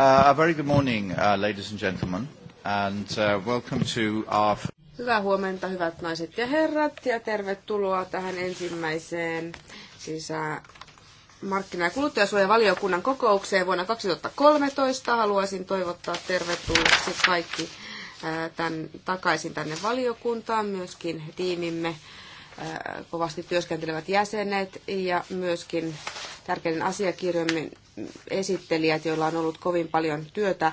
Uh, a very good morning, uh, ladies and gentlemen, and uh, welcome to our... Hyvää huomenta, hyvät naiset ja herrat, ja tervetuloa tähän ensimmäiseen sisämarkkina- ja kuluttajasuojavaliokunnan kokoukseen vuonna 2013. Haluaisin toivottaa tervetulleeksi kaikki tämän, takaisin tänne valiokuntaan, myöskin tiimimme kovasti työskentelevät jäsenet ja myöskin tärkeiden asiakirjojen esittelijät, joilla on ollut kovin paljon työtä äh,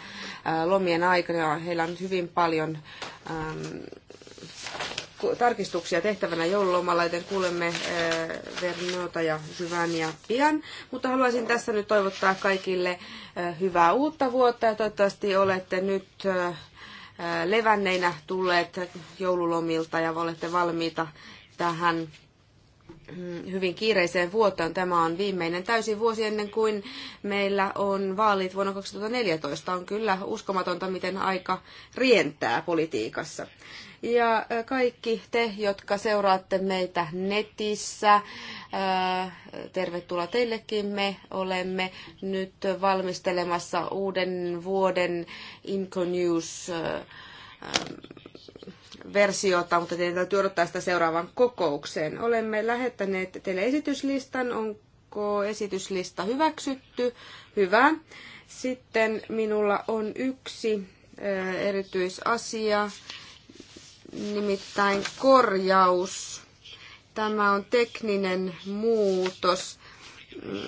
lomien aikana. Heillä on hyvin paljon ähm, tarkistuksia tehtävänä joululomalla, joten kuulemme äh, Vernota ja Syväniä pian. Mutta haluaisin tässä nyt toivottaa kaikille äh, hyvää uutta vuotta ja toivottavasti olette nyt levänneinä tulleet joululomilta ja olette valmiita tähän Mm, hyvin kiireiseen vuoteen. Tämä on viimeinen täysi vuosi ennen kuin meillä on vaalit vuonna 2014. On kyllä uskomatonta, miten aika rientää politiikassa. Ja kaikki te, jotka seuraatte meitä netissä, tervetuloa teillekin. Me olemme nyt valmistelemassa uuden vuoden Inconews versiota, mutta teidän täytyy odottaa sitä seuraavan kokoukseen. Olemme lähettäneet teille esityslistan. Onko esityslista hyväksytty? Hyvä. Sitten minulla on yksi erityisasia, nimittäin korjaus. Tämä on tekninen muutos mm,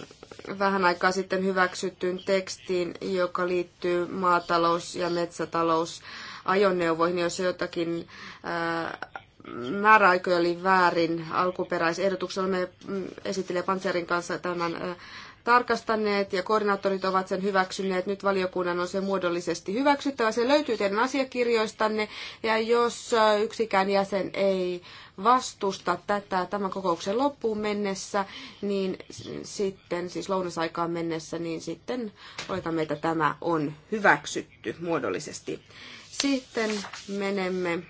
vähän aikaa sitten hyväksyttyyn tekstiin, joka liittyy maatalous- ja metsätalous ajoneuvoihin, joissa jotakin määräaikoja oli väärin alkuperäisehdotuksella. Me mm, esittelee Panzerin kanssa tämän tarkastaneet ja koordinaattorit ovat sen hyväksyneet. Nyt valiokunnan on se muodollisesti hyväksyttävä. Se löytyy teidän asiakirjoistanne ja jos yksikään jäsen ei vastusta tätä tämän kokouksen loppuun mennessä, niin sitten, siis lounasaikaan mennessä, niin sitten oletamme, että tämä on hyväksytty muodollisesti. Sitten menemme äh,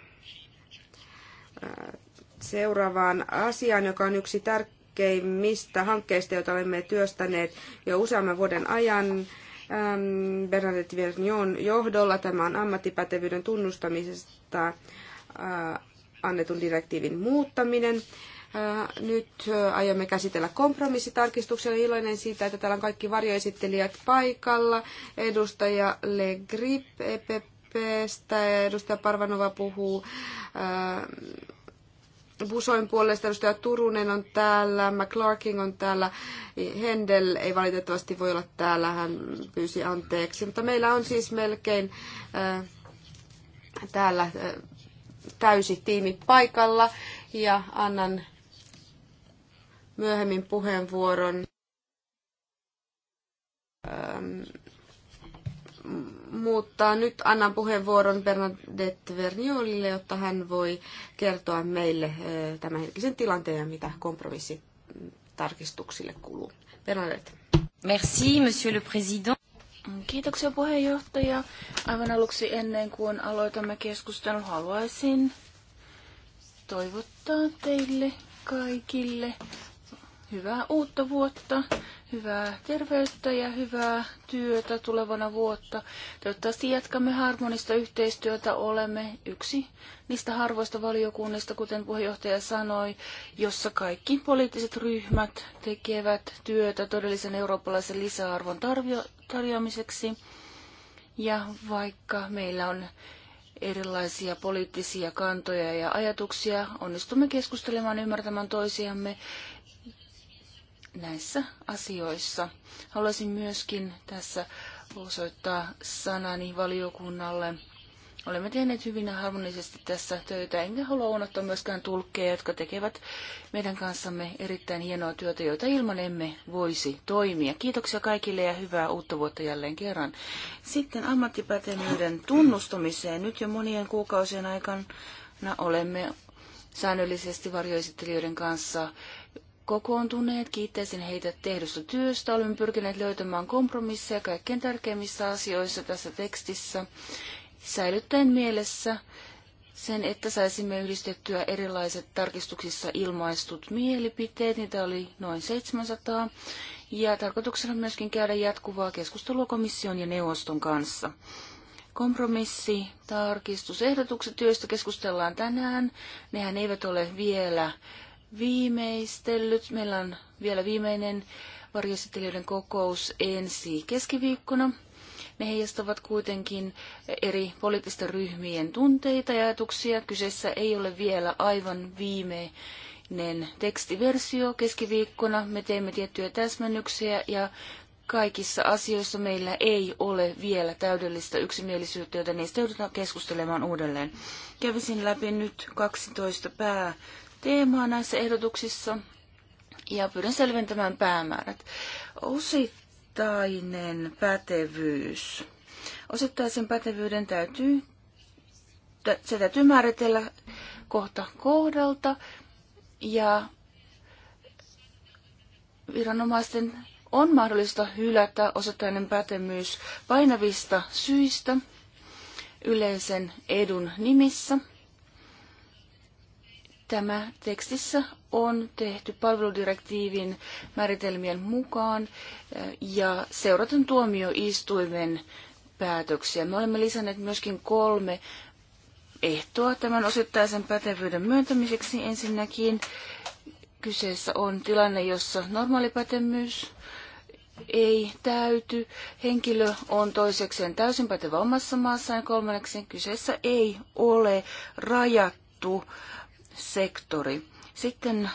seuraavaan asiaan, joka on yksi tärkeimmistä hankkeista, joita olemme työstäneet jo useamman vuoden ajan. Ähm, Bernadette Vernion johdolla. Tämä on ammattipätevyyden tunnustamisesta äh, annetun direktiivin muuttaminen. Äh, nyt aiomme käsitellä kompromissitarkistuksen. Iloinen siitä, että täällä on kaikki varjoesittelijät paikalla. Edustaja Le Grip, EPP ja Edustaja Parvanova puhuu äh, Busoin puolesta. Edustaja Turunen on täällä, McClarkin on täällä. Hendel ei valitettavasti voi olla täällä, hän pyysi anteeksi. Mutta meillä on siis melkein äh, täällä äh, täysi tiimi paikalla ja annan myöhemmin puheenvuoron ähm, mutta nyt annan puheenvuoron Bernadette Verniolille, jotta hän voi kertoa meille tämänhetkisen tilanteen ja mitä kompromissitarkistuksille kuuluu. Bernadette. Merci, monsieur le président. Kiitoksia puheenjohtaja. Aivan aluksi ennen kuin aloitamme keskustelun, haluaisin toivottaa teille kaikille hyvää uutta vuotta hyvää terveyttä ja hyvää työtä tulevana vuotta. Toivottavasti jatkamme harmonista yhteistyötä. Olemme yksi niistä harvoista valiokunnista, kuten puheenjohtaja sanoi, jossa kaikki poliittiset ryhmät tekevät työtä todellisen eurooppalaisen lisäarvon tarjoamiseksi. Ja vaikka meillä on erilaisia poliittisia kantoja ja ajatuksia, onnistumme keskustelemaan ymmärtämään toisiamme näissä asioissa. Haluaisin myöskin tässä osoittaa sanani valiokunnalle. Olemme tehneet hyvin harmonisesti tässä töitä, enkä halua unohtaa myöskään tulkkeja, jotka tekevät meidän kanssamme erittäin hienoa työtä, joita ilman emme voisi toimia. Kiitoksia kaikille ja hyvää uutta vuotta jälleen kerran. Sitten ammattipätevyyden tunnustamiseen. Nyt jo monien kuukausien aikana olemme säännöllisesti varjoesittelijöiden kanssa kokoontuneet. Kiittäisin heitä tehdystä työstä. Olemme pyrkineet löytämään kompromisseja kaikkein tärkeimmissä asioissa tässä tekstissä, säilyttäen mielessä sen, että saisimme yhdistettyä erilaiset tarkistuksissa ilmaistut mielipiteet. Niitä oli noin 700. Ja tarkoituksena myöskin käydä jatkuvaa keskustelua komission ja neuvoston kanssa. Kompromissi, tarkistusehdotukset, työstä keskustellaan tänään. Nehän eivät ole vielä viimeistellyt. Meillä on vielä viimeinen varjoesittelijöiden kokous ensi keskiviikkona. Ne heijastavat kuitenkin eri poliittisten ryhmien tunteita ja ajatuksia. Kyseessä ei ole vielä aivan viimeinen tekstiversio. Keskiviikkona me teemme tiettyjä täsmennyksiä ja kaikissa asioissa meillä ei ole vielä täydellistä yksimielisyyttä, joten niistä joudutaan keskustelemaan uudelleen. Kävisin läpi nyt 12 pää teemaa näissä ehdotuksissa ja pyydän selventämään päämäärät. Osittainen pätevyys. Osittaisen pätevyyden täytyy, se täytyy määritellä kohta kohdalta ja viranomaisten on mahdollista hylätä osittainen pätemyys painavista syistä yleisen edun nimissä – Tämä tekstissä on tehty palveludirektiivin määritelmien mukaan eh, ja seuraten tuomioistuimen päätöksiä. Me olemme lisänneet myöskin kolme ehtoa tämän osittaisen pätevyyden myöntämiseksi. Ensinnäkin kyseessä on tilanne, jossa normaali pätemyys ei täyty. Henkilö on toisekseen täysin pätevä omassa maassaan. Kolmanneksi kyseessä ei ole rajattu sektori. Sitten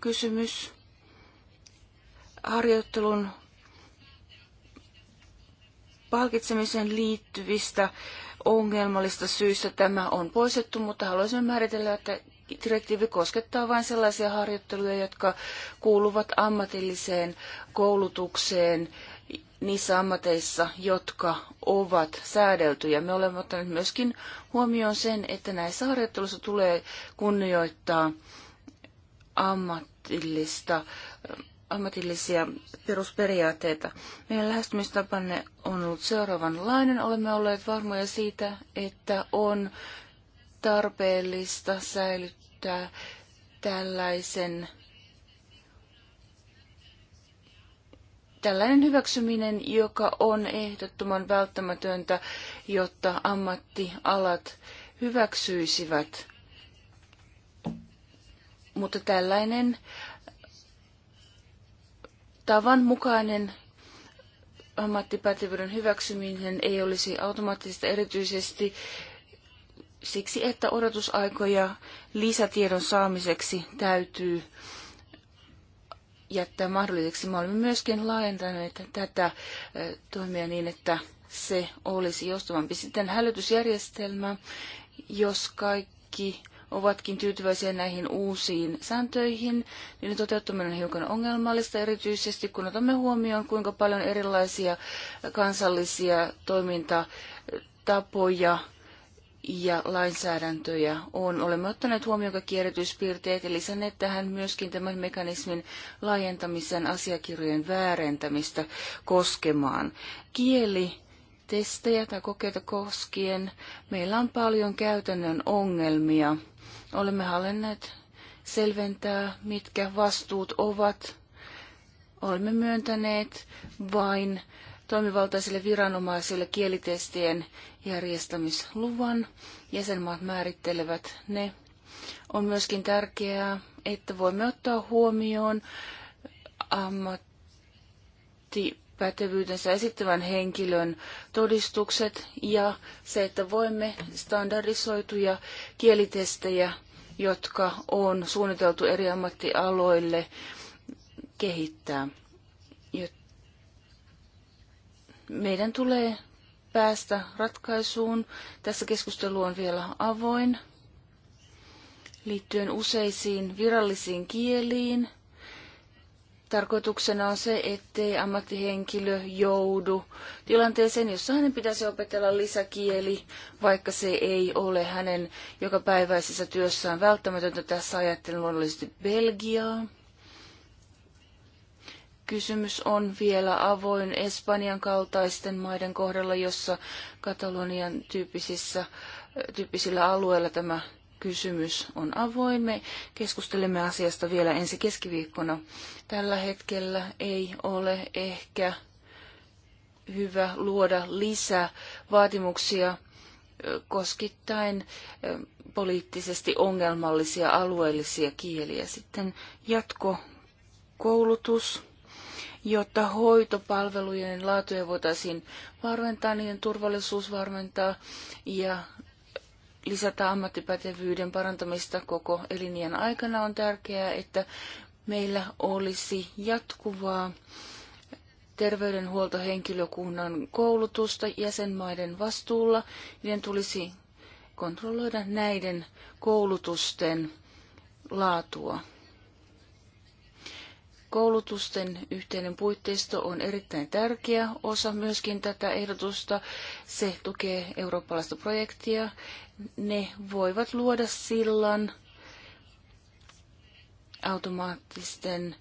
kysymys, Harjoittelun palkitsemiseen liittyvistä ongelmallista syistä tämä on poistettu, mutta haluaisin määritellä, että direktiivi koskettaa vain sellaisia harjoitteluja, jotka kuuluvat ammatilliseen koulutukseen niissä ammateissa, jotka ovat säädeltyjä. Me olemme ottaneet myöskin huomioon sen, että näissä harjoittelussa tulee kunnioittaa ammatillista, ammatillisia perusperiaatteita. Meidän lähestymistapanne on ollut seuraavanlainen. Olemme olleet varmoja siitä, että on tarpeellista säilyttää tällaisen tällainen hyväksyminen, joka on ehdottoman välttämätöntä, jotta ammattialat hyväksyisivät. Mutta tällainen tavanmukainen ammattipätevyyden hyväksyminen ei olisi automaattista erityisesti siksi, että odotusaikoja lisätiedon saamiseksi täytyy jättää mahdolliseksi. Me olemme myöskin laajentaneet tätä toimia niin, että se olisi joustavampi. Sitten hälytysjärjestelmä, jos kaikki ovatkin tyytyväisiä näihin uusiin sääntöihin, niin toteuttaminen on hiukan ongelmallista, erityisesti kun otamme huomioon, kuinka paljon erilaisia kansallisia toimintatapoja ja lainsäädäntöjä on. Olemme ottaneet huomioon kaikki erityispiirteet ja lisänneet tähän myöskin tämän mekanismin laajentamisen asiakirjojen väärentämistä koskemaan. Kieli testejä tai kokeita koskien meillä on paljon käytännön ongelmia. Olemme halunneet selventää, mitkä vastuut ovat. Olemme myöntäneet vain toimivaltaisille viranomaisille kielitestien järjestämisluvan. Jäsenmaat määrittelevät ne. On myöskin tärkeää, että voimme ottaa huomioon ammattipätevyytensä esittävän henkilön todistukset ja se, että voimme standardisoituja kielitestejä, jotka on suunniteltu eri ammattialoille, kehittää meidän tulee päästä ratkaisuun. Tässä keskustelu on vielä avoin liittyen useisiin virallisiin kieliin. Tarkoituksena on se, ettei ammattihenkilö joudu tilanteeseen, jossa hänen pitäisi opetella lisäkieli, vaikka se ei ole hänen jokapäiväisessä työssään välttämätöntä. Tässä ajattelen luonnollisesti Belgiaa kysymys on vielä avoin Espanjan kaltaisten maiden kohdalla, jossa Katalonian tyyppisissä, tyyppisillä alueilla tämä kysymys on avoin. Me keskustelemme asiasta vielä ensi keskiviikkona. Tällä hetkellä ei ole ehkä hyvä luoda lisää vaatimuksia koskittain poliittisesti ongelmallisia alueellisia kieliä. Sitten jatkokoulutus jotta hoitopalvelujen laatuja voitaisiin varmentaa, niiden turvallisuus varmentaa ja lisätä ammattipätevyyden parantamista koko elinien aikana on tärkeää, että meillä olisi jatkuvaa terveydenhuoltohenkilökunnan koulutusta jäsenmaiden vastuulla. Niiden tulisi kontrolloida näiden koulutusten laatua. Koulutusten yhteinen puitteisto on erittäin tärkeä osa myöskin tätä ehdotusta. Se tukee eurooppalaista projektia. Ne voivat luoda sillan automaattisten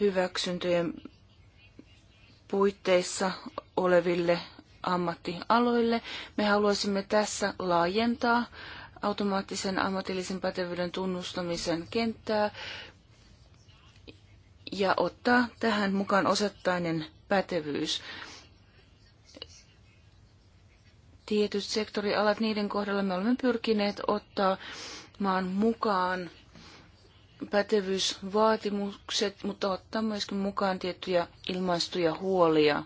hyväksyntöjen puitteissa oleville ammattialoille. Me haluaisimme tässä laajentaa automaattisen ammatillisen pätevyyden tunnustamisen kenttää ja ottaa tähän mukaan osattainen pätevyys. Tietyt sektorialat, niiden kohdalla me olemme pyrkineet ottaa maan mukaan pätevyysvaatimukset, mutta ottaa myöskin mukaan tiettyjä ilmaistuja huolia.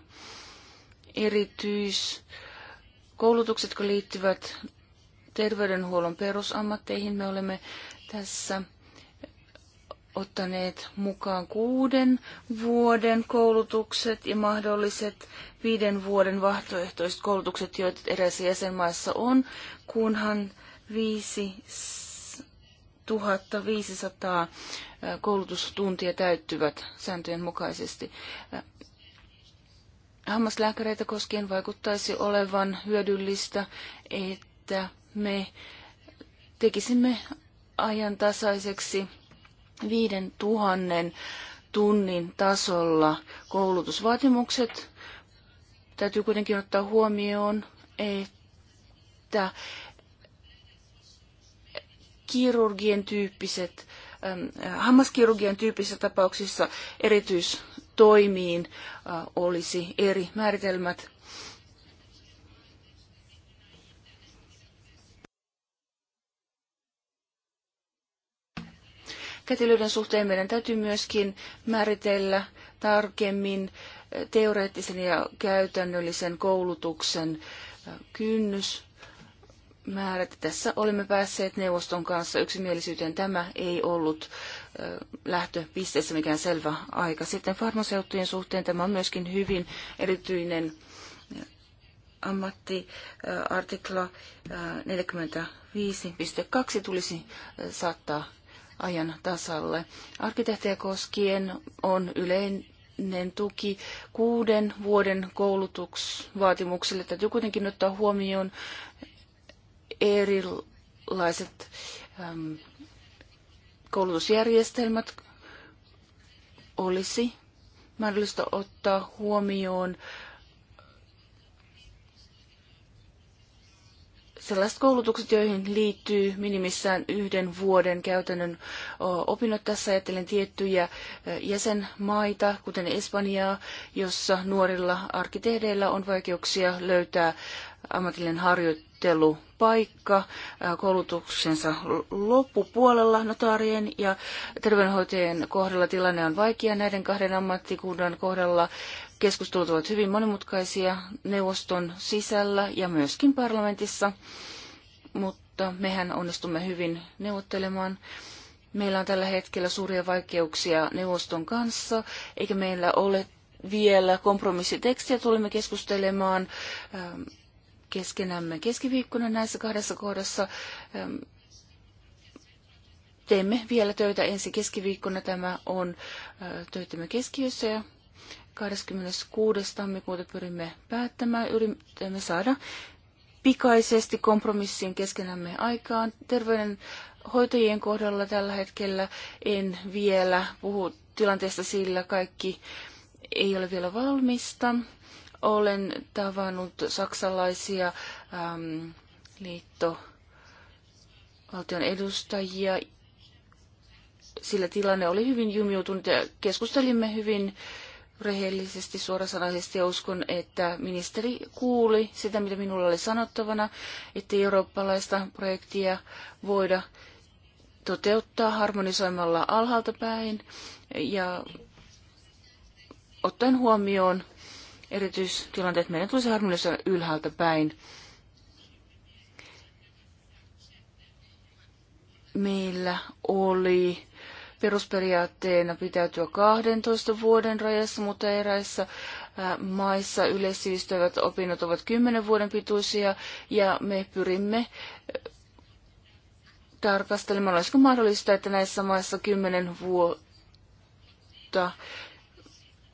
Erityiskoulutukset, jotka liittyvät terveydenhuollon perusammatteihin, me olemme tässä – ottaneet mukaan kuuden vuoden koulutukset ja mahdolliset viiden vuoden vaihtoehtoiset koulutukset, joita eräissä jäsenmaissa on, kunhan 5500 koulutustuntia täyttyvät sääntöjen mukaisesti. Hammaslääkäreitä koskien vaikuttaisi olevan hyödyllistä, että me tekisimme ajantasaiseksi viiden tuhannen tunnin tasolla koulutusvaatimukset. Täytyy kuitenkin ottaa huomioon, että kirurgien tyyppiset, äh, hammaskirurgien tyyppisissä tapauksissa erityistoimiin äh, olisi eri määritelmät kätilöiden suhteen meidän täytyy myöskin määritellä tarkemmin eh, teoreettisen ja käytännöllisen koulutuksen eh, kynnys määrät. Tässä olemme päässeet neuvoston kanssa yksimielisyyteen. Tämä ei ollut eh, lähtöpisteessä mikään selvä aika. Sitten farmaseuttien suhteen tämä on myöskin hyvin erityinen ammattiartikla 45.2 tulisi saattaa ajan tasalle. Arkkitehtiä koskien on yleinen tuki kuuden vuoden koulutusvaatimuksille. Täytyy kuitenkin ottaa huomioon erilaiset koulutusjärjestelmät. Olisi mahdollista ottaa huomioon äh, sellaiset koulutukset, joihin liittyy minimissään yhden vuoden käytännön opinnot. Tässä ajattelen tiettyjä jäsenmaita, kuten Espanjaa, jossa nuorilla arkkitehdeillä on vaikeuksia löytää ammatillinen harjoittelupaikka koulutuksensa loppupuolella notaarien ja terveydenhoitajien kohdalla tilanne on vaikea. Näiden kahden ammattikunnan kohdalla Keskustelut ovat hyvin monimutkaisia neuvoston sisällä ja myöskin parlamentissa, mutta mehän onnistumme hyvin neuvottelemaan. Meillä on tällä hetkellä suuria vaikeuksia neuvoston kanssa, eikä meillä ole vielä kompromissitekstiä. Tulemme keskustelemaan ähm, keskenämme keskiviikkona näissä kahdessa kohdassa. Ähm, teemme vielä töitä ensi keskiviikkona. Tämä on äh, töitämme keskiössä ja 26. tammikuuta pyrimme päättämään. Yritämme saada pikaisesti kompromissin keskenämme aikaan. Terveydenhoitajien kohdalla tällä hetkellä en vielä puhu tilanteesta sillä kaikki ei ole vielä valmista. Olen tavannut saksalaisia äm, liittovaltion edustajia, sillä tilanne oli hyvin jumiutunut ja keskustelimme hyvin äh, rehellisesti, suorasanaisesti ja uskon, että ministeri kuuli sitä, mitä minulla oli sanottavana, että eurooppalaista projektia voida toteuttaa harmonisoimalla alhaalta päin ja ottaen huomioon erityistilanteet meidän tulisi harmonisoida ylhäältä päin. Meillä oli perusperiaatteena pitäytyä 12 vuoden rajassa, mutta eräissä maissa yleissivistävät opinnot ovat 10 vuoden pituisia ja me pyrimme tarkastelemaan, olisiko mahdollista, että näissä maissa 10 vuotta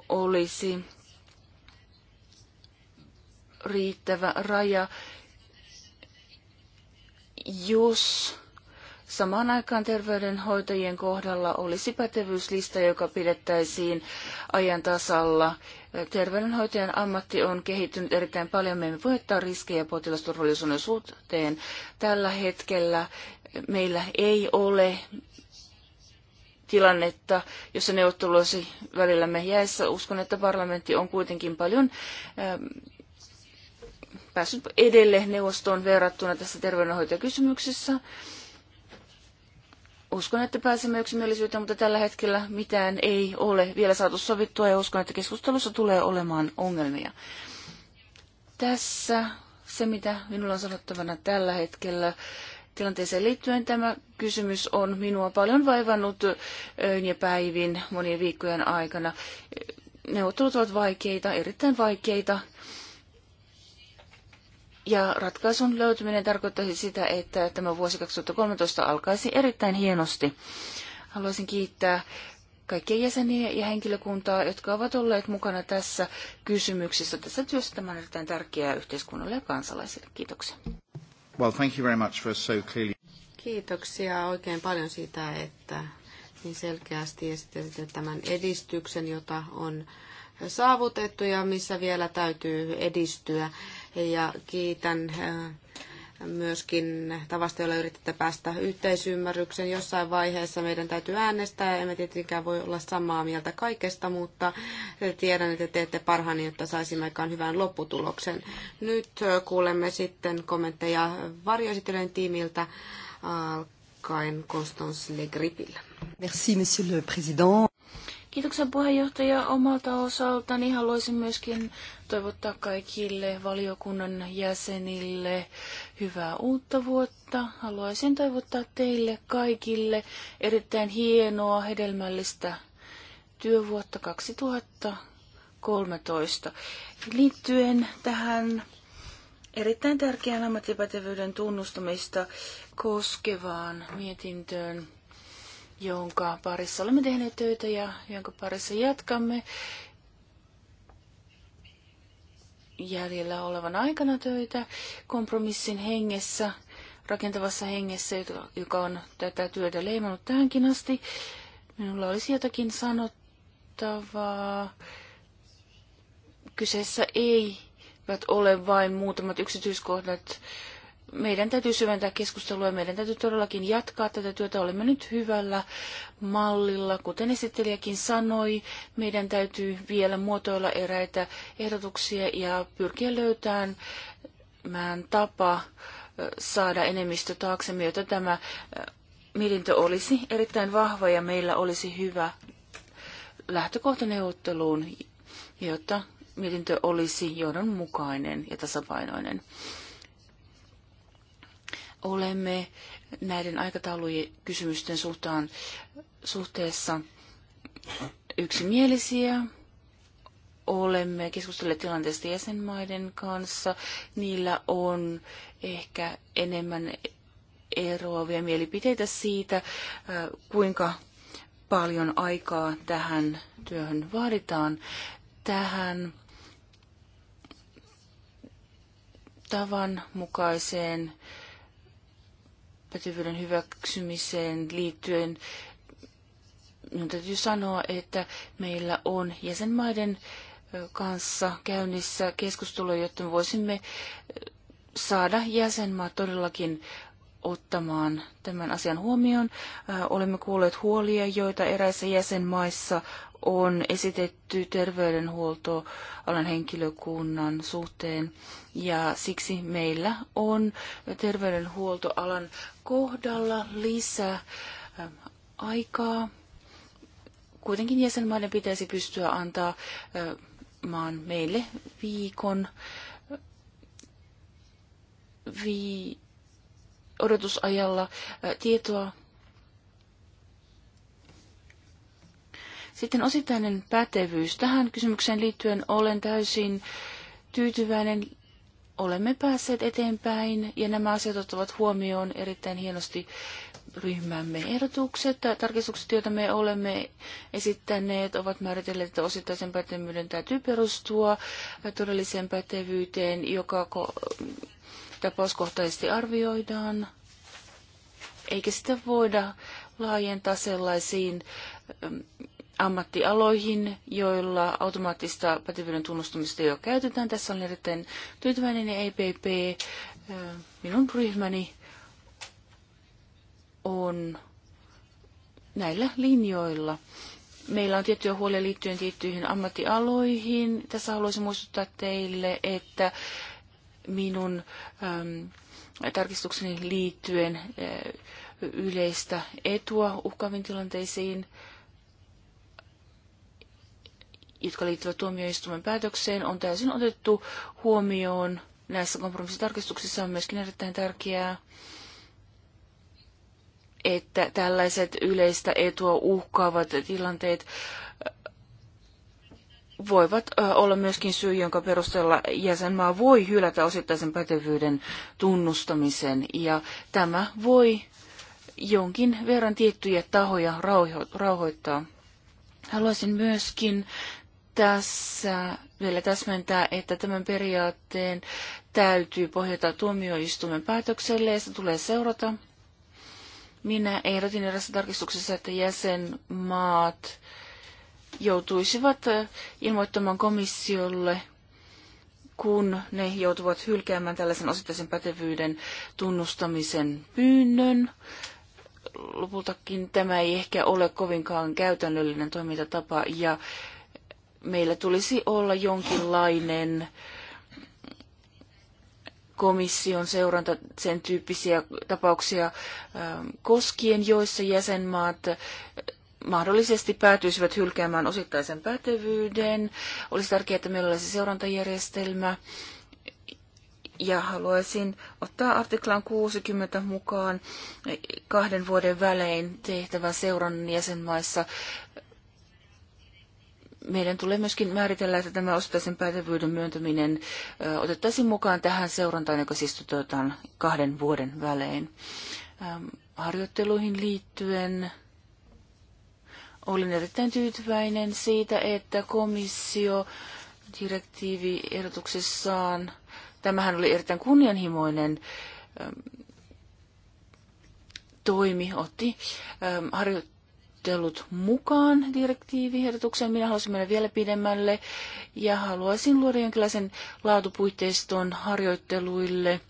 olisi riittävä raja, jos Samaan aikaan terveydenhoitajien kohdalla olisi pätevyyslista, joka pidettäisiin ajan tasalla. Terveydenhoitajan ammatti on kehittynyt erittäin paljon. Me emme voi ottaa riskejä potilasturvallisuuden suhteen. Tällä hetkellä meillä ei ole tilannetta, jossa neuvottelu olisi välillämme jäessä. Uskon, että parlamentti on kuitenkin paljon ähm, päässyt edelle neuvostoon verrattuna tässä terveydenhoitajakysymyksessä. kysymyksessä Uskon, että pääsemme yksimielisyyteen, mutta tällä hetkellä mitään ei ole vielä saatu sovittua ja uskon, että keskustelussa tulee olemaan ongelmia. Tässä se, mitä minulla on sanottavana tällä hetkellä tilanteeseen liittyen tämä kysymys on minua paljon vaivannut öin ja päivin monien viikkojen aikana. Neuvottelut ovat vaikeita, erittäin vaikeita. Ja ratkaisun löytyminen tarkoittaisi sitä, että tämä vuosi 2013 alkaisi erittäin hienosti. Haluaisin kiittää kaikkia jäseniä ja henkilökuntaa, jotka ovat olleet mukana tässä kysymyksessä, tässä työssä. Tämä on erittäin tärkeää yhteiskunnalle ja kansalaisille. Kiitoksia. Well, thank you very much for so clearly... Kiitoksia oikein paljon siitä, että niin selkeästi esittelitte tämän edistyksen, jota on saavutettu ja missä vielä täytyy edistyä ja kiitän äh, myöskin tavasta, jolla yritätte päästä yhteisymmärrykseen. Jossain vaiheessa meidän täytyy äänestää. Emme tietenkään voi olla samaa mieltä kaikesta, mutta tiedän, että teette parhaani, jotta saisimme aikaan hyvän lopputuloksen. Nyt äh, kuulemme sitten kommentteja varjoesittelyjen tiimiltä alkaen Constance Le Merci, monsieur le président. Kiitoksia puheenjohtaja omalta osaltani. Haluaisin myöskin toivottaa kaikille valiokunnan jäsenille hyvää uutta vuotta. Haluaisin toivottaa teille kaikille erittäin hienoa, hedelmällistä työvuotta 2013. Liittyen tähän erittäin tärkeään ammattipätevyyden tunnustamista koskevaan mietintöön jonka parissa olemme tehneet töitä ja jonka parissa jatkamme jäljellä olevan aikana töitä kompromissin hengessä, rakentavassa hengessä, joka on tätä työtä leimannut tähänkin asti. Minulla olisi jotakin sanottavaa. Kyseessä eivät ole vain muutamat yksityiskohdat, meidän täytyy syventää keskustelua ja meidän täytyy todellakin jatkaa tätä työtä. Olemme nyt hyvällä mallilla. Kuten esittelijäkin sanoi, meidän täytyy vielä muotoilla eräitä ehdotuksia ja pyrkiä löytämään tapa saada enemmistö taaksemme, jotta tämä mietintö olisi erittäin vahva ja meillä olisi hyvä lähtökohta neuvotteluun, jotta mietintö olisi johdonmukainen ja tasapainoinen olemme näiden aikataulujen kysymysten suhtaan, suhteessa yksimielisiä. Olemme keskustelleet tilanteesta jäsenmaiden kanssa. Niillä on ehkä enemmän eroavia mielipiteitä siitä, äh, kuinka paljon aikaa tähän työhön vaaditaan. Tähän tavan mukaiseen pätevyyden hyväksymiseen liittyen minun täytyy sanoa, että meillä on jäsenmaiden kanssa käynnissä keskustelu, jotta me voisimme saada jäsenmaat todellakin ottamaan tämän asian huomioon. Olemme kuulleet huolia, joita eräissä jäsenmaissa on esitetty terveydenhuoltoalan henkilökunnan suhteen ja siksi meillä on terveydenhuoltoalan kohdalla lisää aikaa. Kuitenkin jäsenmaiden pitäisi pystyä antaa maan meille viikon vi- odotusajalla tietoa. Sitten osittainen pätevyys. Tähän kysymykseen liittyen olen täysin tyytyväinen. Olemme päässeet eteenpäin ja nämä asiat ottavat huomioon erittäin hienosti ryhmämme ehdotukset. Tarkistukset, joita me olemme esittäneet, ovat määritelleet, että osittaisen pätevyyden täytyy perustua todelliseen pätevyyteen, joka tapauskohtaisesti arvioidaan, eikä sitä voida laajentaa sellaisiin ammattialoihin, joilla automaattista pätevyyden tunnustamista jo käytetään. Tässä on erittäin tyytyväinen EPP. Minun ryhmäni on näillä linjoilla. Meillä on tiettyjä huolia liittyen tiettyihin ammattialoihin. Tässä haluaisin muistuttaa teille, että minun äm, tarkistukseni liittyen ä, äh, yleistä etua uhkaaviin tilanteisiin, jotka liittyvät tuomioistuimen päätökseen, on täysin otettu huomioon. Näissä kompromissitarkistuksissa on myöskin erittäin tärkeää, että tällaiset yleistä etua uhkaavat tilanteet voivat olla myöskin syy, jonka perusteella jäsenmaa voi hylätä osittaisen pätevyyden tunnustamisen. Ja tämä voi jonkin verran tiettyjä tahoja rauhoittaa. Haluaisin myöskin tässä vielä täsmentää, että tämän periaatteen täytyy pohjata tuomioistuimen päätökselle ja sitä tulee seurata. Minä ehdotin erässä tarkistuksessa, että jäsenmaat joutuisivat äh, ilmoittamaan komissiolle, kun ne joutuvat hylkäämään tällaisen osittaisen pätevyyden tunnustamisen pyynnön. Lopultakin tämä ei ehkä ole kovinkaan käytännöllinen toimintatapa ja meillä tulisi olla jonkinlainen komission seuranta sen tyyppisiä tapauksia ähm, koskien, joissa jäsenmaat mahdollisesti päätyisivät hylkäämään osittaisen pätevyyden. Olisi tärkeää, että meillä olisi seurantajärjestelmä. Ja haluaisin ottaa artiklan 60 mukaan kahden vuoden välein tehtävä seurannan jäsenmaissa. Meidän tulee myöskin määritellä, että tämä osittaisen pätevyyden myöntäminen otettaisiin mukaan tähän seurantaan, joka siis kahden vuoden välein. Harjoitteluihin liittyen Olin erittäin tyytyväinen siitä, että komissio direktiiviehdotuksessaan, tämähän oli erittäin kunnianhimoinen ähm, toimi, otti ähm, harjoittelut mukaan direktiiviehdotukseen. Minä haluaisin mennä vielä pidemmälle ja haluaisin luoda jonkinlaisen laatupuitteiston harjoitteluille –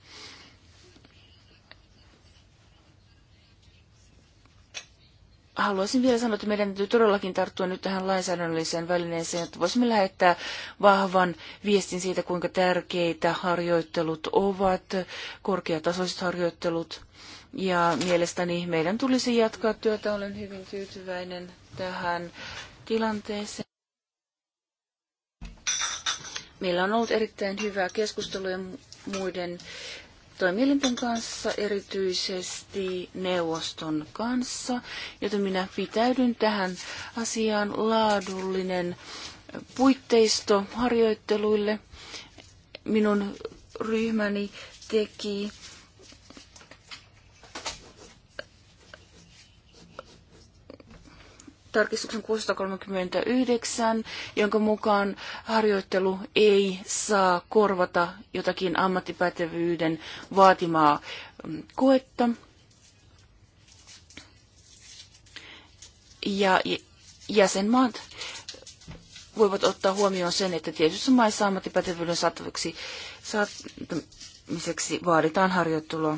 haluaisin vielä sanoa, että meidän täytyy todellakin tarttua nyt tähän lainsäädännölliseen välineeseen, että voisimme lähettää vahvan viestin siitä, kuinka tärkeitä harjoittelut ovat, korkeatasoiset harjoittelut. Ja mielestäni meidän tulisi jatkaa työtä. Olen hyvin tyytyväinen tähän tilanteeseen. Meillä on ollut erittäin hyvää keskustelua muiden toimielinten kanssa, erityisesti neuvoston kanssa, joten minä pitäydyn tähän asiaan laadullinen puitteisto harjoitteluille. Minun ryhmäni teki tarkistuksen 639, jonka mukaan harjoittelu ei saa korvata jotakin ammattipätevyyden vaatimaa mm, koetta. Ja jäsenmaat voivat ottaa huomioon sen, että tietyissä maissa ammattipätevyyden saatavuksi saattamiseksi vaaditaan harjoittelua.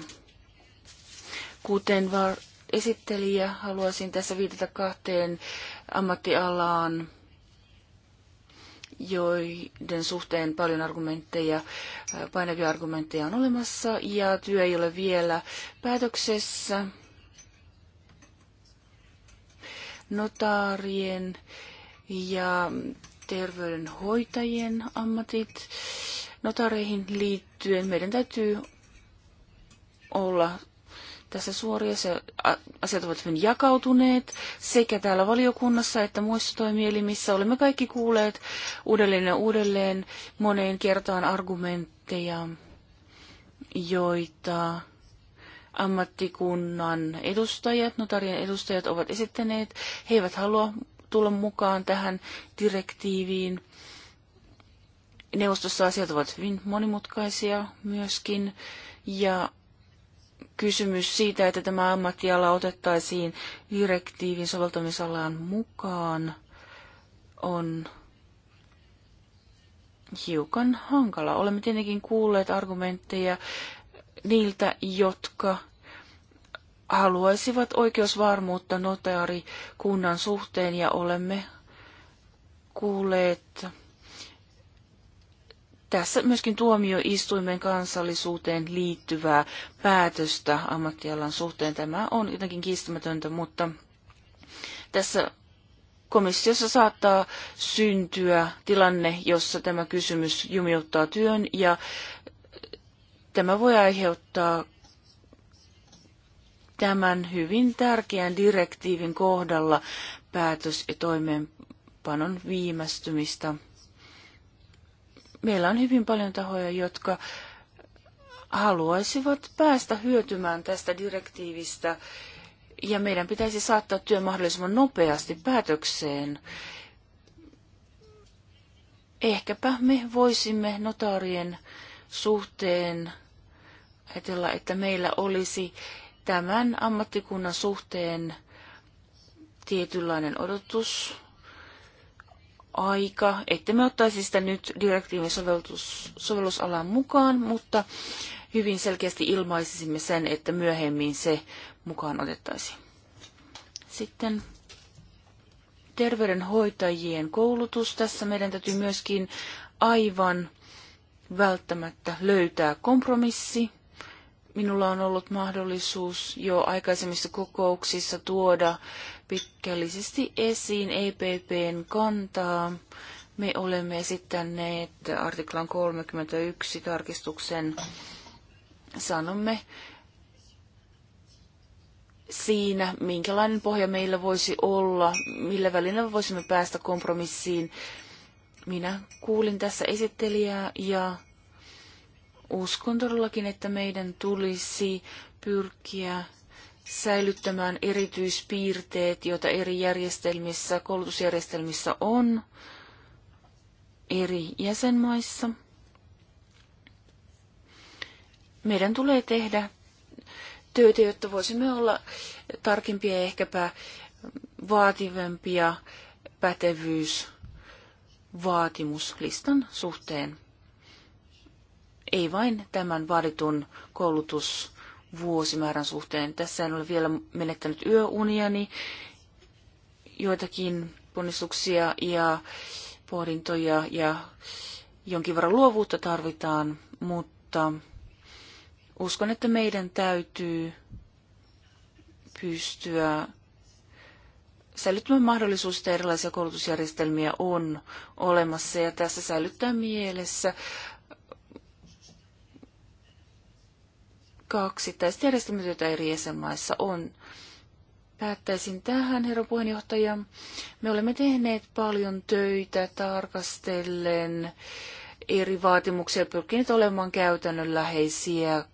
Kuten var- esittelijä. Haluaisin tässä viitata kahteen ammattialaan, joiden suhteen paljon argumentteja, painavia argumentteja on olemassa ja työ ei ole vielä päätöksessä. Notaarien ja terveydenhoitajien ammatit. Notareihin liittyen meidän täytyy olla tässä suoria. Se, asiat ovat hyvin jakautuneet sekä täällä valiokunnassa että muissa toimielimissä. Olemme kaikki kuulleet uudelleen ja uudelleen moneen kertaan argumentteja, joita ammattikunnan edustajat, notarien edustajat ovat esittäneet. He eivät halua tulla mukaan tähän direktiiviin. Neuvostossa asiat ovat hyvin monimutkaisia myöskin, ja kysymys siitä, että tämä ammattiala otettaisiin direktiivin soveltamisalaan mukaan, on hiukan hankala. Olemme tietenkin kuulleet argumentteja niiltä, jotka haluaisivat oikeusvarmuutta notaarikunnan suhteen ja olemme kuulleet tässä myöskin tuomioistuimen kansallisuuteen liittyvää päätöstä ammattialan suhteen. Tämä on jotenkin kiistämätöntä, mutta tässä komissiossa saattaa syntyä tilanne, jossa tämä kysymys jumiuttaa työn ja tämä voi aiheuttaa tämän hyvin tärkeän direktiivin kohdalla päätös- ja toimeenpanon viimästymistä meillä on hyvin paljon tahoja, jotka haluaisivat päästä hyötymään tästä direktiivistä ja meidän pitäisi saattaa työ mahdollisimman nopeasti päätökseen. Ehkäpä me voisimme notaarien suhteen ajatella, että meillä olisi tämän ammattikunnan suhteen tietynlainen odotus aika, että me ottaisi sitä nyt direktiivin sovellus, sovellusalan mukaan, mutta hyvin selkeästi ilmaisisimme sen, että myöhemmin se mukaan otettaisiin. Sitten terveydenhoitajien koulutus. Tässä meidän täytyy myöskin aivan välttämättä löytää kompromissi. Minulla on ollut mahdollisuus jo aikaisemmissa kokouksissa tuoda pitkällisesti esiin EPPn kantaa. Me olemme esittäneet artiklan 31 tarkistuksen. Sanomme siinä, minkälainen pohja meillä voisi olla, millä välillä voisimme päästä kompromissiin. Minä kuulin tässä esittelijää ja uskon todellakin, että meidän tulisi pyrkiä säilyttämään erityispiirteet, joita eri järjestelmissä, koulutusjärjestelmissä on eri jäsenmaissa. Meidän tulee tehdä töitä, jotta voisimme olla tarkempia ja ehkäpä vaativampia pätevyysvaatimuslistan suhteen. Ei vain tämän vaaditun koulutus vuosimäärän suhteen. Tässä en ole vielä menettänyt yöuniani, joitakin ponnistuksia ja pohdintoja ja jonkin verran luovuutta tarvitaan, mutta uskon, että meidän täytyy pystyä säilyttämään mahdollisuus, että erilaisia koulutusjärjestelmiä on olemassa ja tässä säilyttää mielessä kaksittaiset järjestelmät, eri jäsenmaissa on. Päättäisin tähän, herra puheenjohtaja. Me olemme tehneet paljon töitä tarkastellen eri vaatimuksia, pyrkineet olemaan käytännönläheisiä,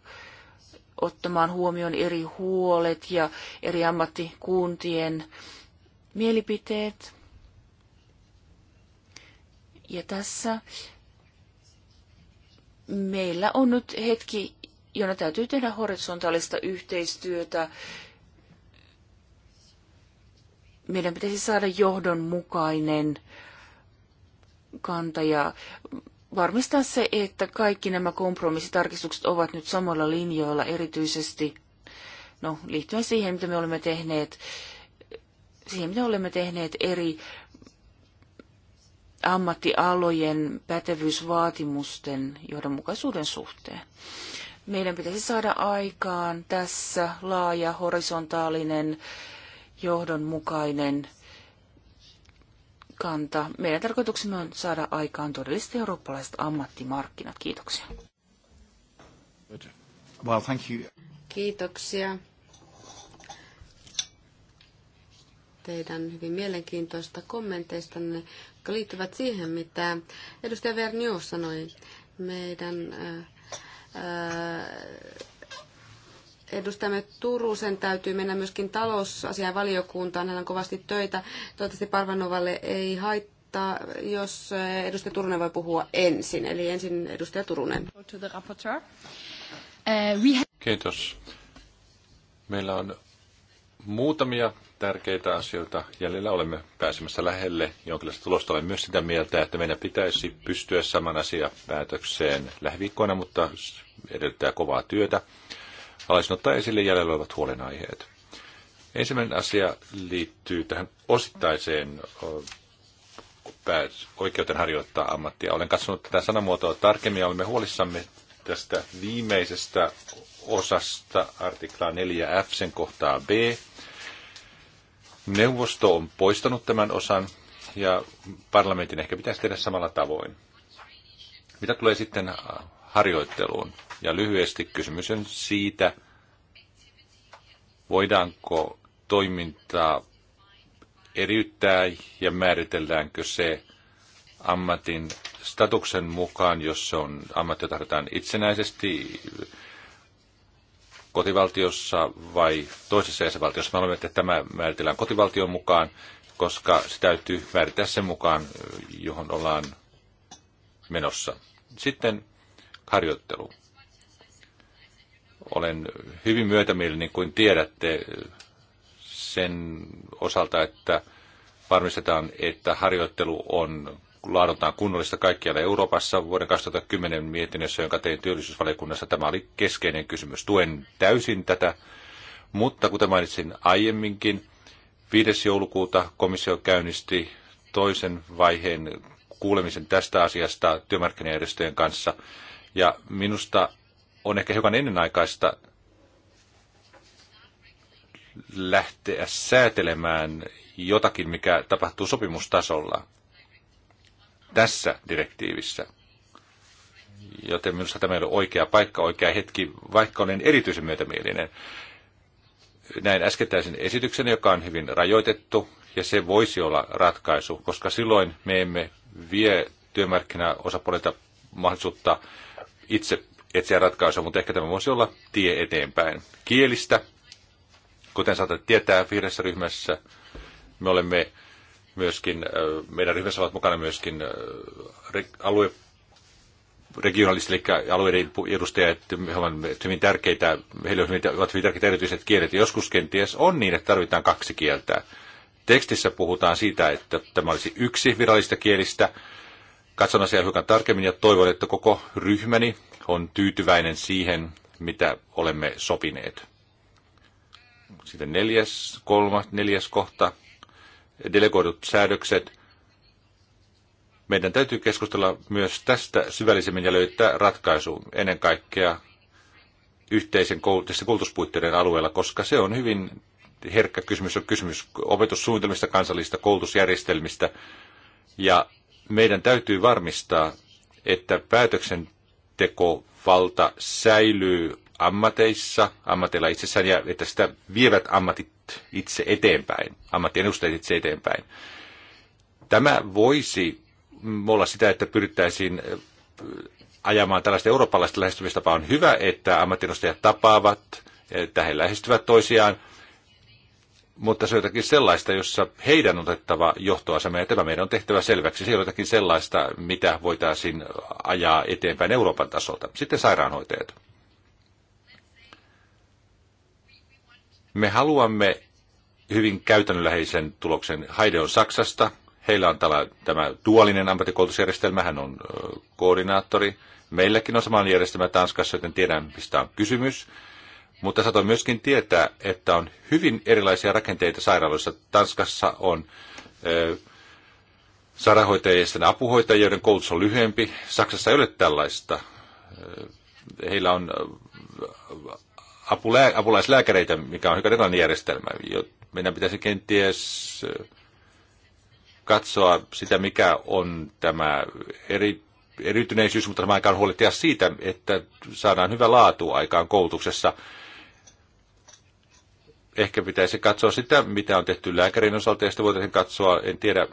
ottamaan huomioon eri huolet ja eri ammattikuntien mielipiteet. Ja tässä meillä on nyt hetki jona täytyy tehdä horisontaalista yhteistyötä. Meidän pitäisi saada johdonmukainen kanta ja varmistaa se, että kaikki nämä kompromissitarkistukset ovat nyt samalla linjoilla erityisesti no, liittyen siihen, mitä me olemme tehneet, siihen, mitä olemme tehneet eri ammattialojen pätevyysvaatimusten johdonmukaisuuden suhteen meidän pitäisi saada aikaan tässä laaja, horisontaalinen, johdonmukainen kanta. Meidän tarkoituksemme on saada aikaan todelliset eurooppalaiset ammattimarkkinat. Kiitoksia. Well, thank you. Kiitoksia teidän hyvin mielenkiintoista kommenteista, jotka liittyvät siihen, mitä edustaja Vernius sanoi. Meidän äh, edustamme Turusen täytyy mennä myöskin talousasianvaliokuntaan. Hän on kovasti töitä. Toivottavasti Parvanovalle ei haittaa, jos edustaja Turunen voi puhua ensin. Eli ensin edustaja Turunen. Kiitos. Meillä on muutamia tärkeitä asioita. Jäljellä olemme pääsemässä lähelle jonkinlaista tulosta. Olen myös sitä mieltä, että meidän pitäisi pystyä saman asia päätökseen lähiviikkoina, mutta edellyttää kovaa työtä. Haluaisin ottaa esille jäljellä olevat huolenaiheet. Ensimmäinen asia liittyy tähän osittaiseen oikeuteen harjoittaa ammattia. Olen katsonut tätä sanamuotoa tarkemmin ja olemme huolissamme tästä viimeisestä osasta artiklaa 4f sen kohtaa b, Neuvosto on poistanut tämän osan ja parlamentin ehkä pitäisi tehdä samalla tavoin. Mitä tulee sitten harjoitteluun? Ja lyhyesti kysymys on siitä, voidaanko toimintaa eriyttää ja määritelläänkö se ammatin statuksen mukaan, jos se on ammatti, jota itsenäisesti kotivaltiossa vai toisessa jäsenvaltiossa. Me olemme, että tämä määritellään kotivaltion mukaan, koska se täytyy määritellä sen mukaan, johon ollaan menossa. Sitten harjoittelu. Olen hyvin myötämielinen, niin kuin tiedätte, sen osalta, että varmistetaan, että harjoittelu on laadultaan kunnollista kaikkialla Euroopassa. Vuoden 2010 mietinnössä, jonka tein työllisyysvaliokunnassa, tämä oli keskeinen kysymys. Tuen täysin tätä, mutta kuten mainitsin aiemminkin, 5. joulukuuta komissio käynnisti toisen vaiheen kuulemisen tästä asiasta työmarkkinajärjestöjen kanssa. Ja minusta on ehkä hiukan ennenaikaista lähteä säätelemään jotakin, mikä tapahtuu sopimustasolla tässä direktiivissä. Joten minusta tämä ei ole oikea paikka, oikea hetki, vaikka olen erityisen myötämielinen. Näin äskettäisen esityksen, joka on hyvin rajoitettu, ja se voisi olla ratkaisu, koska silloin me emme vie työmarkkinaosapuolilta mahdollisuutta itse etsiä ratkaisua, mutta ehkä tämä voisi olla tie eteenpäin. Kielistä, kuten saatat tietää vihreässä ryhmässä, me olemme myöskin, meidän ryhmässä ovat mukana myöskin alue, regionaalista eli alueiden edustajat, he ovat hyvin tärkeitä, heillä ovat hyvin tärkeitä erityiset kielet. Joskus kenties on niin, että tarvitaan kaksi kieltä. Tekstissä puhutaan siitä, että tämä olisi yksi virallista kielistä. Katson asiaa hiukan tarkemmin ja toivon, että koko ryhmäni on tyytyväinen siihen, mitä olemme sopineet. Sitten neljäs, kolmas, neljäs kohta delegoidut säädökset. Meidän täytyy keskustella myös tästä syvällisemmin ja löytää ratkaisu ennen kaikkea yhteisen koulutus- koulutuspuitteiden alueella, koska se on hyvin herkkä kysymys. On kysymys opetussuunnitelmista, kansallisista koulutusjärjestelmistä. Ja meidän täytyy varmistaa, että päätöksentekovalta säilyy ammateissa, ammateilla itsessään, ja että sitä vievät ammatit itse eteenpäin, ammattiedustajat itse eteenpäin. Tämä voisi olla sitä, että pyrittäisiin ajamaan tällaista eurooppalaista lähestymistapaa. On hyvä, että ammattiedustajat tapaavat, että he lähestyvät toisiaan, mutta se on jotakin sellaista, jossa heidän on otettava johtoasema, ja tämä meidän on tehtävä selväksi. Se on jotakin sellaista, mitä voitaisiin ajaa eteenpäin Euroopan tasolta. Sitten sairaanhoitajat. Me haluamme hyvin käytännönläheisen tuloksen. Haide on Saksasta. Heillä on tällä, tämä tuolinen ammattikoulutusjärjestelmä. Hän on koordinaattori. Meilläkin on samanlainen järjestelmä Tanskassa, joten tiedän, mistä on kysymys. Mutta saatoin myöskin tietää, että on hyvin erilaisia rakenteita sairaaloissa. Tanskassa on ö, sairaanhoitajien apuhoitajia, joiden koulutus on lyhyempi. Saksassa ei ole tällaista. Heillä on apulää, apulaislääkäreitä, mikä on hyvin erilainen järjestelmä. Meidän pitäisi kenties äh, katsoa sitä, mikä on tämä eri, eriytyneisyys, mutta samaan aikaan huolehtia siitä, että saadaan hyvä laatu aikaan koulutuksessa. Ehkä pitäisi katsoa sitä, mitä on tehty lääkärin osalta, ja sitten voitaisiin katsoa, en tiedä,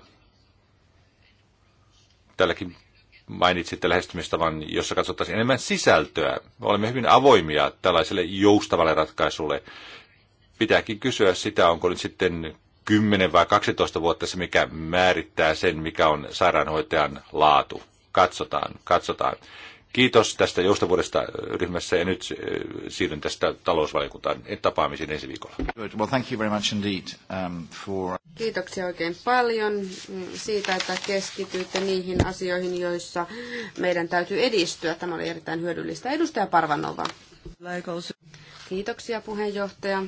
tälläkin mainitsitte lähestymistavan, jossa katsottaisiin enemmän sisältöä. Me olemme hyvin avoimia tällaiselle joustavalle ratkaisulle. Pitääkin kysyä sitä, onko nyt sitten 10 vai 12 vuotta se, mikä määrittää sen, mikä on sairaanhoitajan laatu. Katsotaan, katsotaan. Kiitos tästä joustavuudesta ryhmässä ja nyt äh, siirryn tästä talousvaliokuntaan tapaamisiin ensi viikolla. Well, thank you very much indeed, um, for... Kiitoksia oikein paljon mm, siitä, että keskityitte niihin asioihin, joissa meidän täytyy edistyä. Tämä oli erittäin hyödyllistä. Edustaja Parvanova. Kiitoksia puheenjohtaja.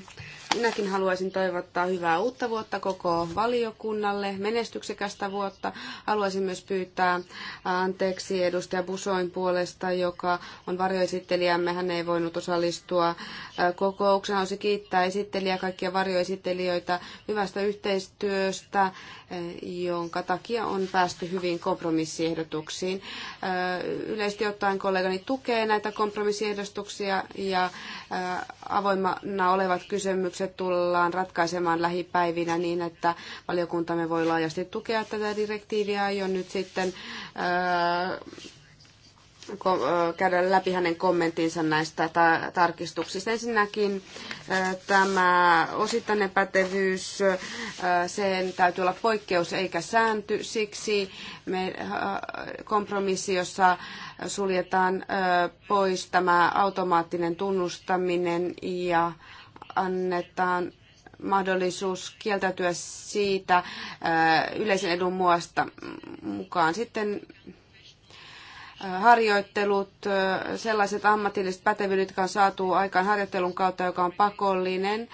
Minäkin haluaisin toivottaa hyvää uutta vuotta koko valiokunnalle, menestyksekästä vuotta. Haluaisin myös pyytää anteeksi edustaja Busoin puolesta, joka on varjoesittelijämme. Hän ei voinut osallistua kokoukseen. Haluaisin kiittää esittelijä kaikkia varjoesittelijöitä hyvästä yhteistyöstä, jonka takia on päästy hyvin kompromissiehdotuksiin. Yleisesti ottaen kollegani tukee näitä kompromissiehdotuksia ja avoimena olevat kysymykset kysymykset tullaan ratkaisemaan lähipäivinä niin, että valiokuntamme voi laajasti tukea tätä direktiiviä jo nyt sitten äh, äh, käydä läpi hänen kommenttinsa näistä ta- tarkistuksista. Ensinnäkin äh, tämä osittainen pätevyys, sen täytyy olla poikkeus eikä sääntö, siksi me, kompromissi, jossa suljetaan pois tämä automaattinen tunnustaminen ja annetaan mahdollisuus kieltäytyä siitä yleisen edun muasta mukaan. Sitten harjoittelut, sellaiset ammatilliset pätevyydet, jotka on saatu aikaan harjoittelun kautta, joka on pakollinen.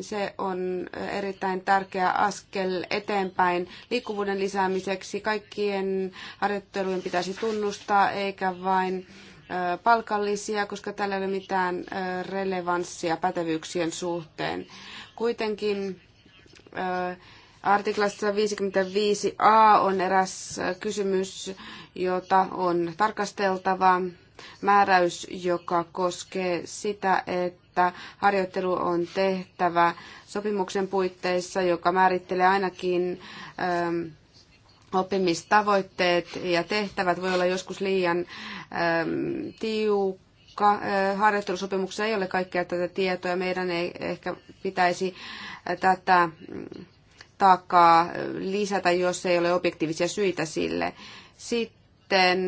Se on erittäin tärkeä askel eteenpäin liikkuvuuden lisäämiseksi. Kaikkien harjoittelujen pitäisi tunnustaa, eikä vain palkallisia, koska tällä ei ole mitään relevanssia pätevyyksien suhteen. Kuitenkin artiklassa 55a on eräs kysymys, jota on tarkasteltava. Määräys, joka koskee sitä, että harjoittelu on tehtävä sopimuksen puitteissa, joka määrittelee ainakin oppimistavoitteet ja tehtävät voi olla joskus liian äm, tiukka. Äh, harjoittelusopimuksessa ei ole kaikkea tätä tietoa. Meidän ei ehkä pitäisi äh, tätä mm, taakkaa äh, lisätä, jos ei ole objektiivisia syitä sille. Sitten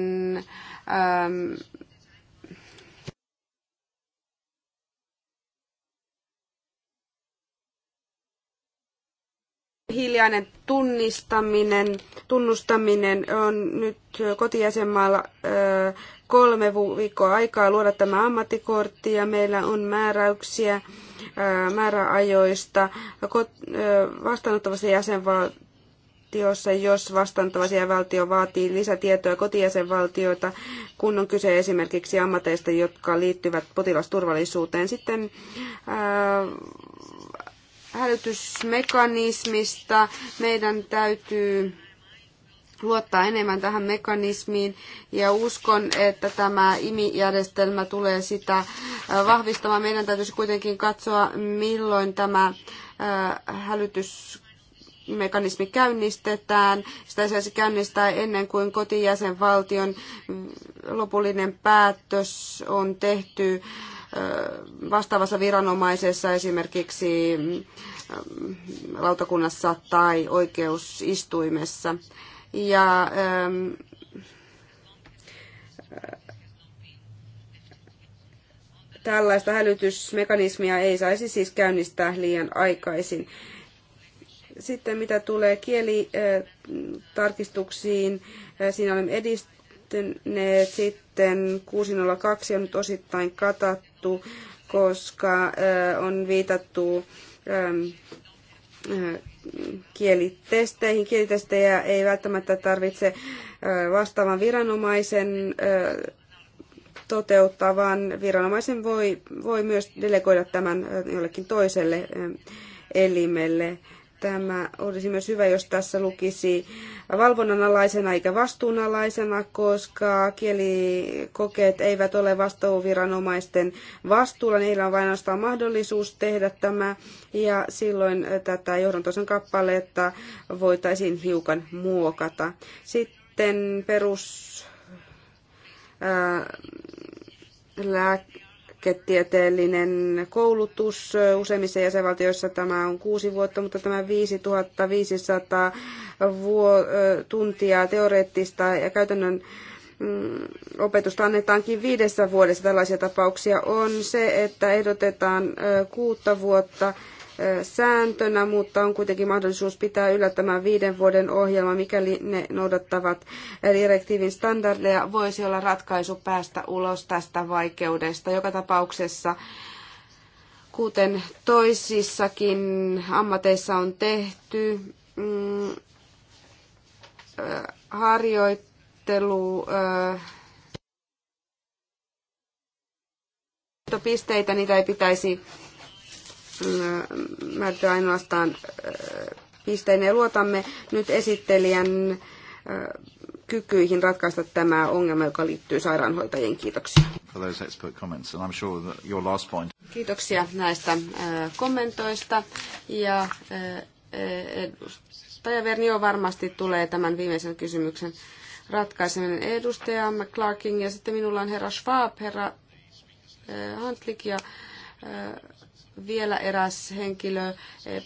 äm, hiljainen tunnistaminen, tunnustaminen on nyt kotijäsenmaalla kolme viikkoa aikaa luoda tämä ammattikortti ja meillä on määräyksiä määräajoista vastaanottavassa jäsenvaltiossa, jos vastaanottava valtio vaatii lisätietoja kotijäsenvaltioita, kun on kyse esimerkiksi ammateista, jotka liittyvät potilasturvallisuuteen. Sitten hälytysmekanismista. Meidän täytyy luottaa enemmän tähän mekanismiin ja uskon, että tämä IMI-järjestelmä tulee sitä äh, vahvistamaan. Meidän täytyisi kuitenkin katsoa, milloin tämä äh, hälytys mekanismi käynnistetään. Sitä saisi käynnistää ennen kuin kotijäsenvaltion mm, lopullinen päätös on tehty vastaavassa viranomaisessa, esimerkiksi lautakunnassa tai oikeusistuimessa. Ja tällaista hälytysmekanismia ei saisi siis käynnistää liian aikaisin. Sitten mitä tulee kielitarkistuksiin, siinä olemme edistyneet. Sitten 602 on nyt osittain katattu viitattu, koska on viitattu kielitesteihin. Kielitestejä ei välttämättä tarvitse vastaavan viranomaisen toteuttaa, vaan viranomaisen voi, voi myös delegoida tämän jollekin toiselle elimelle. Tämä olisi myös hyvä, jos tässä lukisi valvonnan alaisena eikä vastuunalaisena, koska kielikokeet eivät ole vastuuviranomaisten vastuulla. Niillä on vain ainoastaan mahdollisuus tehdä tämä ja silloin tätä johdantosan kappaletta voitaisiin hiukan muokata. Sitten perus... Ää, lää, lääketieteellinen koulutus. Useimmissa jäsenvaltioissa tämä on kuusi vuotta, mutta tämä 5500 vuo- tuntia teoreettista ja käytännön mm, opetusta annetaankin viidessä vuodessa. Tällaisia tapauksia on se, että ehdotetaan kuutta vuotta sääntönä, mutta on kuitenkin mahdollisuus pitää yllä tämä viiden vuoden ohjelma, mikäli ne noudattavat direktiivin standardeja, voisi olla ratkaisu päästä ulos tästä vaikeudesta. Joka tapauksessa kuten toisissakin ammateissa on tehty, mm, harjoittelu pisteitä, niitä ei pitäisi Mm, määritellä ainoastaan pisteen ja luotamme nyt esittelijän kykyihin ratkaista tämä ongelma, joka liittyy sairaanhoitajien. Kiitoksia. Kiitoksia näistä kommentoista. Ja edustaja Vernio varmasti tulee tämän viimeisen kysymyksen ratkaiseminen edustaja McClarkin ja sitten minulla on herra Schwab, herra Hantlik ja vielä eräs henkilö eh,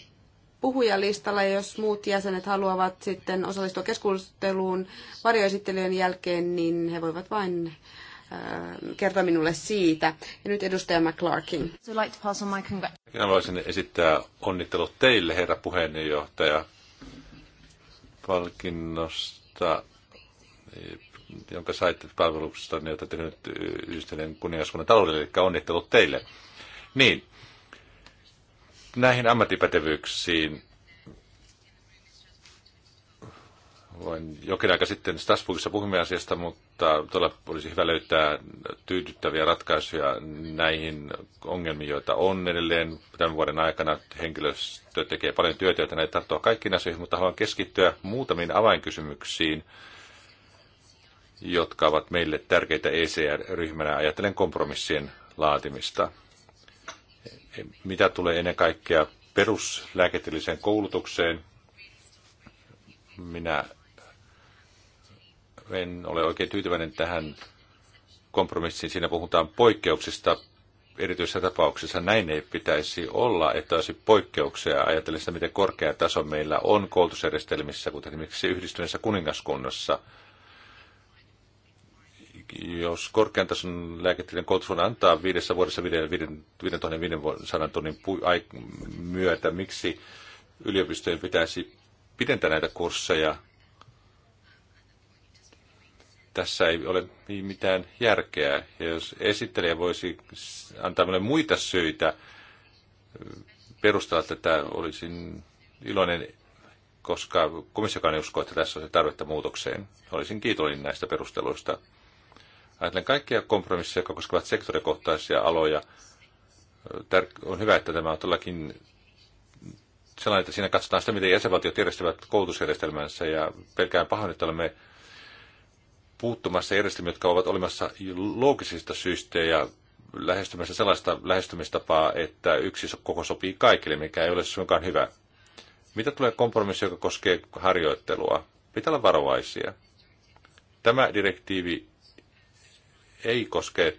puhujalistalla, jos muut jäsenet haluavat sitten osallistua keskusteluun varjoesittelyjen jälkeen, niin he voivat vain eh, kertoa minulle siitä. Ja nyt edustaja McClarkin. Minä haluaisin esittää onnittelut teille, herra puheenjohtaja, palkinnosta, jonka saitte palveluksesta, jota te nyt yhdistelen kuningaskunnan taloudelle, eli onnittelut teille. Niin, näihin ammattipätevyyksiin Voin jokin aika sitten Strasbourgissa puhumme asiasta, mutta todella olisi hyvä löytää tyydyttäviä ratkaisuja näihin ongelmiin, joita on edelleen tämän vuoden aikana. Henkilöstö tekee paljon työtä, joita näitä tarttua kaikkiin asioihin, mutta haluan keskittyä muutamiin avainkysymyksiin, jotka ovat meille tärkeitä ECR-ryhmänä. Ajattelen kompromissien laatimista mitä tulee ennen kaikkea peruslääketieteelliseen koulutukseen, minä en ole oikein tyytyväinen tähän kompromissiin. Siinä puhutaan poikkeuksista Erityisessä tapauksissa. Näin ei pitäisi olla, että olisi poikkeuksia ajatellessa, miten korkea taso meillä on koulutusjärjestelmissä, kuten esimerkiksi yhdistyneessä kuningaskunnassa – jos korkean tason lääketieteen koulutus on antaa viidessä vuodessa 5500 tunnin myötä, miksi yliopistojen pitäisi pidentää näitä kursseja? Tässä ei ole niin mitään järkeä. Ja jos esittelijä voisi antaa minulle muita syitä perustella tätä, olisin iloinen koska komissiokaan ei usko, että tässä on se tarvetta muutokseen. Olisin kiitollinen näistä perusteluista. Ajattelen kaikkia kompromisseja, jotka koskevat sektorikohtaisia aloja. On hyvä, että tämä on todellakin sellainen, että siinä katsotaan sitä, miten jäsenvaltiot järjestävät koulutusjärjestelmänsä ja pelkään pahoin, että olemme puuttumassa järjestelmiä, jotka ovat olemassa loogisista syistä ja lähestymässä sellaista lähestymistapaa, että yksi koko sopii kaikille, mikä ei ole suinkaan hyvä. Mitä tulee kompromissi, joka koskee harjoittelua? Pitää olla varovaisia. Tämä direktiivi ei koske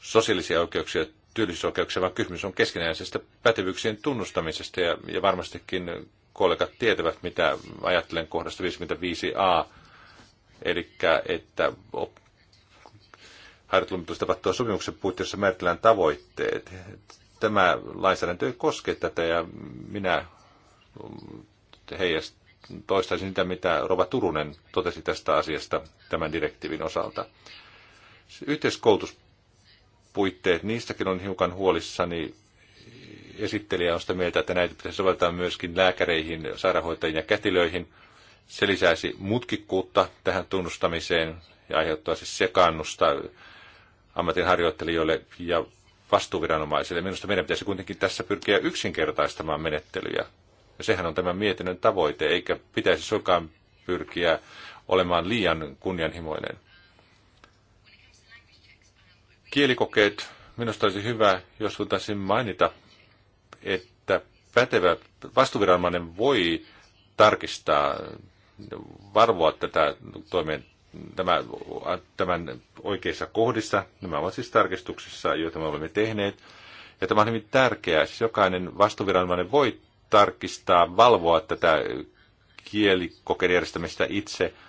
sosiaalisia oikeuksia, työllisyysoikeuksia, vaan kysymys on keskinäisestä pätevyyksien tunnustamisesta ja, ja varmastikin kollegat tietävät, mitä ajattelen kohdasta 55a, eli että harjoittelumitus tapahtuu sopimuksen puitteissa määritellään tavoitteet. Tämä lainsäädäntö ei koske tätä ja minä heijast, toistaisin sitä, mitä Rova Turunen totesi tästä asiasta tämän direktiivin osalta. Yhteiskoulutuspuitteet, niistäkin on hiukan huolissani. Esittelijä on sitä mieltä, että näitä pitäisi soveltaa myöskin lääkäreihin, sairaanhoitajiin ja kätilöihin. Se lisäisi mutkikkuutta tähän tunnustamiseen ja aiheuttaisi siis sekaannusta ammatinharjoittelijoille ja vastuuviranomaisille. Minusta meidän pitäisi kuitenkin tässä pyrkiä yksinkertaistamaan menettelyjä. Ja sehän on tämän mietinnön tavoite, eikä pitäisi suinkaan pyrkiä olemaan liian kunnianhimoinen. Kielikokeet, minusta olisi hyvä, jos voitaisiin mainita, että pätevä vastuviranomainen voi tarkistaa, varvoa tätä toimeen, tämä, tämän oikeissa kohdissa. Nämä ovat siis tarkistuksissa, joita me olemme tehneet. Ja tämä on hyvin tärkeää. Siis jokainen vastuviranomainen voi tarkistaa, valvoa tätä kielikokeiden järjestämistä itse –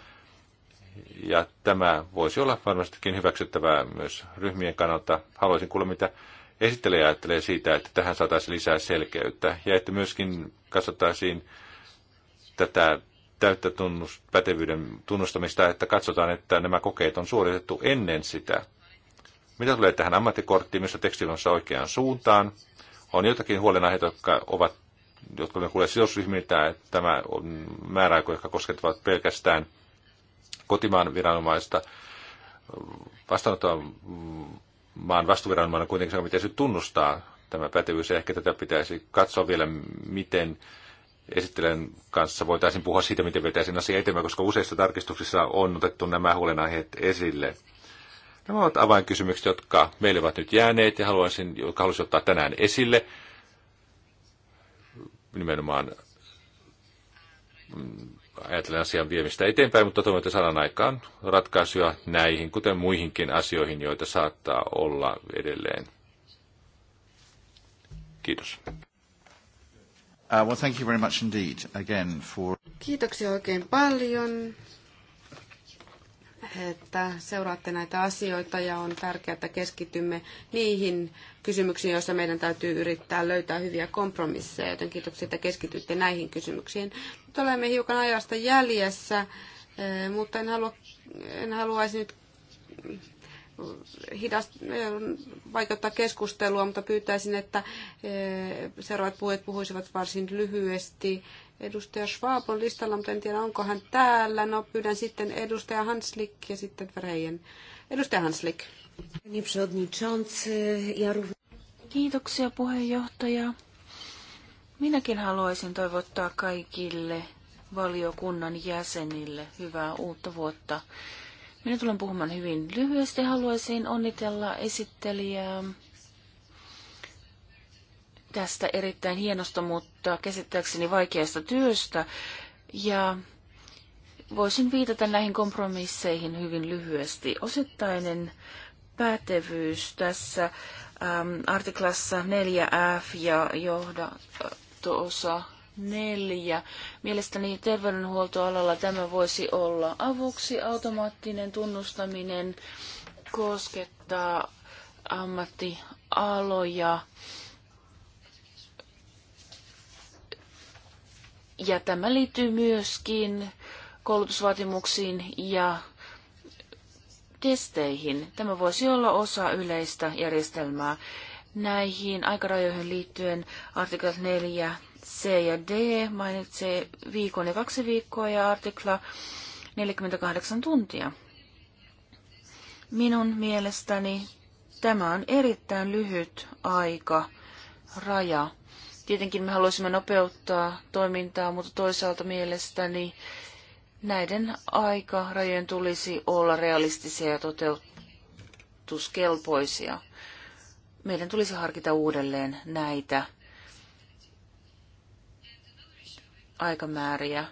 ja tämä voisi olla varmastikin hyväksyttävää myös ryhmien kannalta. Haluaisin kuulla, mitä esittelijä ajattelee siitä, että tähän saataisiin lisää selkeyttä ja että myöskin katsottaisiin tätä täyttä pätevyyden tunnustamista, että katsotaan, että nämä kokeet on suoritettu ennen sitä. Mitä tulee tähän ammattikorttiin, missä teksti on oikeaan suuntaan, on jotakin huolenaiheita, jotka ovat jotka me kuulee sidosryhmiltä, että tämä on määräaiko, jotka koskettavat pelkästään – kotimaan viranomaista. Vastaanottavan maan vastuviranomainen kuitenkin se pitäisi tunnustaa tämä pätevyys. Ja ehkä tätä pitäisi katsoa vielä, miten esittelen kanssa voitaisiin puhua siitä, miten vetäisiin asia eteenpäin, koska useissa tarkistuksissa on otettu nämä huolenaiheet esille. Nämä ovat avainkysymykset, jotka meille ovat nyt jääneet ja haluaisin, jotka haluaisin ottaa tänään esille. Nimenomaan mm, ajatellen asian viemistä eteenpäin, mutta toivon, että saadaan aikaan ratkaisuja näihin, kuten muihinkin asioihin, joita saattaa olla edelleen. Kiitos. Uh, well, thank you very much indeed again for... Kiitoksia oikein paljon että seuraatte näitä asioita ja on tärkeää, että keskitymme niihin kysymyksiin, joissa meidän täytyy yrittää löytää hyviä kompromisseja, joten kiitoksia, että keskitytte näihin kysymyksiin. Nyt olemme hiukan ajasta jäljessä, eh, mutta en, halua, en haluaisi nyt hidast, vaikuttaa keskustelua, mutta pyytäisin, että eh, seuraavat puhujat puhuisivat varsin lyhyesti Edustaja Schwab on listalla, mutta en tiedä, onko hän täällä. No, pyydän sitten edustaja Hanslik ja sitten Freijen. Edustaja Hanslik. Kiitoksia puheenjohtaja. Minäkin haluaisin toivottaa kaikille valiokunnan jäsenille hyvää uutta vuotta. Minä tulen puhumaan hyvin lyhyesti. Haluaisin onnitella esittelijää tästä erittäin hienosta, mutta käsittääkseni vaikeasta työstä. Ja voisin viitata näihin kompromisseihin hyvin lyhyesti. Osittainen pätevyys tässä äm, artiklassa 4F ja johdato neljä 4. Mielestäni terveydenhuoltoalalla tämä voisi olla avuksi. Automaattinen tunnustaminen koskettaa ammattialoja Ja tämä liittyy myöskin koulutusvaatimuksiin ja testeihin. Tämä voisi olla osa yleistä järjestelmää. Näihin aikarajoihin liittyen artikla 4, C ja D mainitsee viikon ja kaksi viikkoa ja artikla 48 tuntia. Minun mielestäni tämä on erittäin lyhyt aika raja Tietenkin me haluaisimme nopeuttaa toimintaa, mutta toisaalta mielestäni näiden aikarajojen tulisi olla realistisia ja toteutuskelpoisia. Meidän tulisi harkita uudelleen näitä aikamääriä.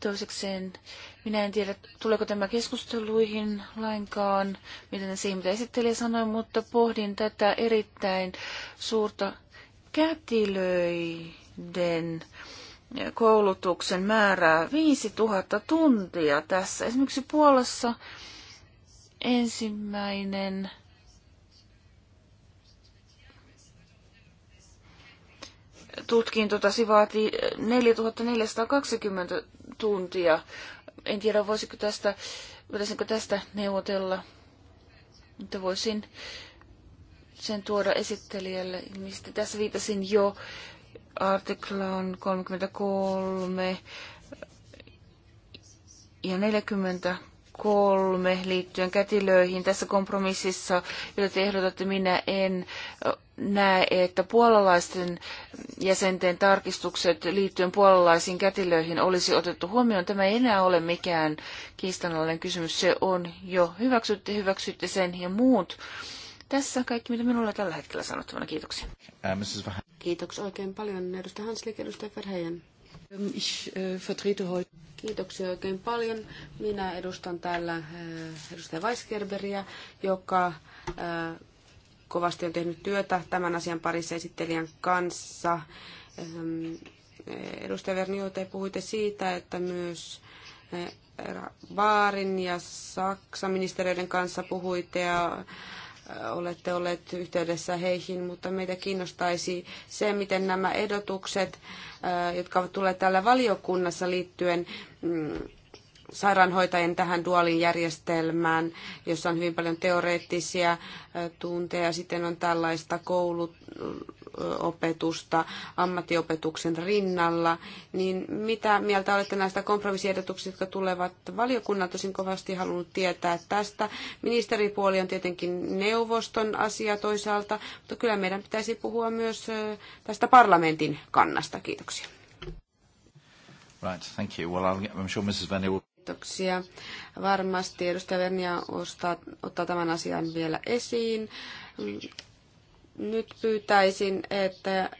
Toisekseen minä en tiedä, tuleeko tämä keskusteluihin lainkaan, miten se mitä esittelijä sanoi, mutta pohdin tätä erittäin suurta kätilöiden koulutuksen määrää 5000 tuntia tässä. Esimerkiksi Puolassa ensimmäinen tutkinto vaatii 4420 tuntia en tiedä, voisiko tästä, voitaisinko tästä neuvotella, mutta voisin sen tuoda esittelijälle, mistä tässä viitasin jo artiklaan 33 ja 40 kolme liittyen kätilöihin. Tässä kompromississa, jota te ehdotatte, minä en näe, että puolalaisten jäsenten tarkistukset liittyen puolalaisiin kätilöihin olisi otettu huomioon. Tämä ei enää ole mikään kiistanalainen kysymys. Se on jo hyväksytty, hyväksytte sen ja muut. Tässä kaikki, mitä minulla on tällä hetkellä sanottavana. Kiitoksia. Äh, Kiitoksia oikein paljon. Edustaja Hanslik, edustaja Verheyen. Ähm, ich äh, vertrete heute. Kiitoksia oikein paljon. Minä edustan täällä äh, edustaja Weisgerberiä, joka äh, kovasti on tehnyt työtä tämän asian parissa esittelijän kanssa. Ähm, edustaja Vernio, te puhuitte siitä, että myös Vaarin ja Saksan ministeriöiden kanssa puhuitte ja olette olleet yhteydessä heihin, mutta meitä kiinnostaisi se, miten nämä ehdotukset, jotka ovat tulleet täällä valiokunnassa liittyen mm, sairaanhoitajien tähän dualin järjestelmään, jossa on hyvin paljon teoreettisia tunteja. Sitten on tällaista kouluopetusta ammattiopetuksen rinnalla. Niin mitä mieltä olette näistä kompromissiehdotuksista, jotka tulevat valiokunnan? Tosin kovasti halunnut tietää tästä. Ministeripuoli on tietenkin neuvoston asia toisaalta, mutta kyllä meidän pitäisi puhua myös tästä parlamentin kannasta. Kiitoksia. Right. Thank you. Well, I'll get, I'm sure Mrs. Venny will... Kiitoksia. Varmasti edustaja Vernia ostaa, ottaa tämän asian vielä esiin. Nyt pyytäisin, että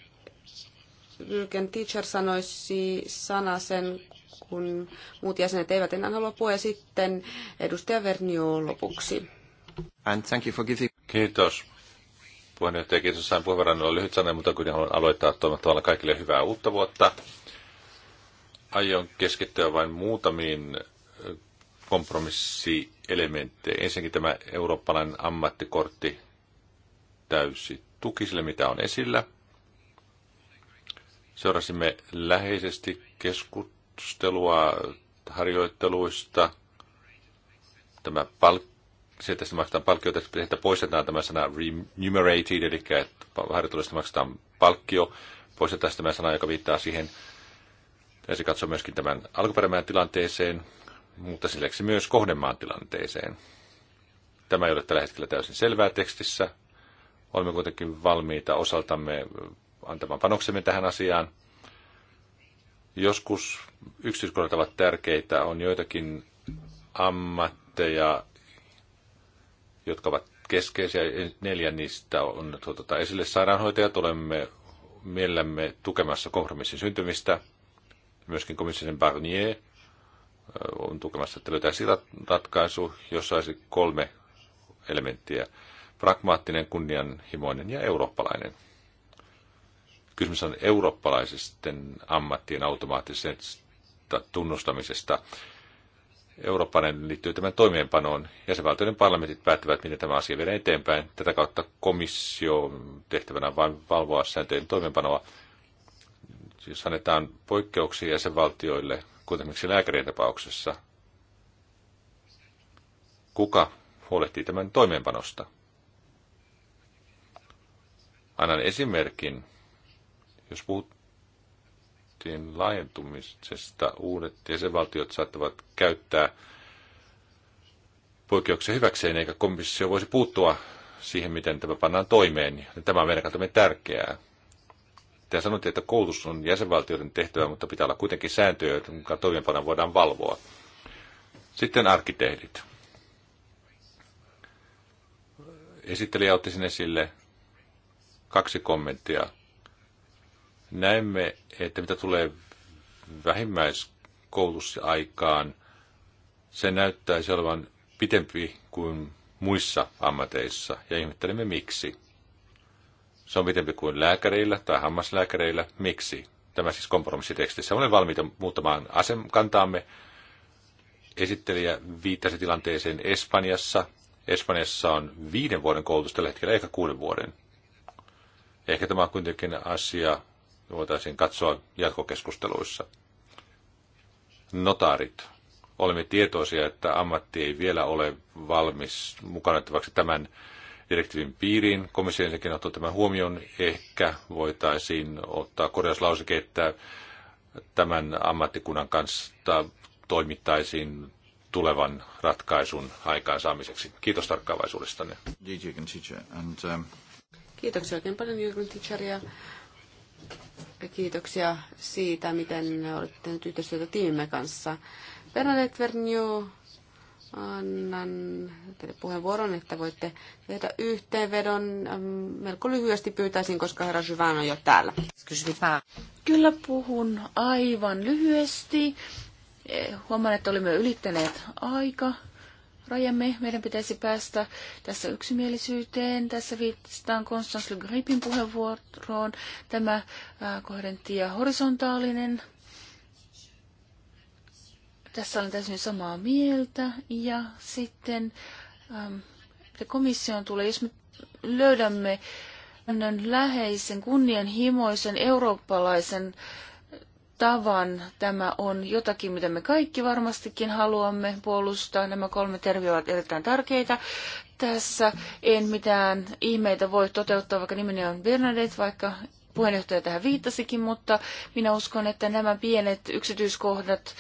Jürgen Teacher sanoisi sanasen, kun muut jäsenet eivät enää halua puhua, ja sitten edustaja Vernio lopuksi. And thank you for giving... Kiitos. Puheenjohtaja, kiitos. Sain puheenvuoron olla lyhyt sana, mutta kuitenkin haluan aloittaa toivottavalla kaikille hyvää uutta vuotta. Aion keskittyä vain muutamiin kompromissielementtejä. Ensinnäkin tämä eurooppalainen ammattikortti täysi tuki sille, mitä on esillä. Seurasimme läheisesti keskustelua harjoitteluista. Tämä palkki se, että maksetaan palkkiota, että poistetaan tämä sana remunerated, eli että harjoitteluista maksetaan palkkio, poistetaan tämä sana, joka viittaa siihen, ja se katsoo myöskin tämän alkuperämään tilanteeseen, mutta silleksi myös kohdemaan tilanteeseen. Tämä ei ole tällä hetkellä täysin selvää tekstissä. Olemme kuitenkin valmiita osaltamme antamaan panoksemme tähän asiaan. Joskus yksityiskohdat ovat tärkeitä. On joitakin ammatteja, jotka ovat keskeisiä. Neljä niistä on tuota, esille sairaanhoitajat. Olemme mielellämme tukemassa kompromissin syntymistä. Myöskin komission Barnier on tukemassa, että löytää sillä ratkaisu, jossa olisi kolme elementtiä. Pragmaattinen, kunnianhimoinen ja eurooppalainen. Kysymys on eurooppalaisisten ammattien automaattisesta tunnustamisesta. Eurooppainen liittyy tämän toimeenpanoon. Jäsenvaltioiden parlamentit päättävät, miten tämä asia viedään eteenpäin. Tätä kautta komissio tehtävänä vain valvoa sääntöjen toimeenpanoa. Siis annetaan poikkeuksia jäsenvaltioille kuten esimerkiksi lääkärien tapauksessa. Kuka huolehtii tämän toimeenpanosta? Annan esimerkin. Jos puhuttiin laajentumisesta, uudet jäsenvaltiot saattavat käyttää poikkeuksia hyväkseen, eikä komissio voisi puuttua siihen, miten tämä pannaan toimeen. Tämä on meidän tärkeää. Te sanoitte, että koulutus on jäsenvaltioiden tehtävä, mutta pitää olla kuitenkin sääntöjä, jotka toimeenpanon voidaan valvoa. Sitten arkkitehdit. Esittelijä otti sinne sille kaksi kommenttia. Näemme, että mitä tulee vähimmäiskoulutusaikaan, se näyttäisi olevan pitempi kuin muissa ammateissa, ja ihmettelemme miksi. Se on pitempi kuin lääkäreillä tai hammaslääkäreillä. Miksi? Tämä siis kompromissitekstissä. Olen valmiita muuttamaan asem- kantaamme. Esittelijä viittasi tilanteeseen Espanjassa. Espanjassa on viiden vuoden koulutus tällä hetkellä, eikä kuuden vuoden. Ehkä tämä on kuitenkin asia, voitaisiin katsoa jatkokeskusteluissa. Notaarit. Olemme tietoisia, että ammatti ei vielä ole valmis mukana tämän direktiivin piiriin. Komissio ensinnäkin ottaa tämän huomioon. Ehkä voitaisiin ottaa korjauslauseke, että tämän ammattikunnan kanssa toimittaisiin tulevan ratkaisun aikaansaamiseksi. Kiitos tarkkaavaisuudestanne. Um, kiitoksia oikein paljon Jürgen Teacher ja kiitoksia siitä, miten olette tehneet yhteistyötä tiimimme kanssa. Bernadette Vernieu annan teille puheenvuoron, että voitte tehdä yhteenvedon. Ähm, Melko lyhyesti pyytäisin, koska herra Syvään on jo täällä. Kyllä puhun aivan lyhyesti. Eh, huomaan, että olimme ylittäneet aika. Rajamme, meidän pitäisi päästä tässä yksimielisyyteen. Tässä viittaan Konstans Le Gripin puheenvuoroon. Tämä äh, kohdentia horisontaalinen tässä olen täysin samaa mieltä. Ja sitten ähm, komission tulee, jos me löydämme läheisen, kunnianhimoisen, eurooppalaisen tavan tämä on jotakin, mitä me kaikki varmastikin haluamme puolustaa. Nämä kolme terviä ovat erittäin tärkeitä. Tässä en mitään ihmeitä voi toteuttaa, vaikka nimeni on Bernadette, vaikka puheenjohtaja tähän viittasikin, mutta minä uskon, että nämä pienet yksityiskohdat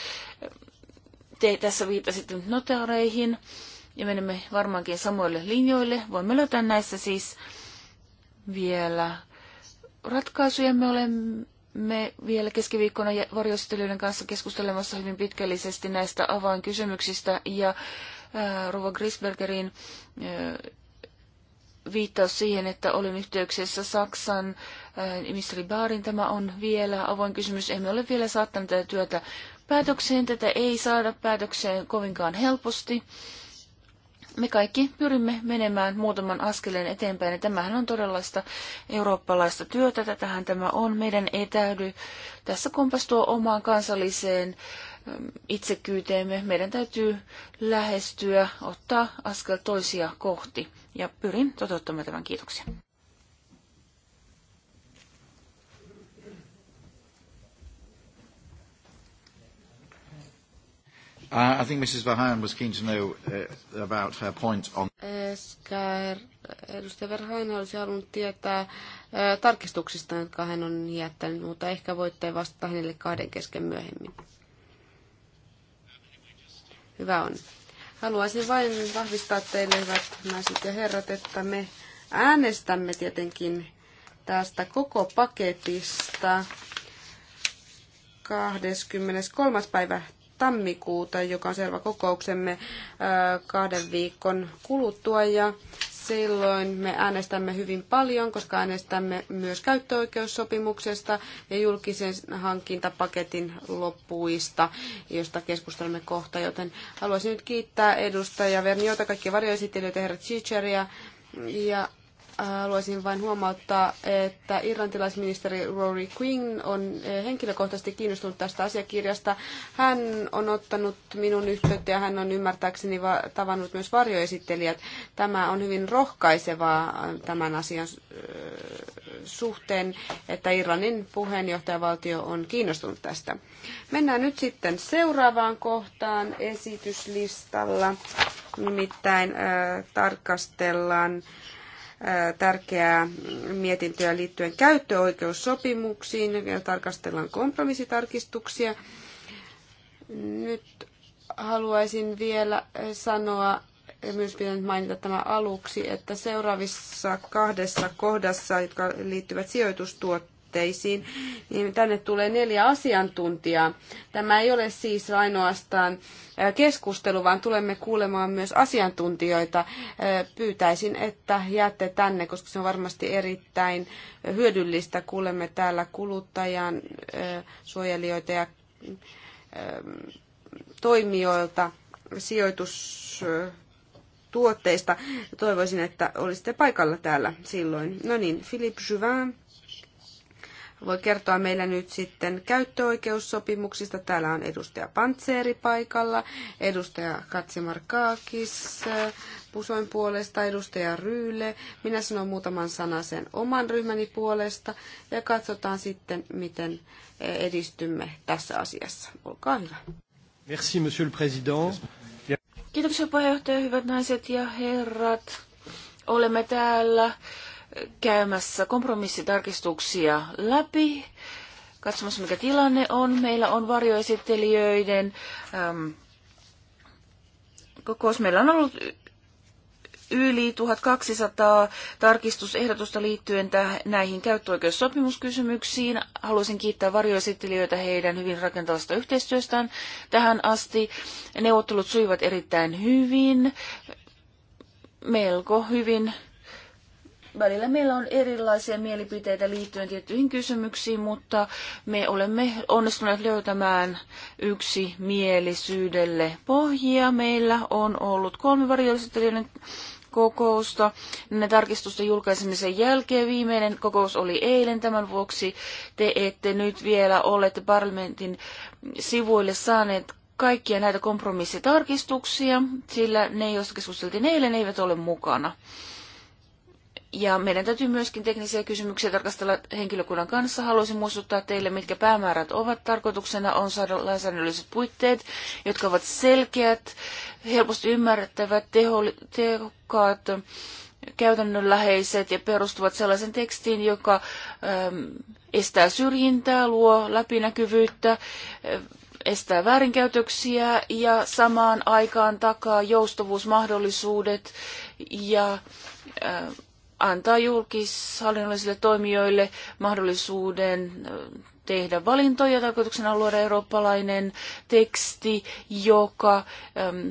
te tässä viittasitte nyt notaareihin ja menemme varmaankin samoille linjoille. Voimme löytää näissä siis vielä ratkaisuja. Me olemme vielä keskiviikkona varjostelijoiden kanssa keskustelemassa hyvin pitkällisesti näistä avainkysymyksistä ja äh, Rova Grisbergerin äh, viittaus siihen, että olin yhteyksessä Saksan äh, ministeri Baarin. Tämä on vielä avoin kysymys. Emme ole vielä saattaneet tätä työtä päätökseen. Tätä ei saada päätökseen kovinkaan helposti. Me kaikki pyrimme menemään muutaman askeleen eteenpäin, ja tämähän on todellaista eurooppalaista työtä. Tätähän tämä on. Meidän ei täydy tässä kompastua omaan kansalliseen ähm, itsekyyteemme. Meidän täytyy lähestyä, ottaa askel toisia kohti. Ja pyrin toteuttamaan tämän. Kiitoksia. Uh, I think Mrs. Verheyen was keen to know uh, about her point on... edustaja Verheyen olisi halunnut tietää uh, tarkistuksista, jotka hän on jättänyt, mutta ehkä voitte vastata hänelle kahden kesken myöhemmin. Hyvä on. Haluaisin vain vahvistaa teille, hyvät naiset ja herrat, että me äänestämme tietenkin tästä koko paketista 23. päivä tammikuuta, joka on selvä kokouksemme kahden viikon kuluttua ja silloin me äänestämme hyvin paljon, koska äänestämme myös käyttöoikeussopimuksesta ja julkisen hankintapaketin loppuista, josta keskustelemme kohta. Joten haluaisin nyt kiittää edustaja Verniota, kaikki varjoesittelijöitä, herra Chicheria ja haluaisin vain huomauttaa, että irlantilaisministeri Rory Quinn on eh, henkilökohtaisesti kiinnostunut tästä asiakirjasta. Hän on ottanut minun yhteyttä ja hän on ymmärtääkseni tavannut myös varjoesittelijät. Tämä on hyvin rohkaisevaa eh, tämän asian eh, suhteen, että Irlannin puheenjohtajavaltio on kiinnostunut tästä. Mennään nyt sitten seuraavaan kohtaan esityslistalla. Nimittäin äh, tarkastellaan äh, tärkeää mietintöä liittyen käyttöoikeussopimuksiin ja tarkastellaan kompromissitarkistuksia. Nyt haluaisin vielä sanoa, myös pitänyt mainita tämä aluksi, että seuraavissa kahdessa kohdassa, jotka liittyvät sijoitustuotteisiin, tavoitteisiin, niin tänne tulee neljä asiantuntijaa. Tämä ei ole siis ainoastaan keskustelu, vaan tulemme kuulemaan myös asiantuntijoita. Pyytäisin, että jäätte tänne, koska se on varmasti erittäin hyödyllistä. Kuulemme täällä kuluttajan suojelijoita ja toimijoilta sijoitustuotteista. Toivoisin, että olisitte paikalla täällä silloin. No niin, Philippe Juvin voi kertoa meille nyt sitten käyttöoikeussopimuksista. Täällä on edustaja Pantseeri paikalla, edustaja Kaakis äh, Pusoin puolesta, edustaja Ryyle. Minä sanon muutaman sanan sen oman ryhmäni puolesta ja katsotaan sitten, miten äh, edistymme tässä asiassa. Olkaa hyvä. Merci, monsieur le président. Kiitoksia puheenjohtaja, hyvät naiset ja herrat. Olemme täällä käymässä kompromissitarkistuksia läpi, katsomassa mikä tilanne on. Meillä on varjoesittelijöiden äm, kokous. Meillä on ollut yli 1200 tarkistusehdotusta liittyen näihin käyttöoikeussopimuskysymyksiin. Haluaisin kiittää varjoesittelijöitä heidän hyvin rakentavasta yhteistyöstään tähän asti. Neuvottelut sujuvat erittäin hyvin, melko hyvin välillä meillä on erilaisia mielipiteitä liittyen tiettyihin kysymyksiin, mutta me olemme onnistuneet löytämään yksi mielisyydelle pohjia. Meillä on ollut kolme varjoisittelijöiden kokousta. Ne tarkistusten julkaisemisen jälkeen viimeinen kokous oli eilen. Tämän vuoksi te ette nyt vielä olette parlamentin sivuille saaneet kaikkia näitä kompromissitarkistuksia, sillä ne, joista keskusteltiin eilen, eivät ole mukana. Ja meidän täytyy myöskin teknisiä kysymyksiä tarkastella henkilökunnan kanssa. Haluaisin muistuttaa teille, mitkä päämäärät ovat. Tarkoituksena on saada lainsäädännölliset puitteet, jotka ovat selkeät, helposti ymmärrettävät, teho, tehokkaat, käytännönläheiset ja perustuvat sellaisen tekstiin, joka äm, estää syrjintää, luo läpinäkyvyyttä, äh, estää väärinkäytöksiä ja samaan aikaan takaa joustavuusmahdollisuudet ja äh, antaa julkishallinnollisille toimijoille mahdollisuuden tehdä valintoja. Tarkoituksena on luoda eurooppalainen teksti, joka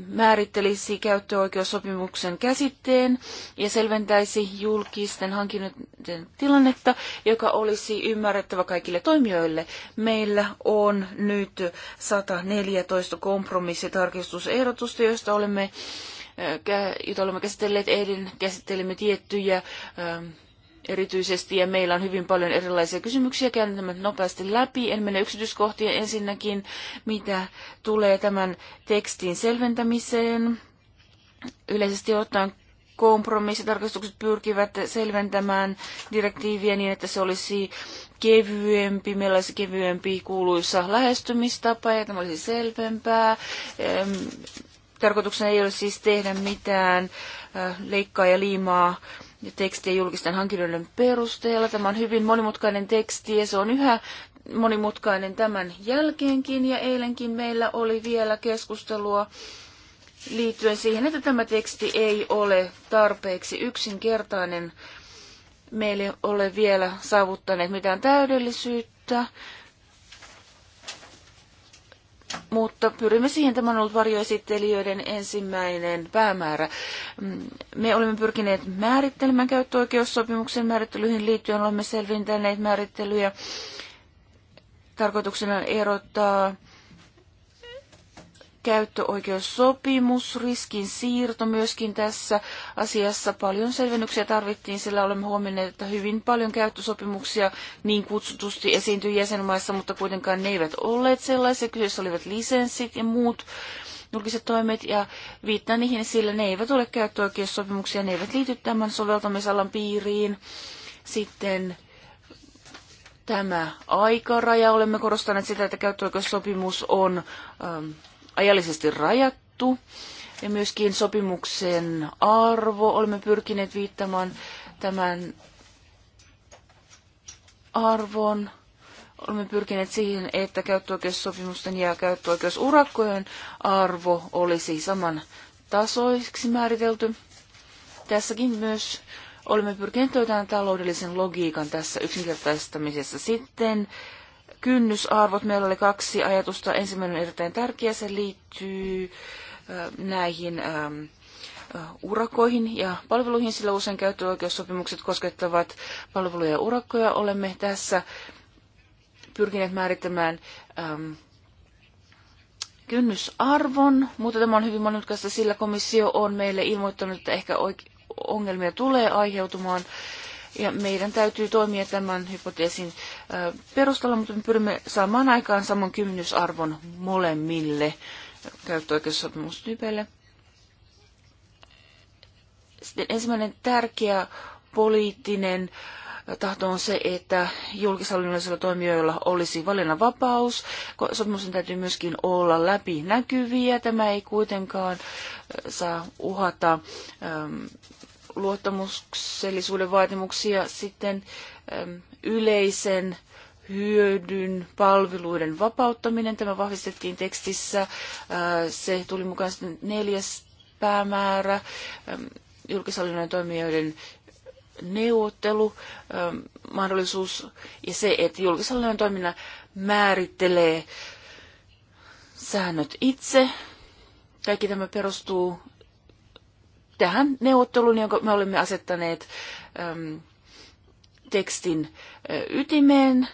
määrittelisi käyttöoikeussopimuksen käsitteen ja selventäisi julkisten hankinnoiden tilannetta, joka olisi ymmärrettävä kaikille toimijoille. Meillä on nyt 114 kompromissitarkistusehdotusta, joista olemme jota olemme käsitelleet eilen, käsittelimme tiettyjä ähm, erityisesti, ja meillä on hyvin paljon erilaisia kysymyksiä käynnistämät nopeasti läpi. En mene yksityiskohtiin ensinnäkin, mitä tulee tämän tekstin selventämiseen. Yleisesti ottaen kompromissitarkastukset pyrkivät selventämään direktiiviä niin, että se olisi kevyempi, meillä olisi kevyempi kuuluisa lähestymistapa ja tämä olisi selvempää tarkoituksena ei ole siis tehdä mitään leikkaa ja liimaa tekstiä julkisten hankinnoiden perusteella. Tämä on hyvin monimutkainen teksti ja se on yhä monimutkainen tämän jälkeenkin ja eilenkin meillä oli vielä keskustelua liittyen siihen, että tämä teksti ei ole tarpeeksi yksinkertainen. Meillä ei ole vielä saavuttaneet mitään täydellisyyttä, mutta pyrimme siihen, tämä on ollut varjoesittelijöiden ensimmäinen päämäärä. Mm, Me olemme pyrkineet määrittelemään käyttöoikeussopimuksen määrittelyihin liittyen, olemme selvintäneet määrittelyjä. Tarkoituksena on erottaa käyttöoikeussopimus, riskin siirto myöskin tässä asiassa. Paljon selvennyksiä tarvittiin, sillä olemme huomanneet, että hyvin paljon käyttösopimuksia niin kutsutusti esiintyi jäsenmaissa, mutta kuitenkaan ne eivät olleet sellaisia. Kyseessä olivat lisenssit ja muut julkiset toimet ja viittaan niihin, sillä ne eivät ole käyttöoikeussopimuksia, ne eivät liity tämän soveltamisalan piiriin. Sitten tämä aikaraja, olemme korostaneet sitä, että käyttöoikeussopimus on ähm, ajallisesti rajattu ja myöskin sopimuksen arvo. Olemme pyrkineet viittamaan tämän arvon. Olemme pyrkineet siihen, että käyttöoikeussopimusten ja käyttöoikeusurakkojen arvo olisi saman tasoiseksi määritelty. Tässäkin myös olemme pyrkineet löytämään taloudellisen logiikan tässä yksinkertaistamisessa sitten kynnysarvot. Meillä oli kaksi ajatusta. Ensimmäinen on erittäin tärkeä. Se liittyy näihin urakoihin ja palveluihin, sillä usein käyttöoikeussopimukset koskettavat palveluja ja urakkoja. Olemme tässä pyrkineet määrittämään ähm, kynnysarvon, mutta tämä on hyvin monimutkaista, sillä komissio on meille ilmoittanut, että ehkä ongelmia tulee aiheutumaan ja meidän täytyy toimia tämän hypoteesin perustalla, mutta me pyrimme saamaan aikaan saman kymmenysarvon molemmille käyttöoikeussopimustyypeille. Sitten ensimmäinen tärkeä poliittinen tahto on se, että julkishallinnollisilla toimijoilla olisi valinnanvapaus. Sopimusten täytyy myöskin olla läpinäkyviä. Tämä ei kuitenkaan saa uhata luottamuksellisuuden vaatimuksia sitten yleisen hyödyn palveluiden vapauttaminen. Tämä vahvistettiin tekstissä. Äh, se tuli mukaan sitten neljäs päämäärä, julkishallinnon toimijoiden neuvottelu, mahdollisuus ja se, että julkishallinnon toiminnan määrittelee säännöt itse. Kaikki tämä perustuu tähän neuvotteluun, jonka me olemme asettaneet äm, tekstin ä, äh, ytimeen.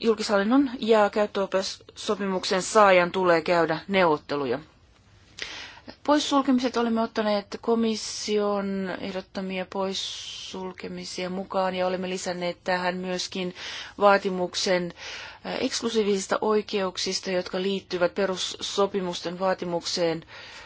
Julkishallinnon ja käyttöopetussopimuksen saajan tulee käydä neuvotteluja. Poissulkemiset olemme ottaneet komission ehdottamia poissulkemisia mukaan ja olemme lisänneet tähän myöskin vaatimuksen äh, eksklusiivisista oikeuksista, jotka liittyvät perussopimusten vaatimukseen äh,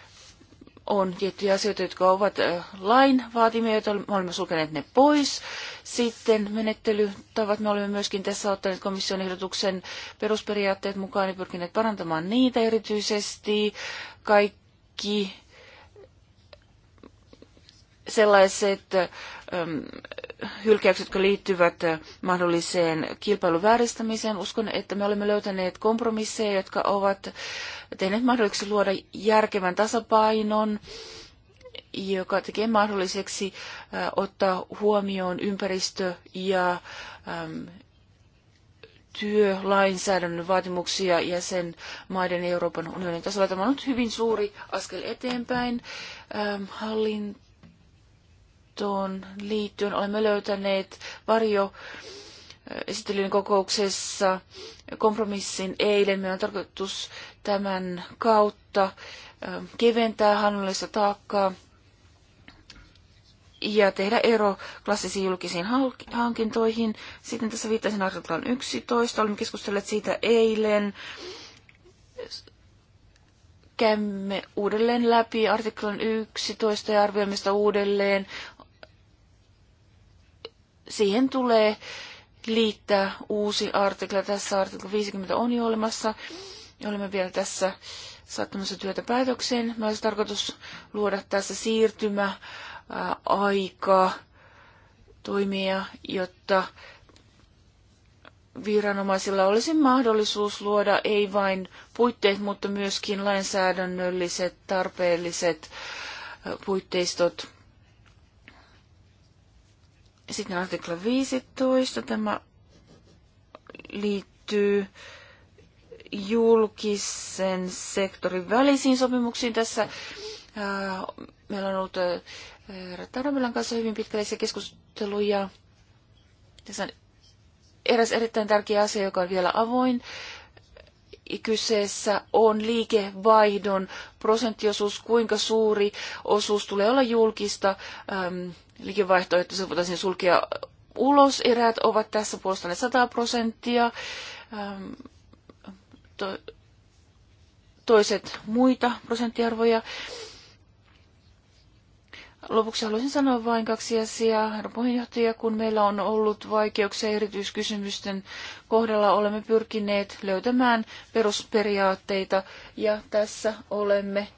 on tiettyjä asioita, jotka ovat lain vaatimia, joita me olemme sulkeneet ne pois. Sitten menettelytavat, me olemme myöskin tässä ottaneet komission ehdotuksen perusperiaatteet mukaan ja pyrkineet parantamaan niitä erityisesti. Kaikki sellaiset ähm, hylkäykset, jotka liittyvät äh, mahdolliseen kilpailun vääristämiseen. Uskon, että me olemme löytäneet kompromisseja, jotka ovat tehneet mahdolliseksi luoda järkevän tasapainon, joka tekee mahdolliseksi äh, ottaa huomioon ympäristö- ja ähm, työlainsäädännön vaatimuksia jäsenmaiden ja Euroopan unionin tasolla. Tämä on ollut hyvin suuri askel eteenpäin. Ähm, hallin Raamattuun liittyen olemme löytäneet varjo esittelyn kokouksessa kompromissin eilen. Meillä on tarkoitus tämän kautta keventää hannullista taakkaa ja tehdä ero klassisiin julkisiin hankintoihin. Sitten tässä viittaisin artiklaan 11. Olemme keskustelleet siitä eilen. Käymme uudelleen läpi artiklan 11 ja arvioimista uudelleen siihen tulee liittää uusi artikla. Tässä artikla 50 on jo olemassa. Olemme vielä tässä saattamassa työtä päätökseen. Mä olisi tarkoitus luoda tässä siirtymä aika toimia, jotta viranomaisilla olisi mahdollisuus luoda ei vain puitteet, mutta myöskin lainsäädännölliset, tarpeelliset puitteistot sitten artikla 15, tämä liittyy julkisen sektorin välisiin sopimuksiin. Tässä ää, äh, meillä on ollut äh, Taramilan kanssa hyvin pitkällisiä keskusteluja. Tässä on eräs erittäin tärkeä asia, joka on vielä avoin kyseessä on liikevaihdon prosenttiosuus, kuinka suuri osuus tulee olla julkista äm, liikevaihtoa, että se voitaisiin sulkea ulos. Eräät ovat tässä puolustaneet 100 prosenttia, äm, to, toiset muita prosenttiarvoja. Lopuksi haluaisin sanoa vain kaksi asiaa. Herra puheenjohtaja, kun meillä on ollut vaikeuksia erityiskysymysten kohdalla, olemme pyrkineet löytämään perusperiaatteita ja tässä olemme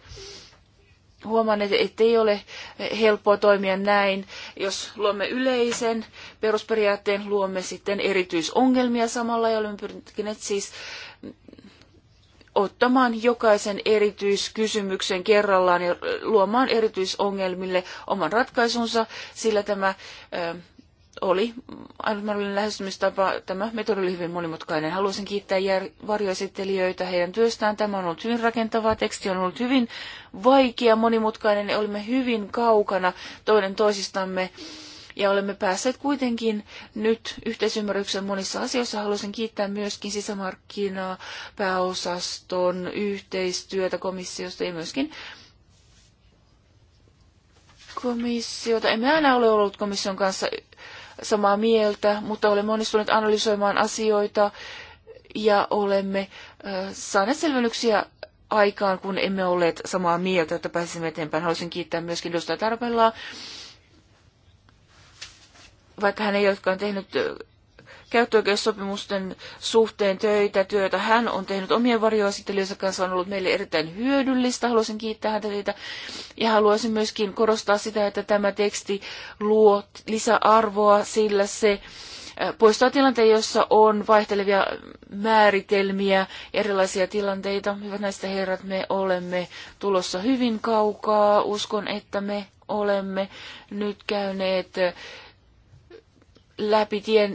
huomanneet, että ei ole helppoa toimia näin. Jos luomme yleisen perusperiaatteen, luomme sitten erityisongelmia samalla ja olemme pyrkineet siis ottamaan jokaisen erityiskysymyksen kerrallaan ja luomaan erityisongelmille oman ratkaisunsa, sillä tämä oli ainutmallinen lähestymistapa. Tämä metodi oli hyvin monimutkainen. Haluaisin kiittää varjoesittelijöitä heidän työstään. Tämä on ollut hyvin rakentavaa. Teksti on ollut hyvin vaikea, monimutkainen ja olimme hyvin kaukana toinen toisistamme ja olemme päässeet kuitenkin nyt yhteisymmärryksen monissa asioissa. Haluaisin kiittää myöskin sisämarkkinaa, pääosaston yhteistyötä komissiosta ja myöskin komissiota. Emme aina ole ollut komission kanssa samaa mieltä, mutta olemme onnistuneet analysoimaan asioita ja olemme saaneet selvennyksiä aikaan, kun emme olleet samaa mieltä, että pääsimme eteenpäin. Haluaisin kiittää myöskin edustaja Tarpellaa vaikka hän ei olekaan tehnyt käyttöoikeussopimusten suhteen töitä, työtä. Hän on tehnyt omien varjoesittelijöidensä kanssa, on ollut meille erittäin hyödyllistä. Haluaisin kiittää häntä siitä. Ja haluaisin myöskin korostaa sitä, että tämä teksti luo lisäarvoa, sillä se poistaa tilanteen, jossa on vaihtelevia määritelmiä, erilaisia tilanteita. Hyvät näistä herrat, me olemme tulossa hyvin kaukaa. Uskon, että me olemme nyt käyneet läpi tien,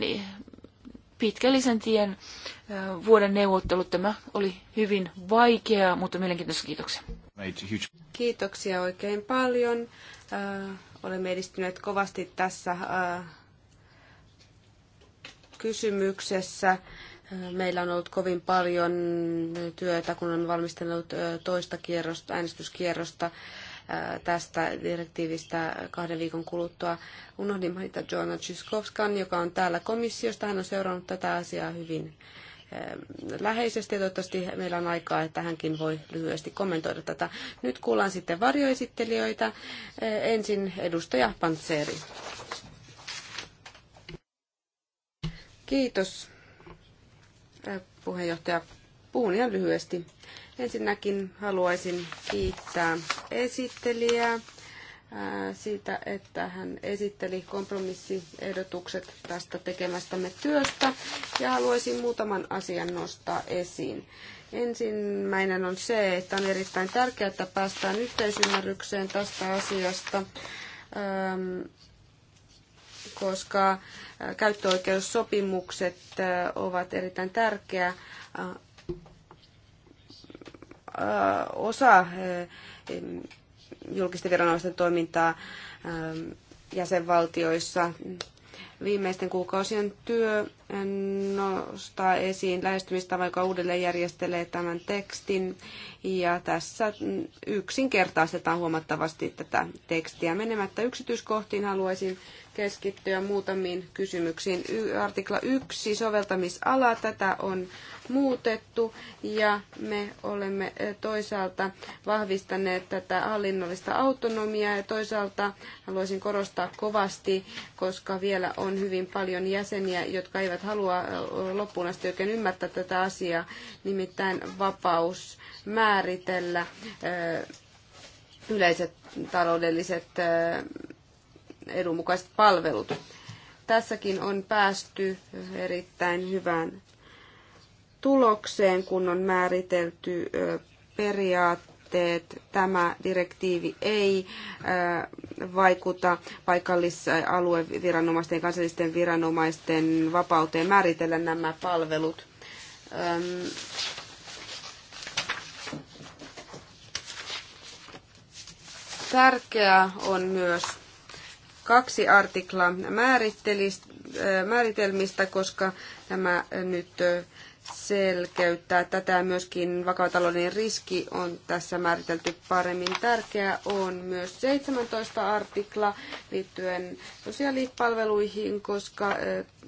pitkällisen tien vuoden neuvottelut. Tämä oli hyvin vaikeaa, mutta mielenkiintoista. Kiitoksia. Kiitoksia oikein paljon. olemme edistyneet kovasti tässä kysymyksessä. Meillä on ollut kovin paljon työtä, kun on valmistellut toista kierrosta, äänestyskierrosta tästä direktiivistä kahden viikon kuluttua. Unohdin mainita Joanna Czyskovskan, joka on täällä komissiosta. Hän on seurannut tätä asiaa hyvin läheisesti ja toivottavasti meillä on aikaa, että hänkin voi lyhyesti kommentoida tätä. Nyt kuullaan sitten varjoesittelijöitä. Ensin edustaja Pantseri. Kiitos puheenjohtaja. Puhun ihan lyhyesti. Ensinnäkin haluaisin kiittää esittelijää äh, siitä, että hän esitteli kompromissiehdotukset tästä tekemästämme työstä ja haluaisin muutaman asian nostaa esiin. Ensimmäinen on se, että on erittäin tärkeää, että päästään yhteisymmärrykseen tästä asiasta, ähm, koska äh, käyttöoikeussopimukset äh, ovat erittäin tärkeä Äh, osa äh, julkisten viranomaisten toimintaa äh, jäsenvaltioissa. Viimeisten kuukausien työ nostaa esiin lähestymistavan, joka uudelleen järjestelee tämän tekstin. Ja tässä yksinkertaistetaan huomattavasti tätä tekstiä. Menemättä yksityiskohtiin haluaisin keskittyä muutamiin kysymyksiin. Artikla 1, soveltamisala, tätä on muutettu ja me olemme eh, toisaalta vahvistaneet tätä hallinnollista autonomiaa ja toisaalta haluaisin korostaa kovasti, koska vielä on hyvin paljon jäseniä, jotka eivät halua eh, loppuun asti oikein ymmärtää tätä asiaa, nimittäin vapaus määritellä eh, yleiset taloudelliset edunmukaiset palvelut. Tässäkin on päästy erittäin hyvään tulokseen, kun on määritelty periaatteet. Tämä direktiivi ei vaikuta paikallis- alueviranomaisten ja kansallisten viranomaisten vapauteen määritellä nämä palvelut. Tärkeää on myös kaksi artiklaa määritelmistä, koska tämä nyt selkeyttää tätä. Myöskin vakautalouden riski on tässä määritelty paremmin. Tärkeä on myös 17 artikla liittyen sosiaalipalveluihin, koska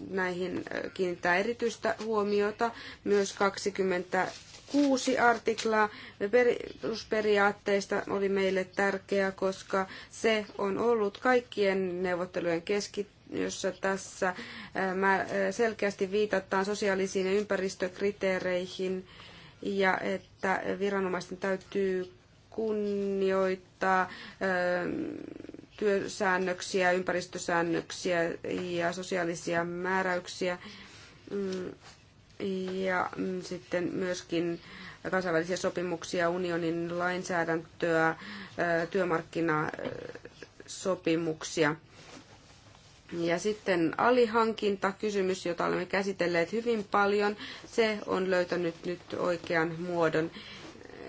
näihin kiinnittää erityistä huomiota. Myös 20 kuusi artiklaa perusperiaatteista oli meille tärkeä, koska se on ollut kaikkien neuvottelujen keski jossa tässä selkeästi viitataan sosiaalisiin ja ympäristökriteereihin ja että viranomaisten täytyy kunnioittaa työsäännöksiä, ympäristösäännöksiä ja sosiaalisia määräyksiä mm, ja mm, sitten myöskin kansainvälisiä sopimuksia, unionin lainsäädäntöä, työmarkkinasopimuksia. Ja sitten alihankinta, kysymys, jota olemme käsitelleet hyvin paljon, se on löytänyt nyt oikean muodon.